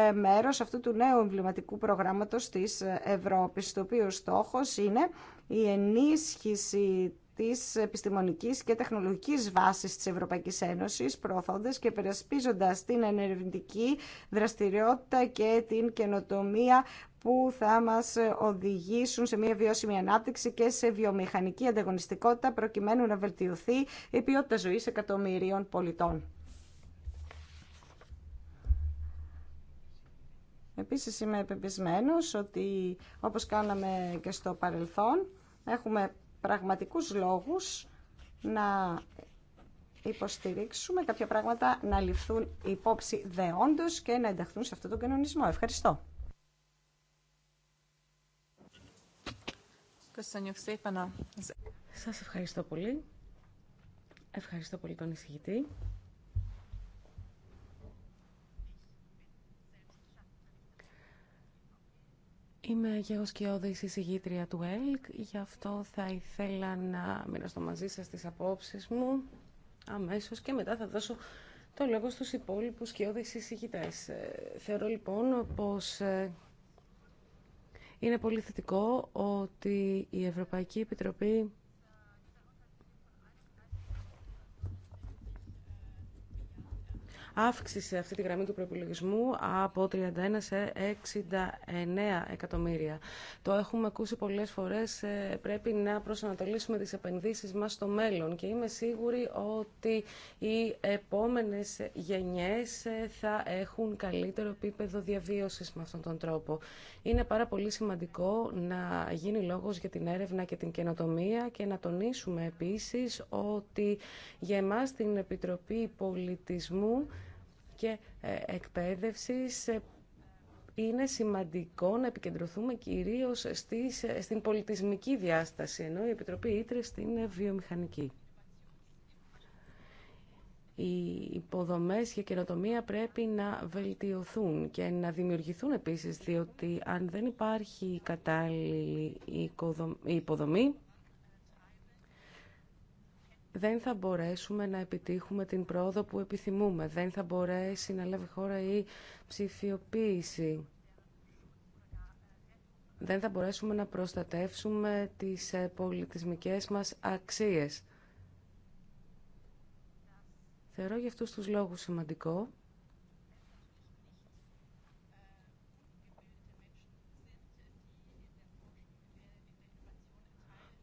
ε, μέρος αυτού του νέου εμβληματικού προγράμματος της Ευρώπης, το οποίο στόχος είναι η ενίσχυση τη επιστημονικής και τεχνολογική βάση της Ευρωπαϊκής Ένωσης, προωθώντα και περασπίζοντας την ενεργητική δραστηριότητα και την καινοτομία που θα μας οδηγήσουν σε μια βιώσιμη ανάπτυξη και σε βιομηχανική ανταγωνιστικότητα προκειμένου να βελτιωθεί η ποιότητα ζωής εκατομμυρίων πολιτών. Επίσης είμαι επιπισμένος ότι όπως κάναμε και στο παρελθόν έχουμε πραγματικούς λόγους να υποστηρίξουμε κάποια πράγματα να ληφθούν υπόψη δεόντως και να ενταχθούν σε αυτόν τον κανονισμό. Ευχαριστώ. Σας ευχαριστώ πολύ. Ευχαριστώ πολύ τον εισηγητή. Είμαι και εγώ σκιώδης του ΕΛΚ, γι' αυτό θα ήθελα να μοιραστώ μαζί σας τις απόψεις μου αμέσως και μετά θα δώσω το λόγο στους υπόλοιπους σκιώδης εισηγητές. Ε, θεωρώ λοιπόν πως ε, είναι πολύ θετικό ότι η Ευρωπαϊκή Επιτροπή αύξησε αυτή τη γραμμή του προπολογισμού από 31 σε 69 εκατομμύρια. Το έχουμε ακούσει πολλές φορές, ε, πρέπει να προσανατολίσουμε τις επενδύσεις μας στο μέλλον και είμαι σίγουρη ότι οι επόμενες γενιές ε, θα έχουν καλύτερο επίπεδο διαβίωσης με αυτόν τον τρόπο. Είναι πάρα πολύ σημαντικό να γίνει λόγος για την έρευνα και την καινοτομία και να τονίσουμε επίσης ότι για εμάς την Επιτροπή Πολιτισμού και ε, εκπαίδευσης ε, είναι σημαντικό να επικεντρωθούμε κυρίως ε, στην πολιτισμική διάσταση, ενώ η Επιτροπή ΉΤΡΕ στην βιομηχανική. Οι υποδομές και καινοτομία πρέπει να βελτιωθούν και να δημιουργηθούν επίσης, διότι αν δεν υπάρχει κατάλληλη υποδομή, δεν θα μπορέσουμε να επιτύχουμε την πρόοδο που επιθυμούμε. Δεν θα μπορέσει να λάβει χώρα η ψηφιοποίηση. Δεν θα μπορέσουμε να προστατεύσουμε τις ε, πολιτισμικές μας αξίες. Θεωρώ για αυτούς τους λόγους σημαντικό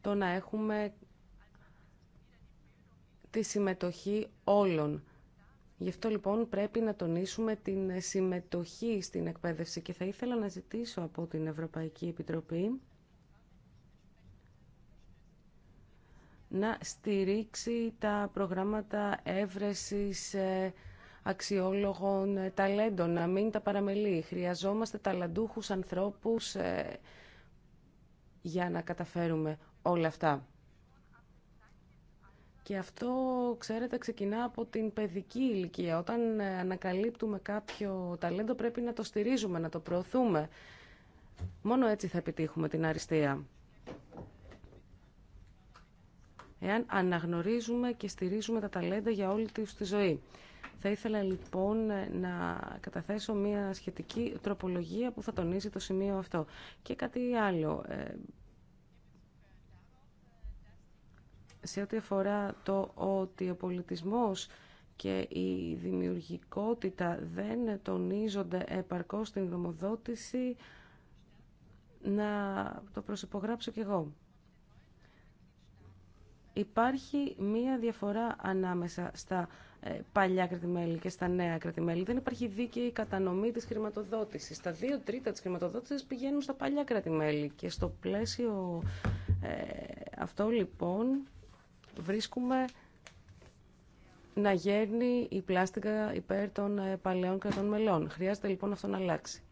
το να έχουμε τη συμμετοχή όλων. Γι' αυτό λοιπόν πρέπει να τονίσουμε την συμμετοχή στην εκπαίδευση και θα ήθελα να ζητήσω από την Ευρωπαϊκή Επιτροπή να στηρίξει τα προγράμματα έβρεσης ε, αξιόλογων ε, ταλέντων, να μην τα παραμελεί. Χρειαζόμαστε ταλαντούχους ανθρώπους ε, για να καταφέρουμε όλα αυτά. Και αυτό, ξέρετε, ξεκινά από την παιδική ηλικία. Όταν ε, ανακαλύπτουμε κάποιο ταλέντο πρέπει να το στηρίζουμε, να το προωθούμε. Μόνο έτσι θα επιτύχουμε την αριστεία. Εάν αναγνωρίζουμε και στηρίζουμε τα ταλέντα για όλη τη ζωή. Θα ήθελα λοιπόν ε, να καταθέσω μια σχετική τροπολογία που θα τονίζει το σημείο αυτό. Και κάτι άλλο. Ε, σε ό,τι αφορά το ότι ο πολιτισμός και η δημιουργικότητα δεν τονίζονται επαρκώς στην δομοδότηση, να το προσυπογράψω κι εγώ. Υπάρχει μία διαφορά ανάμεσα στα ε, παλιά κρατημέλη και στα νέα κρατημέλη. Δεν υπάρχει δίκαιη κατανομή της χρηματοδότησης. Τα δύο τρίτα της χρηματοδότησης πηγαίνουν στα παλιά κρατημέλη. Και στο πλαίσιο ε, αυτό λοιπόν βρίσκουμε να γέρνει η πλάστικα υπέρ των ε, παλαιών κρατών μελών. Χρειάζεται λοιπόν αυτό να αλλάξει.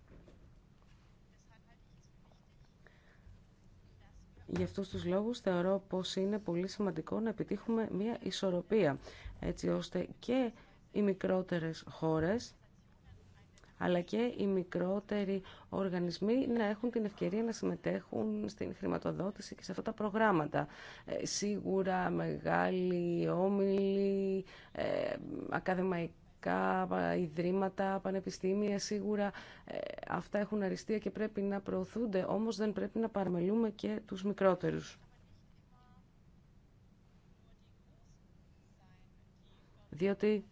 Γι' αυτούς τους λόγους θεωρώ πως είναι πολύ σημαντικό να επιτύχουμε μια ισορροπία, έτσι ώστε και οι μικρότερες χώρες αλλά και οι μικρότεροι οργανισμοί να έχουν την ευκαιρία να συμμετέχουν στην χρηματοδότηση και σε αυτά τα προγράμματα. Ε, σίγουρα μεγάλοι όμιλοι, ε, ακαδημαϊκοί, ιδρύματα, πανεπιστήμια, σίγουρα ε, αυτά έχουν αριστεία και πρέπει να προωθούνται, όμως δεν πρέπει να παραμελούμε και τους μικρότερους. Διότι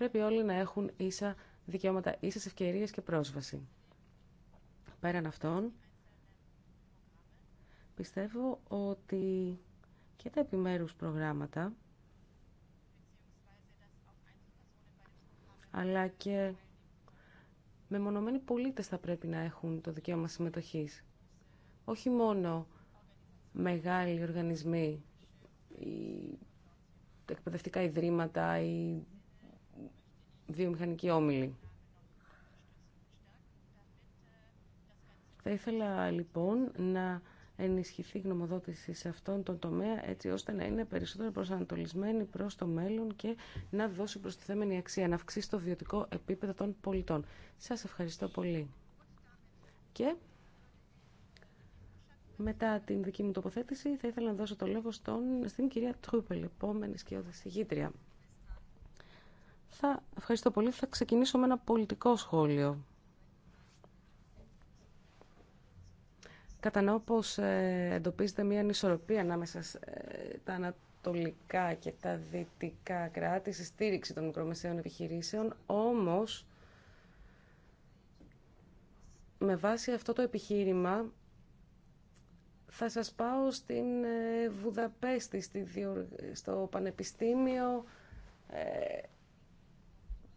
Πρέπει όλοι να έχουν ίσα δικαιώματα, ίσες ευκαιρίες και πρόσβαση. Πέραν αυτών, πιστεύω ότι και τα επιμέρους προγράμματα, αλλά και μεμονωμένοι πολίτες θα πρέπει να έχουν το δικαίωμα συμμετοχής. Όχι μόνο μεγάλοι οργανισμοί, οι εκπαιδευτικά ιδρύματα, οι Βιομηχανική όμιλη. Θα ήθελα λοιπόν να ενισχυθεί η γνωμοδότηση σε αυτόν τον τομέα έτσι ώστε να είναι περισσότερο προσανατολισμένη προς το μέλλον και να δώσει προστιθέμενη αξία, να αυξήσει το βιωτικό επίπεδο των πολιτών. Σας ευχαριστώ πολύ. Και μετά την δική μου τοποθέτηση θα ήθελα να δώσω το λόγο στον, στην κυρία Τρούπελ, επόμενη σκιώδηση γήτρια. Θα, ευχαριστώ πολύ. Θα ξεκινήσω με ένα πολιτικό σχόλιο. Κατανοώ πως ε, εντοπίζεται μια ανισορροπία ανάμεσα σε, τα ανατολικά και τα δυτικά κράτη στη στήριξη των μικρομεσαίων επιχειρήσεων, όμως με βάση αυτό το επιχείρημα θα σας πάω στην ε, Βουδαπέστη, στο Πανεπιστήμιο ε,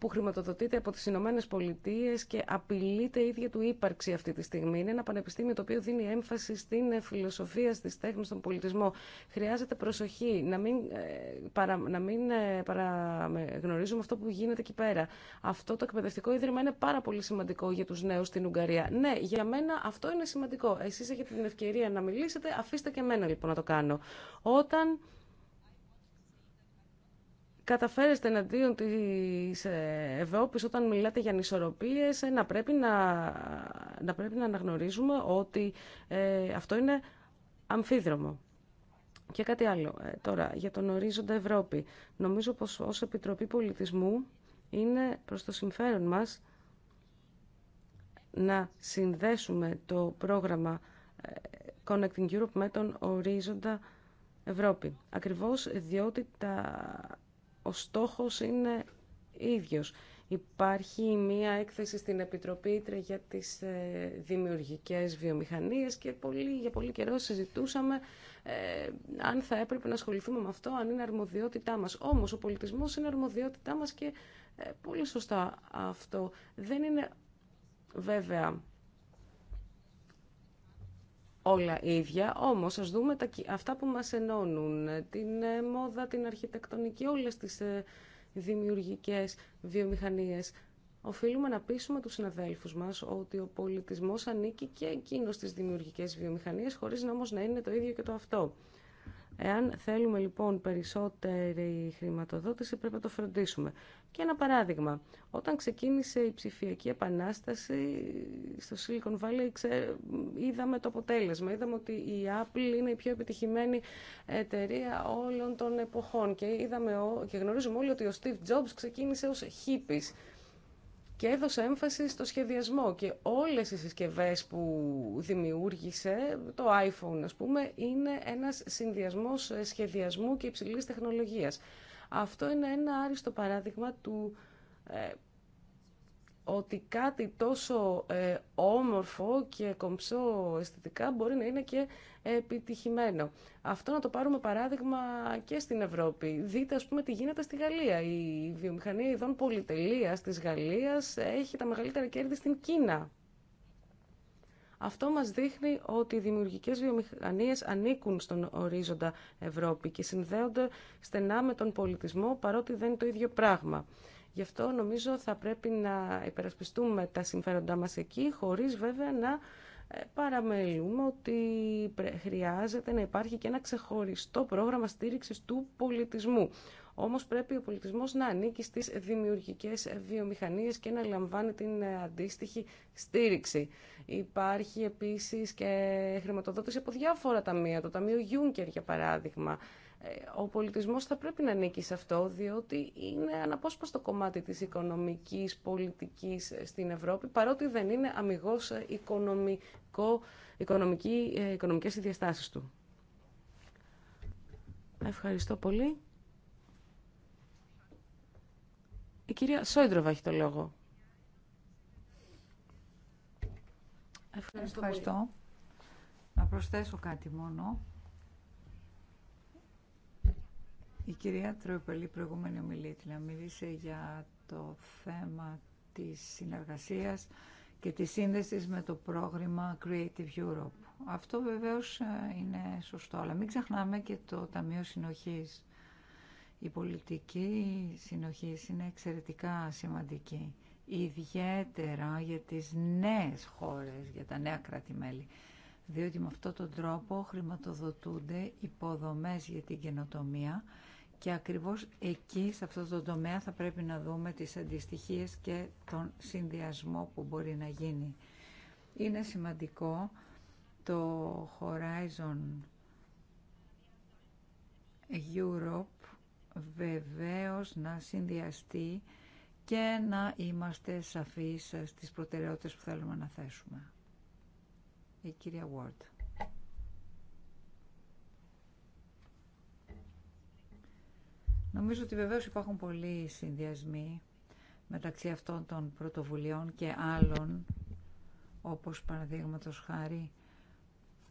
που χρηματοδοτείται από τι Ηνωμένε Πολιτείε και απειλείται η ίδια του ύπαρξη αυτή τη στιγμή. Είναι ένα πανεπιστήμιο το οποίο δίνει έμφαση στην ε, φιλοσοφία, στις τέχνες, στον πολιτισμό. Χρειάζεται προσοχή, να μην, ε, παρα, να μην ε, παρα, γνωρίζουμε αυτό που γίνεται εκεί πέρα. Αυτό το εκπαιδευτικό ίδρυμα είναι πάρα πολύ σημαντικό για του νέου στην Ουγγαρία. Ναι, για μένα αυτό είναι σημαντικό. Εσεί έχετε την ευκαιρία να μιλήσετε, αφήστε και εμένα λοιπόν να το κάνω. Όταν καταφέρεστε εναντίον τη ε, Ευρώπη, όταν μιλάτε για ανισορροπίε, ε, να πρέπει να, να, πρέπει να αναγνωρίζουμε ότι ε, αυτό είναι αμφίδρομο. Και κάτι άλλο τώρα για τον ορίζοντα Ευρώπη. Νομίζω πως ως Επιτροπή Πολιτισμού είναι προς το συμφέρον μας να συνδέσουμε το πρόγραμμα Connecting Europe με τον ορίζοντα Ευρώπη. Ακριβώς διότι τα ο στόχος είναι ίδιος. Υπάρχει μία έκθεση στην Επιτροπή Ήτρε για τις ε, δημιουργικές βιομηχανίες και πολύ, για πολύ καιρό συζητούσαμε ε, αν θα έπρεπε να ασχοληθούμε με αυτό, αν είναι αρμοδιότητά μας. Όμως ο πολιτισμός είναι αρμοδιότητά μας και ε, πολύ σωστά αυτό. Δεν είναι βέβαια όλα ίδια, όμως ας δούμε τα, αυτά που μας ενώνουν, την ε, μόδα, την αρχιτεκτονική, όλες τις ε, δημιουργικές βιομηχανίες. Οφείλουμε να πείσουμε τους συναδέλφους μας ότι ο πολιτισμός ανήκει και εκείνο στις δημιουργικές βιομηχανίες, χωρίς να όμως να είναι το ίδιο και το αυτό. Εάν θέλουμε λοιπόν περισσότερη χρηματοδότηση πρέπει να το φροντίσουμε. Και ένα παράδειγμα, όταν ξεκίνησε η ψηφιακή επανάσταση στο Silicon Valley είδαμε το αποτέλεσμα. Είδαμε ότι η Apple είναι η πιο επιτυχημένη εταιρεία όλων των εποχών και, είδαμε, και γνωρίζουμε όλοι ότι ο Steve Jobs ξεκίνησε ως χίπης και έδωσε έμφαση στο σχεδιασμό και όλες οι συσκευές που δημιούργησε, το iPhone ας πούμε, είναι ένας συνδυασμός ε, σχεδιασμού και υψηλής τεχνολογίας. Αυτό είναι ένα άριστο παράδειγμα του ε, ότι κάτι τόσο ε, όμορφο και κομψό αισθητικά μπορεί να είναι και επιτυχημένο. Αυτό να το πάρουμε παράδειγμα και στην Ευρώπη. Δείτε ας πούμε τι γίνεται στη Γαλλία. Η βιομηχανία ειδών πολυτελείας της Γαλλίας έχει τα μεγαλύτερα κέρδη στην Κίνα. Αυτό μας δείχνει ότι οι δημιουργικές βιομηχανίες ανήκουν στον ορίζοντα Ευρώπη και συνδέονται στενά με τον πολιτισμό παρότι δεν είναι το ίδιο πράγμα. Γι' αυτό νομίζω θα πρέπει να υπερασπιστούμε τα συμφέροντά μας εκεί, χωρίς βέβαια να ε, παραμελούμε ότι χρειάζεται να υπάρχει και ένα ξεχωριστό πρόγραμμα στήριξης του πολιτισμού. Όμως πρέπει ο πολιτισμός να ανήκει στις δημιουργικές βιομηχανίες και να λαμβάνει την ε, αντίστοιχη στήριξη. Υπάρχει επίσης και χρηματοδότηση από διάφορα ταμεία, το Ταμείο Γιούγκερ για παράδειγμα, ε, ο πολιτισμός θα πρέπει να ανήκει σε αυτό, διότι είναι αναπόσπαστο κομμάτι της οικονομικής πολιτικής στην Ευρώπη, παρότι δεν είναι αμυγός οικονομικό, οικονομική, ε, οικονομικές διαστάσεις του. Ευχαριστώ πολύ. Η κυρία Σόιντροβα έχει το λόγο. Ευχαριστώ. Ευχαριστώ. Να προσθέσω κάτι μόνο Η κυρία Τροπελή, προηγούμενη ομιλήτρια, μίλησε για το θέμα της συνεργασίας και της σύνδεσης με το πρόγραμμα Creative Europe. Αυτό βεβαίως ε, είναι σωστό, αλλά μην ξεχνάμε και το Ταμείο Συνοχής. Η πολιτική συνοχή είναι εξαιρετικά σημαντική, ιδιαίτερα για τις νέες χώρες, για τα νέα κράτη-μέλη, διότι με αυτόν τον τρόπο χρηματοδοτούνται υποδομές για την καινοτομία και ακριβώς εκεί, σε αυτό το τομέα, θα πρέπει να δούμε τις αντιστοιχίες και τον συνδυασμό που μπορεί να γίνει. Είναι σημαντικό το Horizon Europe βεβαίως να συνδυαστεί και να είμαστε σαφείς στις προτεραιότητες που θέλουμε να θέσουμε. Η κυρία Ward. Νομίζω ότι βεβαίως υπάρχουν πολλοί συνδυασμοί μεταξύ αυτών των πρωτοβουλειών και άλλων, όπως παραδείγματο χάρη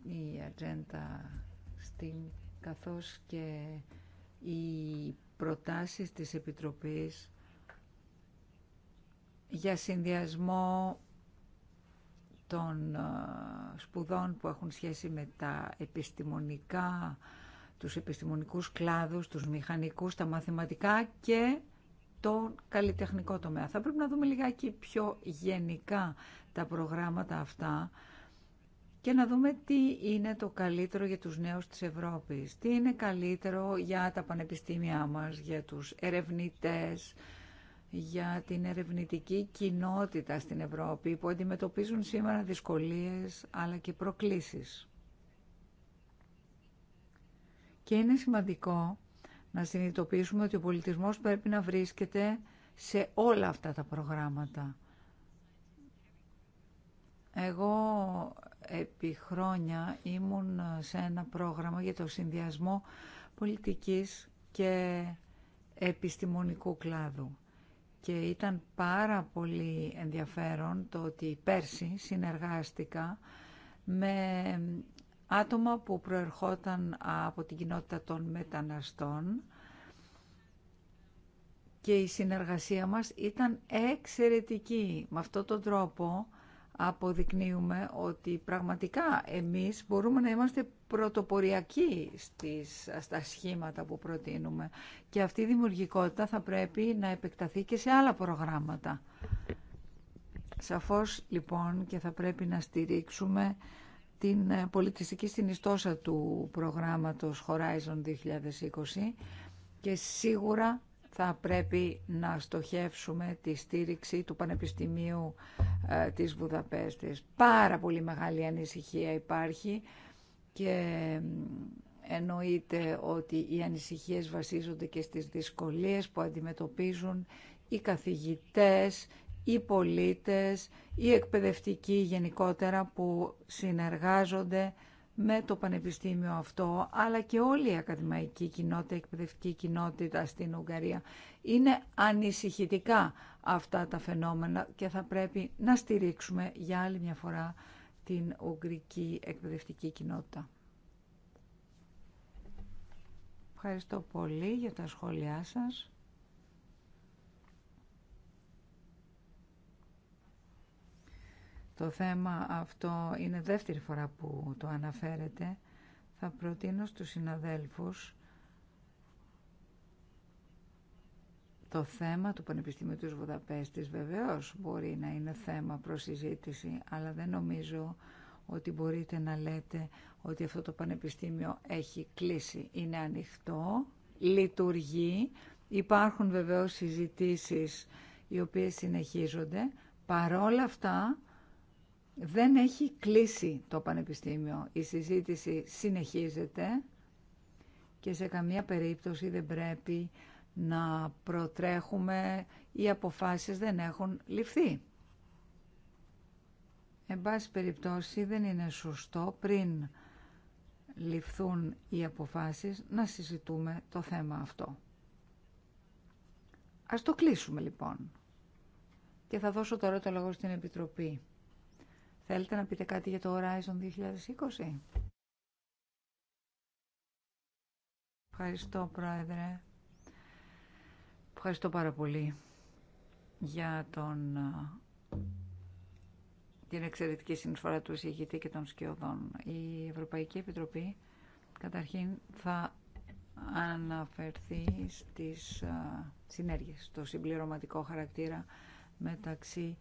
η ατζέντα στην καθώς και οι προτάσεις της Επιτροπής για συνδυασμό των ε, σπουδών που έχουν σχέση με τα επιστημονικά τους επιστημονικούς κλάδους, τους μηχανικούς, τα μαθηματικά και τον καλλιτεχνικό τομέα. Θα πρέπει να δούμε λιγάκι πιο γενικά τα προγράμματα αυτά και να δούμε τι είναι το καλύτερο για τους νέους της Ευρώπης, τι είναι καλύτερο για τα πανεπιστήμια μας, για τους ερευνητές, για την ερευνητική κοινότητα στην Ευρώπη που αντιμετωπίζουν σήμερα δυσκολίες αλλά και προκλήσεις. Και είναι σημαντικό να συνειδητοποιήσουμε ότι ο πολιτισμός πρέπει να βρίσκεται σε όλα αυτά τα προγράμματα. Εγώ επί χρόνια ήμουν σε ένα πρόγραμμα για το συνδυασμό πολιτικής και επιστημονικού κλάδου. Και ήταν πάρα πολύ ενδιαφέρον το ότι πέρσι συνεργάστηκα με άτομα που προερχόταν από την κοινότητα των μεταναστών και η συνεργασία μας ήταν εξαιρετική. Με αυτόν τον τρόπο αποδεικνύουμε ότι πραγματικά εμείς μπορούμε να είμαστε πρωτοποριακοί στις, στα σχήματα που προτείνουμε και αυτή η δημιουργικότητα θα πρέπει να επεκταθεί και σε άλλα προγράμματα. Σαφώς λοιπόν και θα πρέπει να στηρίξουμε την ε, πολιτιστική συνιστόσα του προγράμματος Horizon 2020 και σίγουρα θα πρέπει να στοχεύσουμε τη στήριξη του Πανεπιστημίου ε, της Βουδαπέστης. Πάρα πολύ μεγάλη ανησυχία υπάρχει και εννοείται ότι οι ανησυχίες βασίζονται και στις δυσκολίες που αντιμετωπίζουν οι καθηγητές, οι πολίτες, οι εκπαιδευτικοί γενικότερα που συνεργάζονται με το πανεπιστήμιο αυτό, αλλά και όλη η ακαδημαϊκή κοινότητα, η εκπαιδευτική κοινότητα στην Ουγγαρία. Είναι ανησυχητικά αυτά τα φαινόμενα και θα πρέπει να στηρίξουμε για άλλη μια φορά την Ουγγρική εκπαιδευτική κοινότητα. Ευχαριστώ πολύ για τα σχόλιά σας. Το θέμα αυτό είναι δεύτερη φορά που το αναφέρετε. Θα προτείνω στους συναδέλφους το θέμα του Πανεπιστημίου της Βουδαπέστης βεβαίως μπορεί να είναι θέμα προς αλλά δεν νομίζω ότι μπορείτε να λέτε ότι αυτό το πανεπιστήμιο έχει κλείσει. Είναι ανοιχτό, λειτουργεί, υπάρχουν βεβαίως συζητήσεις οι οποίες συνεχίζονται. Παρόλα αυτά, δεν έχει κλείσει το Πανεπιστήμιο. Η συζήτηση συνεχίζεται και σε καμία περίπτωση δεν πρέπει να προτρέχουμε οι αποφάσεις δεν έχουν ληφθεί. Εν πάση περιπτώσει δεν είναι σωστό πριν ληφθούν οι αποφάσεις να συζητούμε το θέμα αυτό. Ας το κλείσουμε λοιπόν. Και θα δώσω τώρα το λόγο στην Επιτροπή. Θέλετε να πείτε κάτι για το Horizon 2020? Ευχαριστώ, Πρόεδρε. Ευχαριστώ πάρα πολύ για τον, την εξαιρετική συνεισφορά του εισηγητή και των σκιωδών. Η Ευρωπαϊκή Επιτροπή καταρχήν θα αναφερθεί στις συνέργειες, στο συμπληρωματικό χαρακτήρα μεταξύ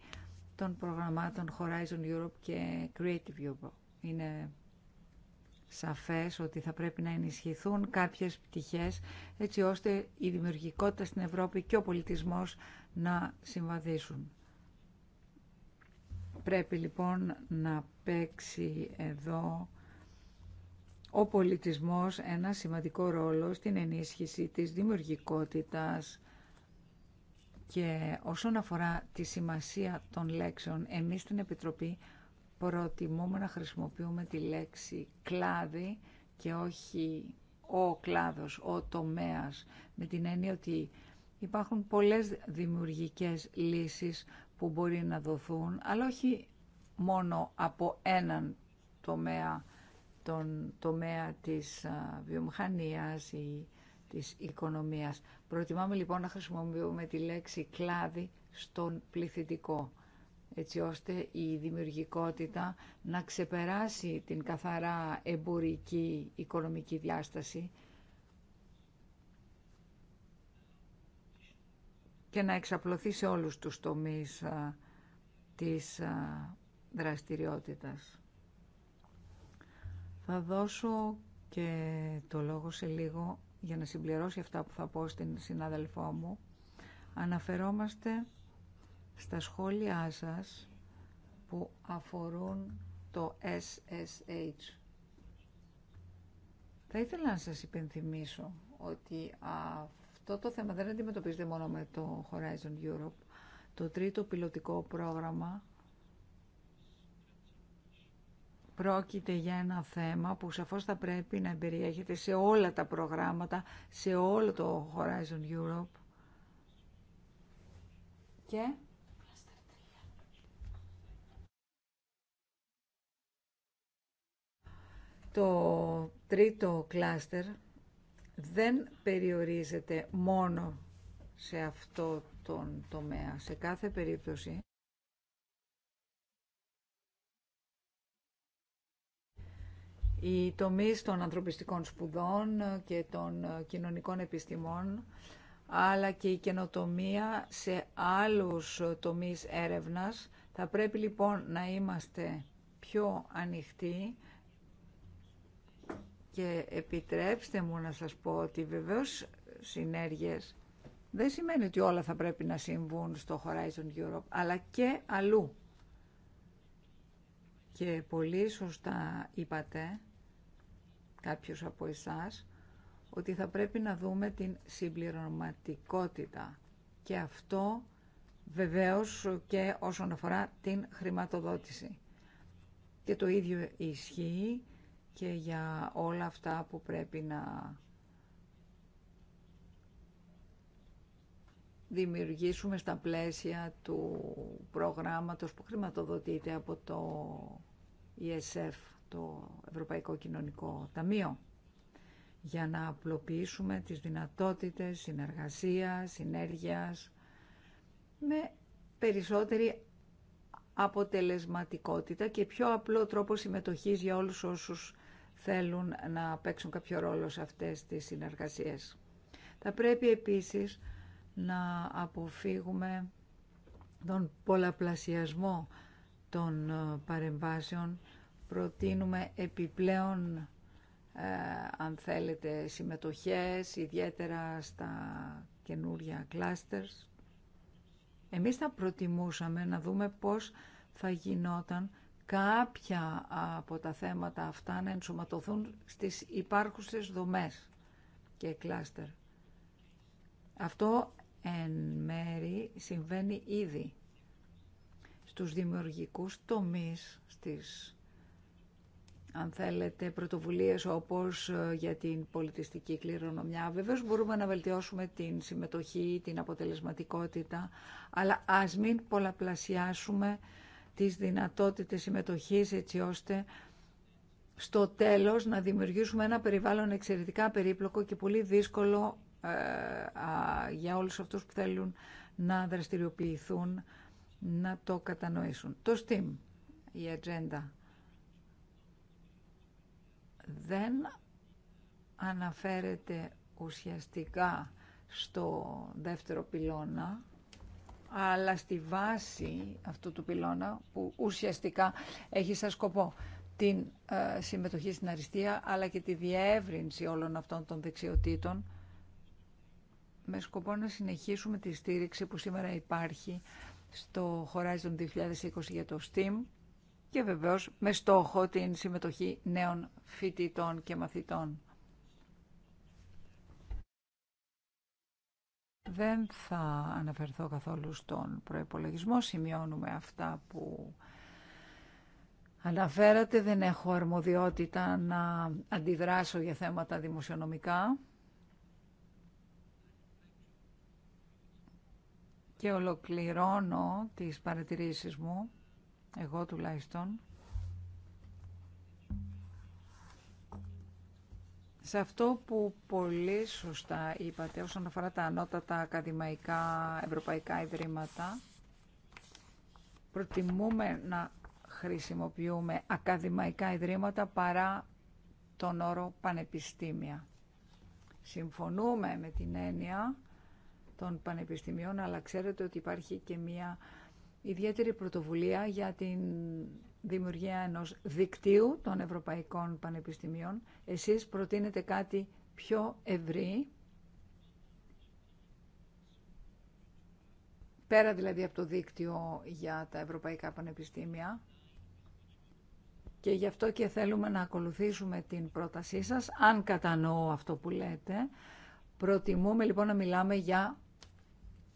των προγραμμάτων Horizon Europe και Creative Europe. Είναι σαφές ότι θα πρέπει να ενισχυθούν κάποιες πτυχές έτσι ώστε η δημιουργικότητα στην Ευρώπη και ο πολιτισμός να συμβαδίσουν. Πρέπει λοιπόν να παίξει εδώ ο πολιτισμός ένα σημαντικό ρόλο στην ενίσχυση της δημιουργικότητας, και όσον αφορά τη σημασία των λέξεων, εμείς στην Επιτροπή προτιμούμε να χρησιμοποιούμε τη λέξη κλάδι και όχι ο κλάδος, ο τομέας, με την έννοια ότι υπάρχουν πολλές δημιουργικές λύσεις που μπορεί να δοθούν, αλλά όχι μόνο από έναν τομέα, τον τομέα της βιομηχανίας ή της οικονομίας. Προτιμάμε λοιπόν να χρησιμοποιούμε τη λέξη κλάδι στον πληθυντικό, έτσι ώστε η δημιουργικότητα να ξεπεράσει την καθαρά εμπορική οικονομική διάσταση και να εξαπλωθεί σε όλους τους τομείς της δραστηριότητας. Θα δώσω και το λόγο σε λίγο για να συμπληρώσει αυτά που θα πω στην συνάδελφό μου, αναφερόμαστε στα σχόλιά σας που αφορούν το SSH. Θα ήθελα να σας υπενθυμίσω ότι αυτό το θέμα δεν αντιμετωπίζεται μόνο με το Horizon Europe. Το τρίτο πιλωτικό πρόγραμμα Πρόκειται για ένα θέμα που σαφώς θα πρέπει να περιέχεται σε όλα τα προγράμματα, σε όλο το Horizon Europe. Και... Το τρίτο κλάστερ δεν περιορίζεται μόνο σε αυτό τον τομέα. Σε κάθε περίπτωση Οι τομείς των ανθρωπιστικών σπουδών και των κοινωνικών επιστημών, αλλά και η καινοτομία σε άλλους τομείς έρευνας. Θα πρέπει λοιπόν να είμαστε πιο ανοιχτοί και επιτρέψτε μου να σας πω ότι βεβαίως συνέργειες δεν σημαίνει ότι όλα θα πρέπει να συμβούν στο Horizon Europe, αλλά και αλλού. Και πολύ σωστά είπατε κάποιος από εσάς ότι θα πρέπει να δούμε την συμπληρωματικότητα και αυτό βεβαίως και όσον αφορά την χρηματοδότηση. Και το ίδιο ισχύει και για όλα αυτά που πρέπει να δημιουργήσουμε στα πλαίσια του προγράμματος που χρηματοδοτείται από το ESF, το Ευρωπαϊκό Κοινωνικό Ταμείο, για να απλοποιήσουμε τις δυνατότητες συνεργασίας, συνέργειας, με περισσότερη αποτελεσματικότητα και πιο απλό τρόπο συμμετοχής για όλους όσους θέλουν να παίξουν κάποιο ρόλο σε αυτές τις συνεργασίες. Θα πρέπει επίσης να αποφύγουμε τον πολλαπλασιασμό των ε, παρεμβάσεων προτείνουμε επιπλέον ε, αν θέλετε συμμετοχές ιδιαίτερα στα καινούρια clusters εμείς θα προτιμούσαμε να δούμε πώς θα γινόταν κάποια από τα θέματα αυτά να ενσωματωθούν στις υπάρχουσες δομές και κλάστερ. Αυτό εν μέρη συμβαίνει ήδη στους δημιουργικούς τομείς, στις αν θέλετε, πρωτοβουλίες όπως ε, για την πολιτιστική κληρονομιά. Βέβαια, μπορούμε να βελτιώσουμε την συμμετοχή, την αποτελεσματικότητα, αλλά ας μην πολλαπλασιάσουμε τις δυνατότητες συμμετοχής έτσι ώστε στο τέλος να δημιουργήσουμε ένα περιβάλλον εξαιρετικά περίπλοκο και πολύ δύσκολο ε, για όλους αυτούς που θέλουν να δραστηριοποιηθούν να το κατανοήσουν. Το STEAM, η ατζέντα, δεν αναφέρεται ουσιαστικά στο δεύτερο πυλώνα, αλλά στη βάση αυτού του πυλώνα που ουσιαστικά έχει σαν σκοπό την ε, συμμετοχή στην αριστεία αλλά και τη διεύρυνση όλων αυτών των δεξιοτήτων με σκοπό να συνεχίσουμε τη στήριξη που σήμερα υπάρχει στο Horizon 2020 για το STEAM και βεβαίως με στόχο την συμμετοχή νέων φοιτητών και μαθητών. Δεν θα αναφερθώ καθόλου στον προϋπολογισμό, σημειώνουμε αυτά που αναφέρατε, δεν έχω αρμοδιότητα να αντιδράσω για θέματα δημοσιονομικά. Και ολοκληρώνω τις παρατηρήσεις μου, εγώ τουλάχιστον, σε αυτό που πολύ σωστά είπατε όσον αφορά τα ανώτατα ακαδημαϊκά ευρωπαϊκά ιδρύματα, προτιμούμε να χρησιμοποιούμε ακαδημαϊκά ιδρύματα παρά τον όρο πανεπιστήμια. Συμφωνούμε με την έννοια των πανεπιστημίων, αλλά ξέρετε ότι υπάρχει και μια ιδιαίτερη πρωτοβουλία για την δημιουργία ενός δικτύου των Ευρωπαϊκών Πανεπιστημίων. Εσείς προτείνετε κάτι πιο ευρύ, πέρα δηλαδή από το δίκτυο για τα Ευρωπαϊκά Πανεπιστήμια. Και γι' αυτό και θέλουμε να ακολουθήσουμε την πρότασή σας, αν κατανοώ αυτό που λέτε. Προτιμούμε λοιπόν να μιλάμε για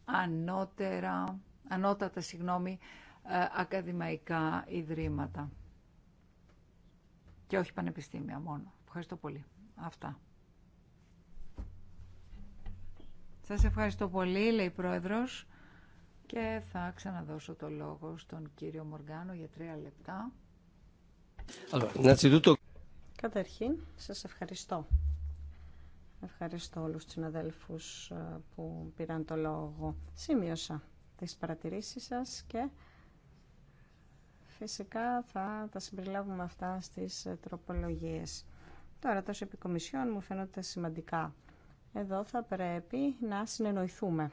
ανώτερα, ανώτατα συγγνώμη, ε, ακαδημαϊκά ιδρύματα. Και όχι πανεπιστήμια μόνο. Ευχαριστώ πολύ. Αυτά. Σας ευχαριστώ πολύ, λέει η Πρόεδρος. Και θα ξαναδώσω το λόγο στον κύριο Μοργάνο για τρία λεπτά. Καταρχήν, σας ευχαριστώ Ευχαριστώ όλους τους συναδέλφους ε, που πήραν το λόγο. Σημείωσα τις παρατηρήσεις σας και φυσικά θα τα συμπεριλάβουμε αυτά στις ε, τροπολογίες. Τώρα τόσο επί κομισιών μου φαίνονται σημαντικά. Εδώ θα πρέπει να συνεννοηθούμε.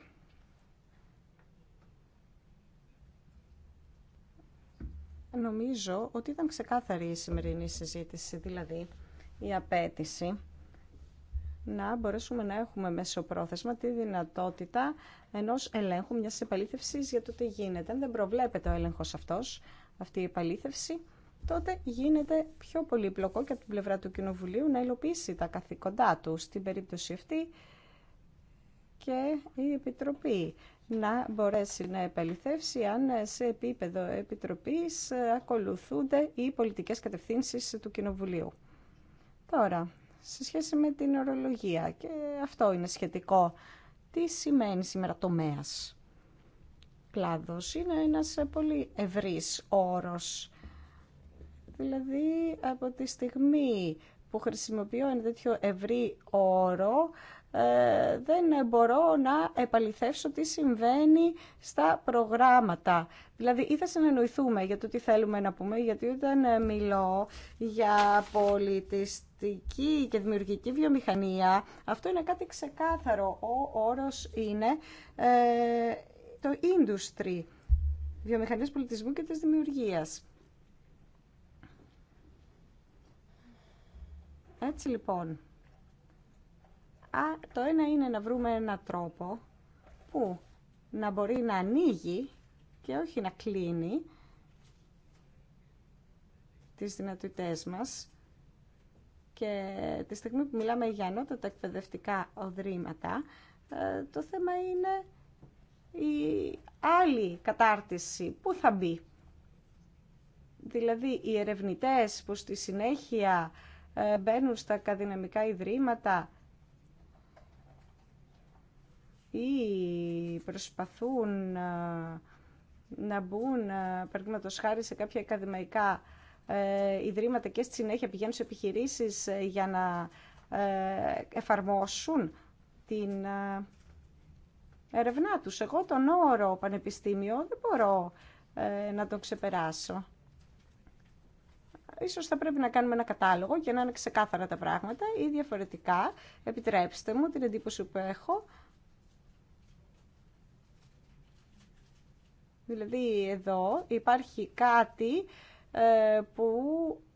Νομίζω ότι ήταν ξεκάθαρη η σημερινή συζήτηση, δηλαδή η απέτηση να μπορέσουμε να έχουμε μεσοπρόθεσμα τη δυνατότητα ενός ελέγχου μιας επαλήθευσης για το τι γίνεται. Αν δεν προβλέπεται ο έλεγχος αυτός, αυτή η επαλήθευση, τότε γίνεται πιο πολύπλοκο και από την πλευρά του Κοινοβουλίου να υλοποιήσει τα καθήκοντά του στην περίπτωση αυτή και η Επιτροπή να μπορέσει να επαληθεύσει αν σε επίπεδο Επιτροπής ακολουθούνται οι πολιτικές κατευθύνσεις του Κοινοβουλίου. Τώρα, σε σχέση με την ορολογία και αυτό είναι σχετικό. Τι σημαίνει σήμερα τομέας. Κλάδος είναι ένας πολύ ευρύς όρος. Δηλαδή από τη στιγμή που χρησιμοποιώ ένα τέτοιο ευρύ όρο ε, δεν μπορώ να επαληθεύσω τι συμβαίνει στα προγράμματα. Δηλαδή, ή θα συνεννοηθούμε για το τι θέλουμε να πούμε, γιατί όταν ε, μιλώ για πολιτιστική και δημιουργική βιομηχανία, αυτό είναι κάτι ξεκάθαρο. Ο όρος είναι ε, το industry, βιομηχανίας πολιτισμού και της δημιουργίας. Έτσι λοιπόν, Α, το ένα είναι να βρούμε έναν τρόπο που να μπορεί να ανοίγει και όχι να κλείνει τις δυνατοιτές μας και τη στιγμή που μιλάμε για ανώτατα εκπαιδευτικά οδρήματα, ε, το θέμα είναι η άλλη κατάρτιση που θα μπει δηλαδή οι ερευνητές που στη συνέχεια ε, μπαίνουν στα ακαδημαϊκά ιδρύματα ή προσπαθούν ε, να μπουν, ε, παραδείγματο χάρη, σε κάποια ακαδημαϊκά ε, ιδρύματα και στη συνέχεια πηγαίνουν σε επιχειρήσεις για να εφαρμόσουν την ερευνά τους. Εγώ τον όρο πανεπιστήμιο δεν μπορώ να τον ξεπεράσω. Ίσως θα πρέπει να κάνουμε ένα κατάλογο για να είναι ξεκάθαρα τα πράγματα ή διαφορετικά, επιτρέψτε μου την εντύπωση που έχω, Δηλαδή εδώ υπάρχει κάτι ε, που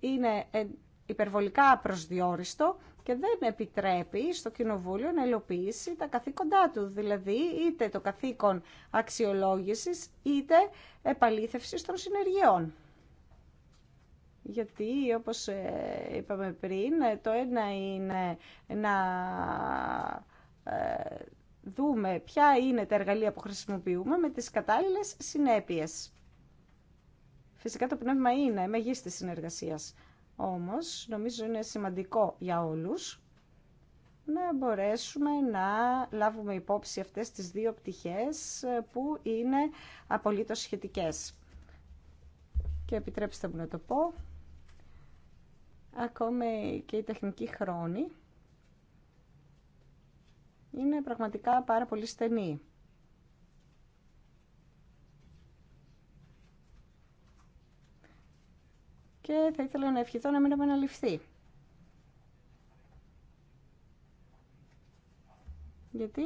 είναι ε, υπερβολικά προσδιόριστο και δεν επιτρέπει στο Κοινοβούλιο να ελοπίσει τα καθήκοντά του, δηλαδή είτε το καθήκον αξιολόγησης είτε επαλήθευσης των συνεργειών. Γιατί, όπως ε, είπαμε πριν, το ένα είναι να δούμε ποια είναι τα εργαλεία που χρησιμοποιούμε με τις κατάλληλες συνέπειες. Φυσικά το πνεύμα είναι μεγίστη συνεργασίας. Όμως, νομίζω είναι σημαντικό για όλους να μπορέσουμε να λάβουμε υπόψη αυτές τις δύο πτυχές που είναι απολύτως σχετικές. Και επιτρέψτε μου να το πω, ακόμη και η τεχνική χρόνη είναι πραγματικά πάρα πολύ στενή. Και θα ήθελα να ευχηθώ να μην επαναληφθεί. Γιατί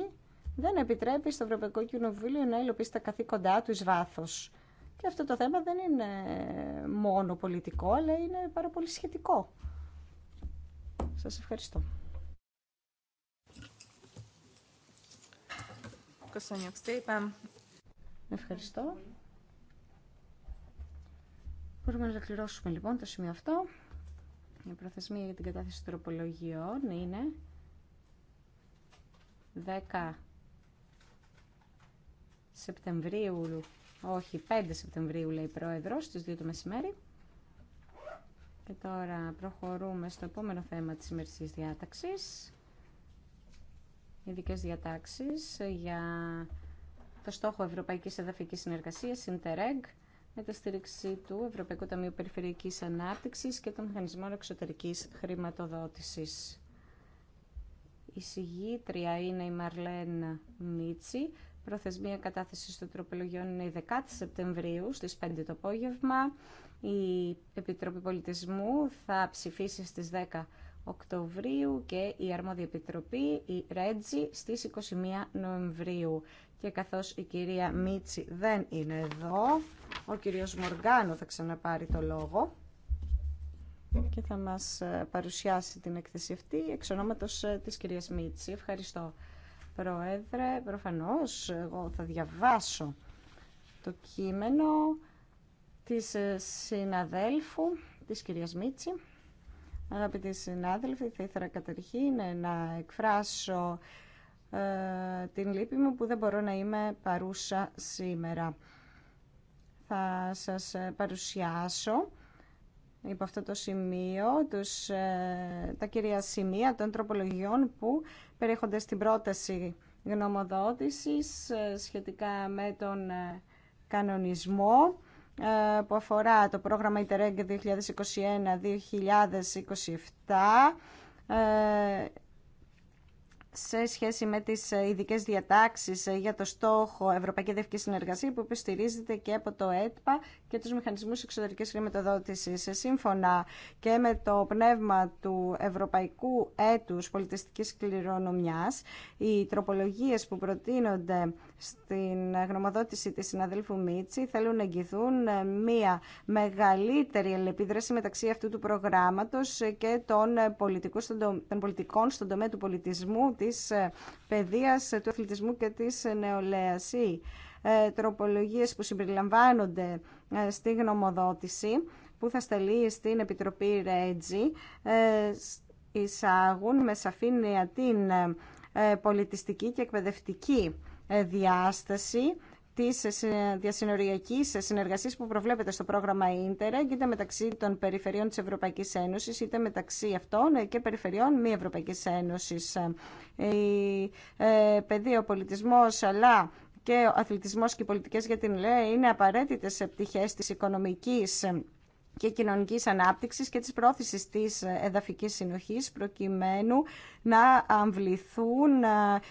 δεν επιτρέπει στο Ευρωπαϊκό Κοινοβούλιο να υλοποιήσει τα καθήκοντά του εις βάθος. Και αυτό το θέμα δεν είναι μόνο πολιτικό, αλλά είναι πάρα πολύ σχετικό. Σας ευχαριστώ. Ευχαριστώ. Μπορούμε να ολοκληρώσουμε λοιπόν το σημείο αυτό. Η προθεσμία για την κατάθεση τροπολογιών είναι 10 Σεπτεμβρίου, όχι 5 Σεπτεμβρίου λέει η Πρόεδρος, στις 2 το μεσημέρι. Και τώρα προχωρούμε στο επόμενο θέμα της ημερησίας διάταξης ειδικέ διατάξεις ε, για το στόχο Ευρωπαϊκή Εδαφική Συνεργασίας, Interreg, με τη στήριξη του Ευρωπαϊκού Ταμείου Περιφερειακής Ανάπτυξης και των Μηχανισμών Εξωτερική Χρηματοδότησης. Η συγγήτρια είναι η Μαρλέν Μίτσι. Προθεσμία κατάθεσης των τροπολογιών είναι η 10 Σεπτεμβρίου στις 5 το απόγευμα. Η Επιτροπή Πολιτισμού θα ψηφίσει στις 10 Οκτωβρίου και η αρμόδια επιτροπή, η Ρέτζη, στις 21 Νοεμβρίου. Και καθώς η κυρία Μίτσι δεν είναι εδώ, ο κύριος Μοργάνο θα ξαναπάρει το λόγο και θα μας ε, παρουσιάσει την εκθέση αυτή εξ ονόματος ε, της κυρίας Μίτση. Ευχαριστώ. Πρόεδρε, προφανώς εγώ θα διαβάσω το κείμενο της ε, συναδέλφου της κυρίας Μίτση Αγαπητοί συνάδελφοι, θα ήθελα καταρχήν να εκφράσω ε, την λύπη μου που δεν μπορώ να είμαι παρούσα σήμερα. Θα σας ε, παρουσιάσω υπό αυτό το σημείο τους, ε, τα κυρία σημεία των τροπολογιών που περιέχονται στην πρόταση γνωμοδότησης σχετικά με τον κανονισμό ε, που αφορά το πρόγραμμα Interreg 2021-2027 ε, σε σχέση με τις ε, ειδικέ διατάξεις για το στόχο Ευρωπαϊκή Δευκή Συνεργασία που υποστηρίζεται και από το ΕΤΠΑ και τους μηχανισμούς εξωτερικής χρηματοδότησης. Σύμφωνα και με το πνεύμα του Ευρωπαϊκού Έτους Πολιτιστικής Κληρονομιάς, οι τροπολογίες που προτείνονται στην γνωμοδότηση της συναδέλφου Μίτση θέλουν να εγγυθούν ε, μια μεγαλύτερη ελεπίδραση μεταξύ αυτού του προγράμματος ε, και ε, των, πολιτικών στον τομέα του πολιτισμού, της παιδείας, του αθλητισμού και της νεολαίας. ή τροπολογίες που συμπεριλαμβάνονται στη γνωμοδότηση που θα στελεί στην Επιτροπή Ρέτζι εισάγουν με σαφήνεια την πολιτιστική και εκπαιδευτική διάσταση της διασυνοριακής συνεργασίας που προβλέπεται στο πρόγραμμα Interreg είτε μεταξύ των περιφερειών της Ευρωπαϊκής Ένωσης είτε μεταξύ αυτών και περιφερειών μη Ευρωπαϊκής Ένωσης. Ε, η ε, παιδί, ο πολιτισμός αλλά και ο αθλητισμός και οι πολιτικές για την ΛΕΕ είναι απαραίτητες πτυχές της οικονομικής και κοινωνική ανάπτυξη και της πρόθεση της εδαφική συνοχής προκειμένου να αμβληθούν ε,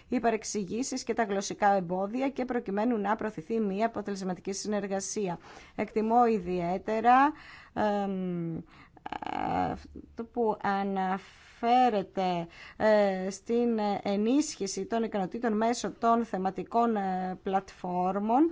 οι παρεξηγήσει και τα γλωσσικά εμπόδια και προκειμένου να προωθηθεί μια αποτελεσματική συνεργασία. Εκτιμώ ιδιαίτερα το που αναφέρεται ε, στην ενίσχυση των ικανοτήτων μέσω των θεματικών ε, πλατφόρμων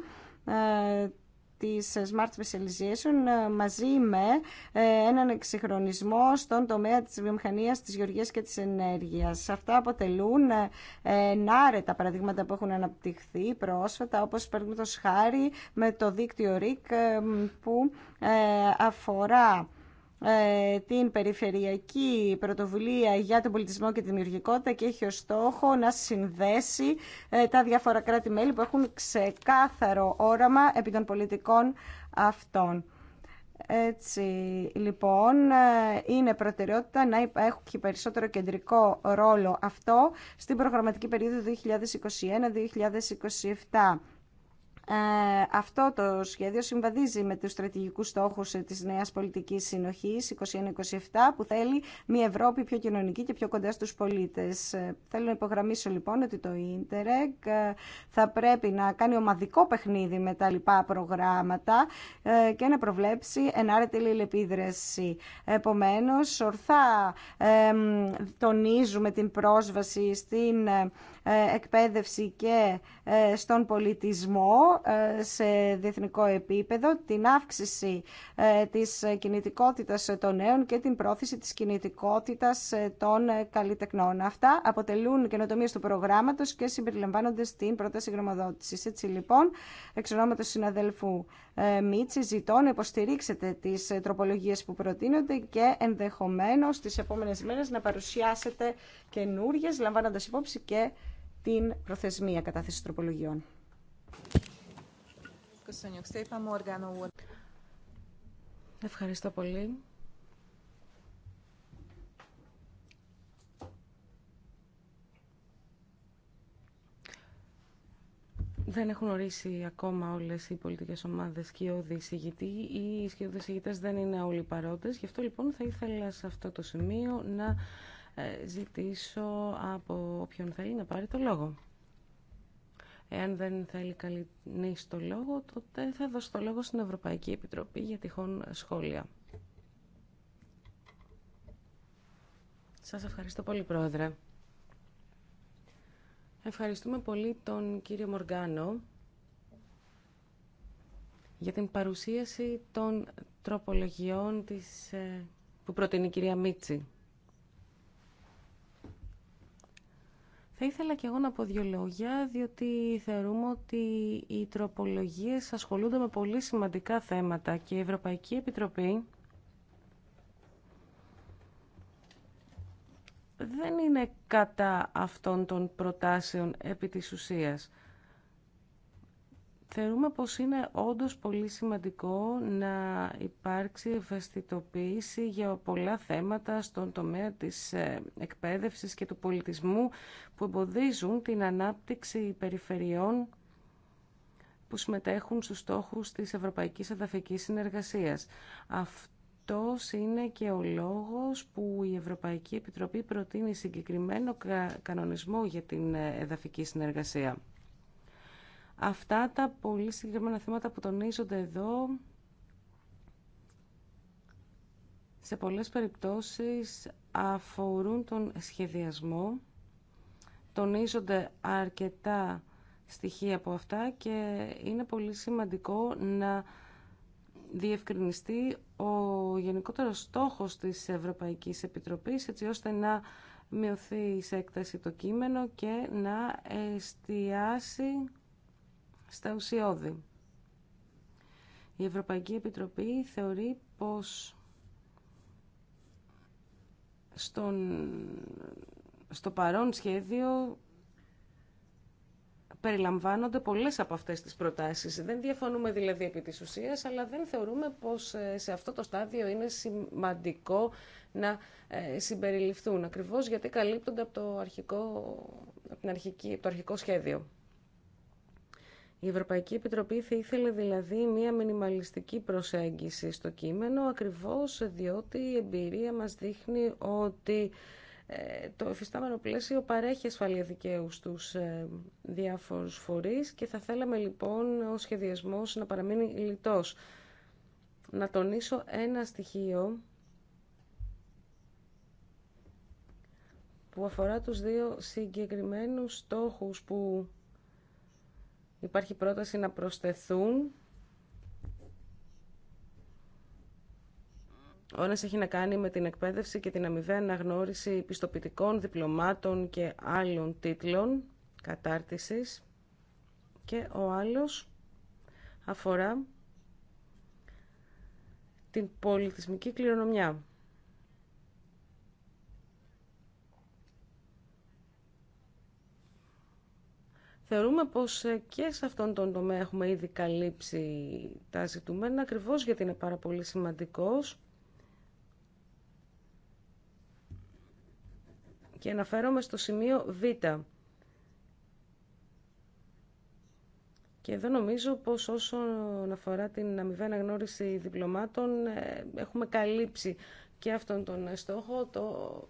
της Smart Specialization ε, μαζί με ε, έναν εξυγχρονισμό στον τομέα της βιομηχανίας, της γεωργίας και της ενέργειας. Αυτά αποτελούν ε, ενάρετα παραδείγματα που έχουν αναπτυχθεί πρόσφατα, όπως παραδείγματος χάρη με το δίκτυο RIC που αφορά ε, την Περιφερειακή Πρωτοβουλία για τον Πολιτισμό και τη Δημιουργικότητα και έχει ως στόχο να συνδέσει ε, τα διάφορα κράτη-μέλη που έχουν ξεκάθαρο όραμα επί των πολιτικών αυτών. Έτσι, λοιπόν, ε, είναι προτεραιότητα να έχει περισσότερο κεντρικό ρόλο αυτό στην προγραμματική περίοδο 2021-2027. Ε, αυτό το σχέδιο συμβαδίζει με τους στρατηγικούς στόχους ε, της νέας πολιτικής 2027 που θέλει μια Ευρώπη πιο κοινωνική και πιο κοντά στους πολίτες. Ε, θέλω να υπογραμμίσω λοιπόν ότι το Ίντερεκ θα πρέπει να κάνει ομαδικό παιχνίδι με τα λοιπά προγράμματα και να προβλέψει ενάρετη λιλεπίδραση. Επομένως, ορθά τονίζουμε την πρόσβαση στην ε, εκπαίδευση και ε, στον πολιτισμό ε, σε διεθνικό επίπεδο, την αύξηση της κινητικότητας των νέων και την πρόθεση της κινητικότητας των καλλιτεχνών. Αυτά αποτελούν καινοτομίες του προγράμματος και συμπεριλαμβάνονται στην πρόταση γνωμοδότησης. Έτσι λοιπόν, εξ ονόματος συναδέλφου Μίτση, ζητώ να υποστηρίξετε τις τροπολογίες που προτείνονται και ενδεχομένως τις επόμενες μέρες να παρουσιάσετε καινούριε, λαμβάνοντας υπόψη και την προθεσμία κατάθεσης τροπολογιών. Ευχαριστώ πολύ. Δεν έχουν ορίσει ακόμα όλες οι πολιτικές ομάδες και οι συγητή. Οι σκιώδεις συγητές δεν είναι όλοι παρόντες. Γι' αυτό λοιπόν θα ήθελα σε αυτό το σημείο να ε, ζητήσω από όποιον θέλει να πάρει το λόγο. Εάν δεν θέλει καλή το λόγο, τότε θα δώσω το λόγο στην Ευρωπαϊκή Επιτροπή για τυχόν σχόλια. Σας ευχαριστώ πολύ, Πρόεδρε. Ευχαριστούμε πολύ τον κύριο Μοργάνο για την παρουσίαση των τροπολογιών της, ε, που προτείνει η κυρία Μίτση. Θα ήθελα και εγώ να πω δύο λόγια, διότι θεωρούμε ότι οι τροπολογίες ασχολούνται με πολύ σημαντικά θέματα και η Ευρωπαϊκή Επιτροπή δεν είναι κατά αυτών των προτάσεων επί της ουσίας. Θεωρούμε πως είναι όντως πολύ σημαντικό να υπάρξει ευαισθητοποίηση για πολλά θέματα στον τομέα της ε, εκπαίδευσης και του πολιτισμού που εμποδίζουν την ανάπτυξη περιφερειών που συμμετέχουν στους στόχους της Ευρωπαϊκής Εδαφικής Συνεργασίας. Αυτό είναι και ο λόγος που η Ευρωπαϊκή Επιτροπή προτείνει συγκεκριμένο κανονισμό για την ε, εδαφική συνεργασία. Αυτά τα πολύ συγκεκριμένα θέματα που τονίζονται εδώ σε πολλές περιπτώσεις αφορούν τον σχεδιασμό. Τονίζονται αρκετά στοιχεία από αυτά και είναι πολύ σημαντικό να διευκρινιστεί ο γενικότερος στόχος της Ευρωπαϊκής Επιτροπής έτσι ώστε να μειωθεί σε έκταση το κείμενο και να εστιάσει στα ουσιώδη. Η Ευρωπαϊκή Επιτροπή θεωρεί πως στον, στο παρόν σχέδιο περιλαμβάνονται πολλές από αυτές τις προτάσεις. Δεν διαφωνούμε δηλαδή επί της ουσίας, αλλά δεν θεωρούμε πως ε, σε αυτό το στάδιο είναι σημαντικό να ε, συμπεριληφθούν, ακριβώς γιατί καλύπτονται από το αρχικό, την αρχική, από το αρχικό σχέδιο. Η Ευρωπαϊκή Επιτροπή θα ήθελε δηλαδή μία μινιμαλιστική προσέγγιση στο κείμενο, ακριβώς διότι η εμπειρία μας δείχνει ότι ε, το εφιστάμενο πλαίσιο παρέχει ασφαλεία δικαίου στους ε, διάφορους φορείς και θα θέλαμε λοιπόν ο σχεδιασμός να παραμείνει λιτός. Να τονίσω ένα στοιχείο που αφορά τους δύο συγκεκριμένους στόχους που Υπάρχει πρόταση να προσθεθούν. Ο έχει να κάνει με την εκπαίδευση και την αμοιβαία αναγνώριση πιστοποιητικών, διπλωμάτων και άλλων τίτλων κατάρτισης και ο άλλος αφορά την πολιτισμική κληρονομιά. Θεωρούμε πως ε, και σε αυτόν τον τομέα έχουμε ήδη καλύψει τα ζητούμενα, ακριβώς γιατί είναι πάρα πολύ σημαντικός. Και αναφέρομαι στο σημείο Β. Και εδώ νομίζω πως όσον αφορά την αμοιβή αναγνώριση διπλωμάτων ε, έχουμε καλύψει και αυτόν τον στόχο το,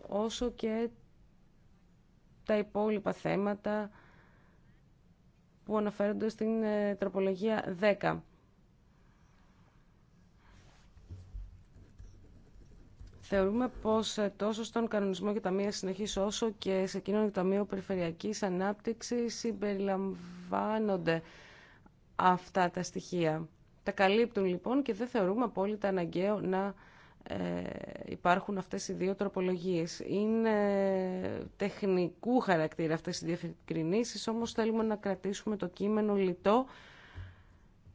όσο και τα υπόλοιπα θέματα που αναφέρονται στην ε, τροπολογία 10. Θεωρούμε πως ε, τόσο στον κανονισμό για ταμεία συνεχής όσο και σε εκείνον το Ταμείο περιφερειακή Ανάπτυξης συμπεριλαμβάνονται αυτά τα στοιχεία. Τα καλύπτουν λοιπόν και δεν θεωρούμε απόλυτα αναγκαίο να ε, υπάρχουν αυτές οι δύο τροπολογίες. Είναι τεχνικού χαρακτήρα αυτές οι διευκρινήσεις, όμως θέλουμε να κρατήσουμε το κείμενο λιτό.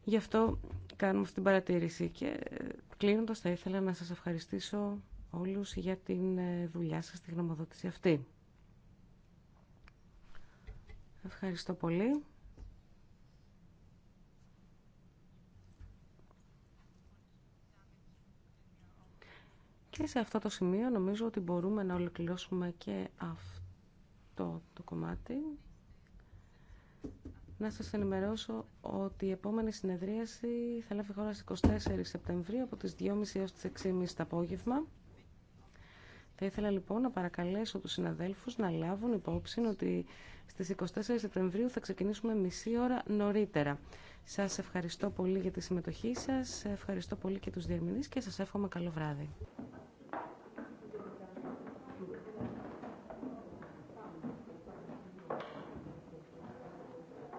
Γι' αυτό κάνουμε αυτή την παρατήρηση. Και ε, κλείνοντας θα ήθελα να σας ευχαριστήσω όλους για την ε, δουλειά σας, τη γνωμοδότηση αυτή. Ευχαριστώ πολύ. Και σε αυτό το σημείο νομίζω ότι μπορούμε να ολοκληρώσουμε και αυτό το κομμάτι. Να σας ενημερώσω ότι η επόμενη συνεδρίαση θα λάβει χώρα στις 24 Σεπτεμβρίου από τις 2.30 έως τις 6.30 το απόγευμα. Θα ήθελα λοιπόν να παρακαλέσω τους συναδέλφους να λάβουν υπόψη ότι στις 24 Σεπτεμβρίου θα ξεκινήσουμε μισή ώρα νωρίτερα. Σας ευχαριστώ πολύ για τη συμμετοχή σας, ευχαριστώ πολύ και τους διερμηνείς και σας εύχομαι καλό βράδυ.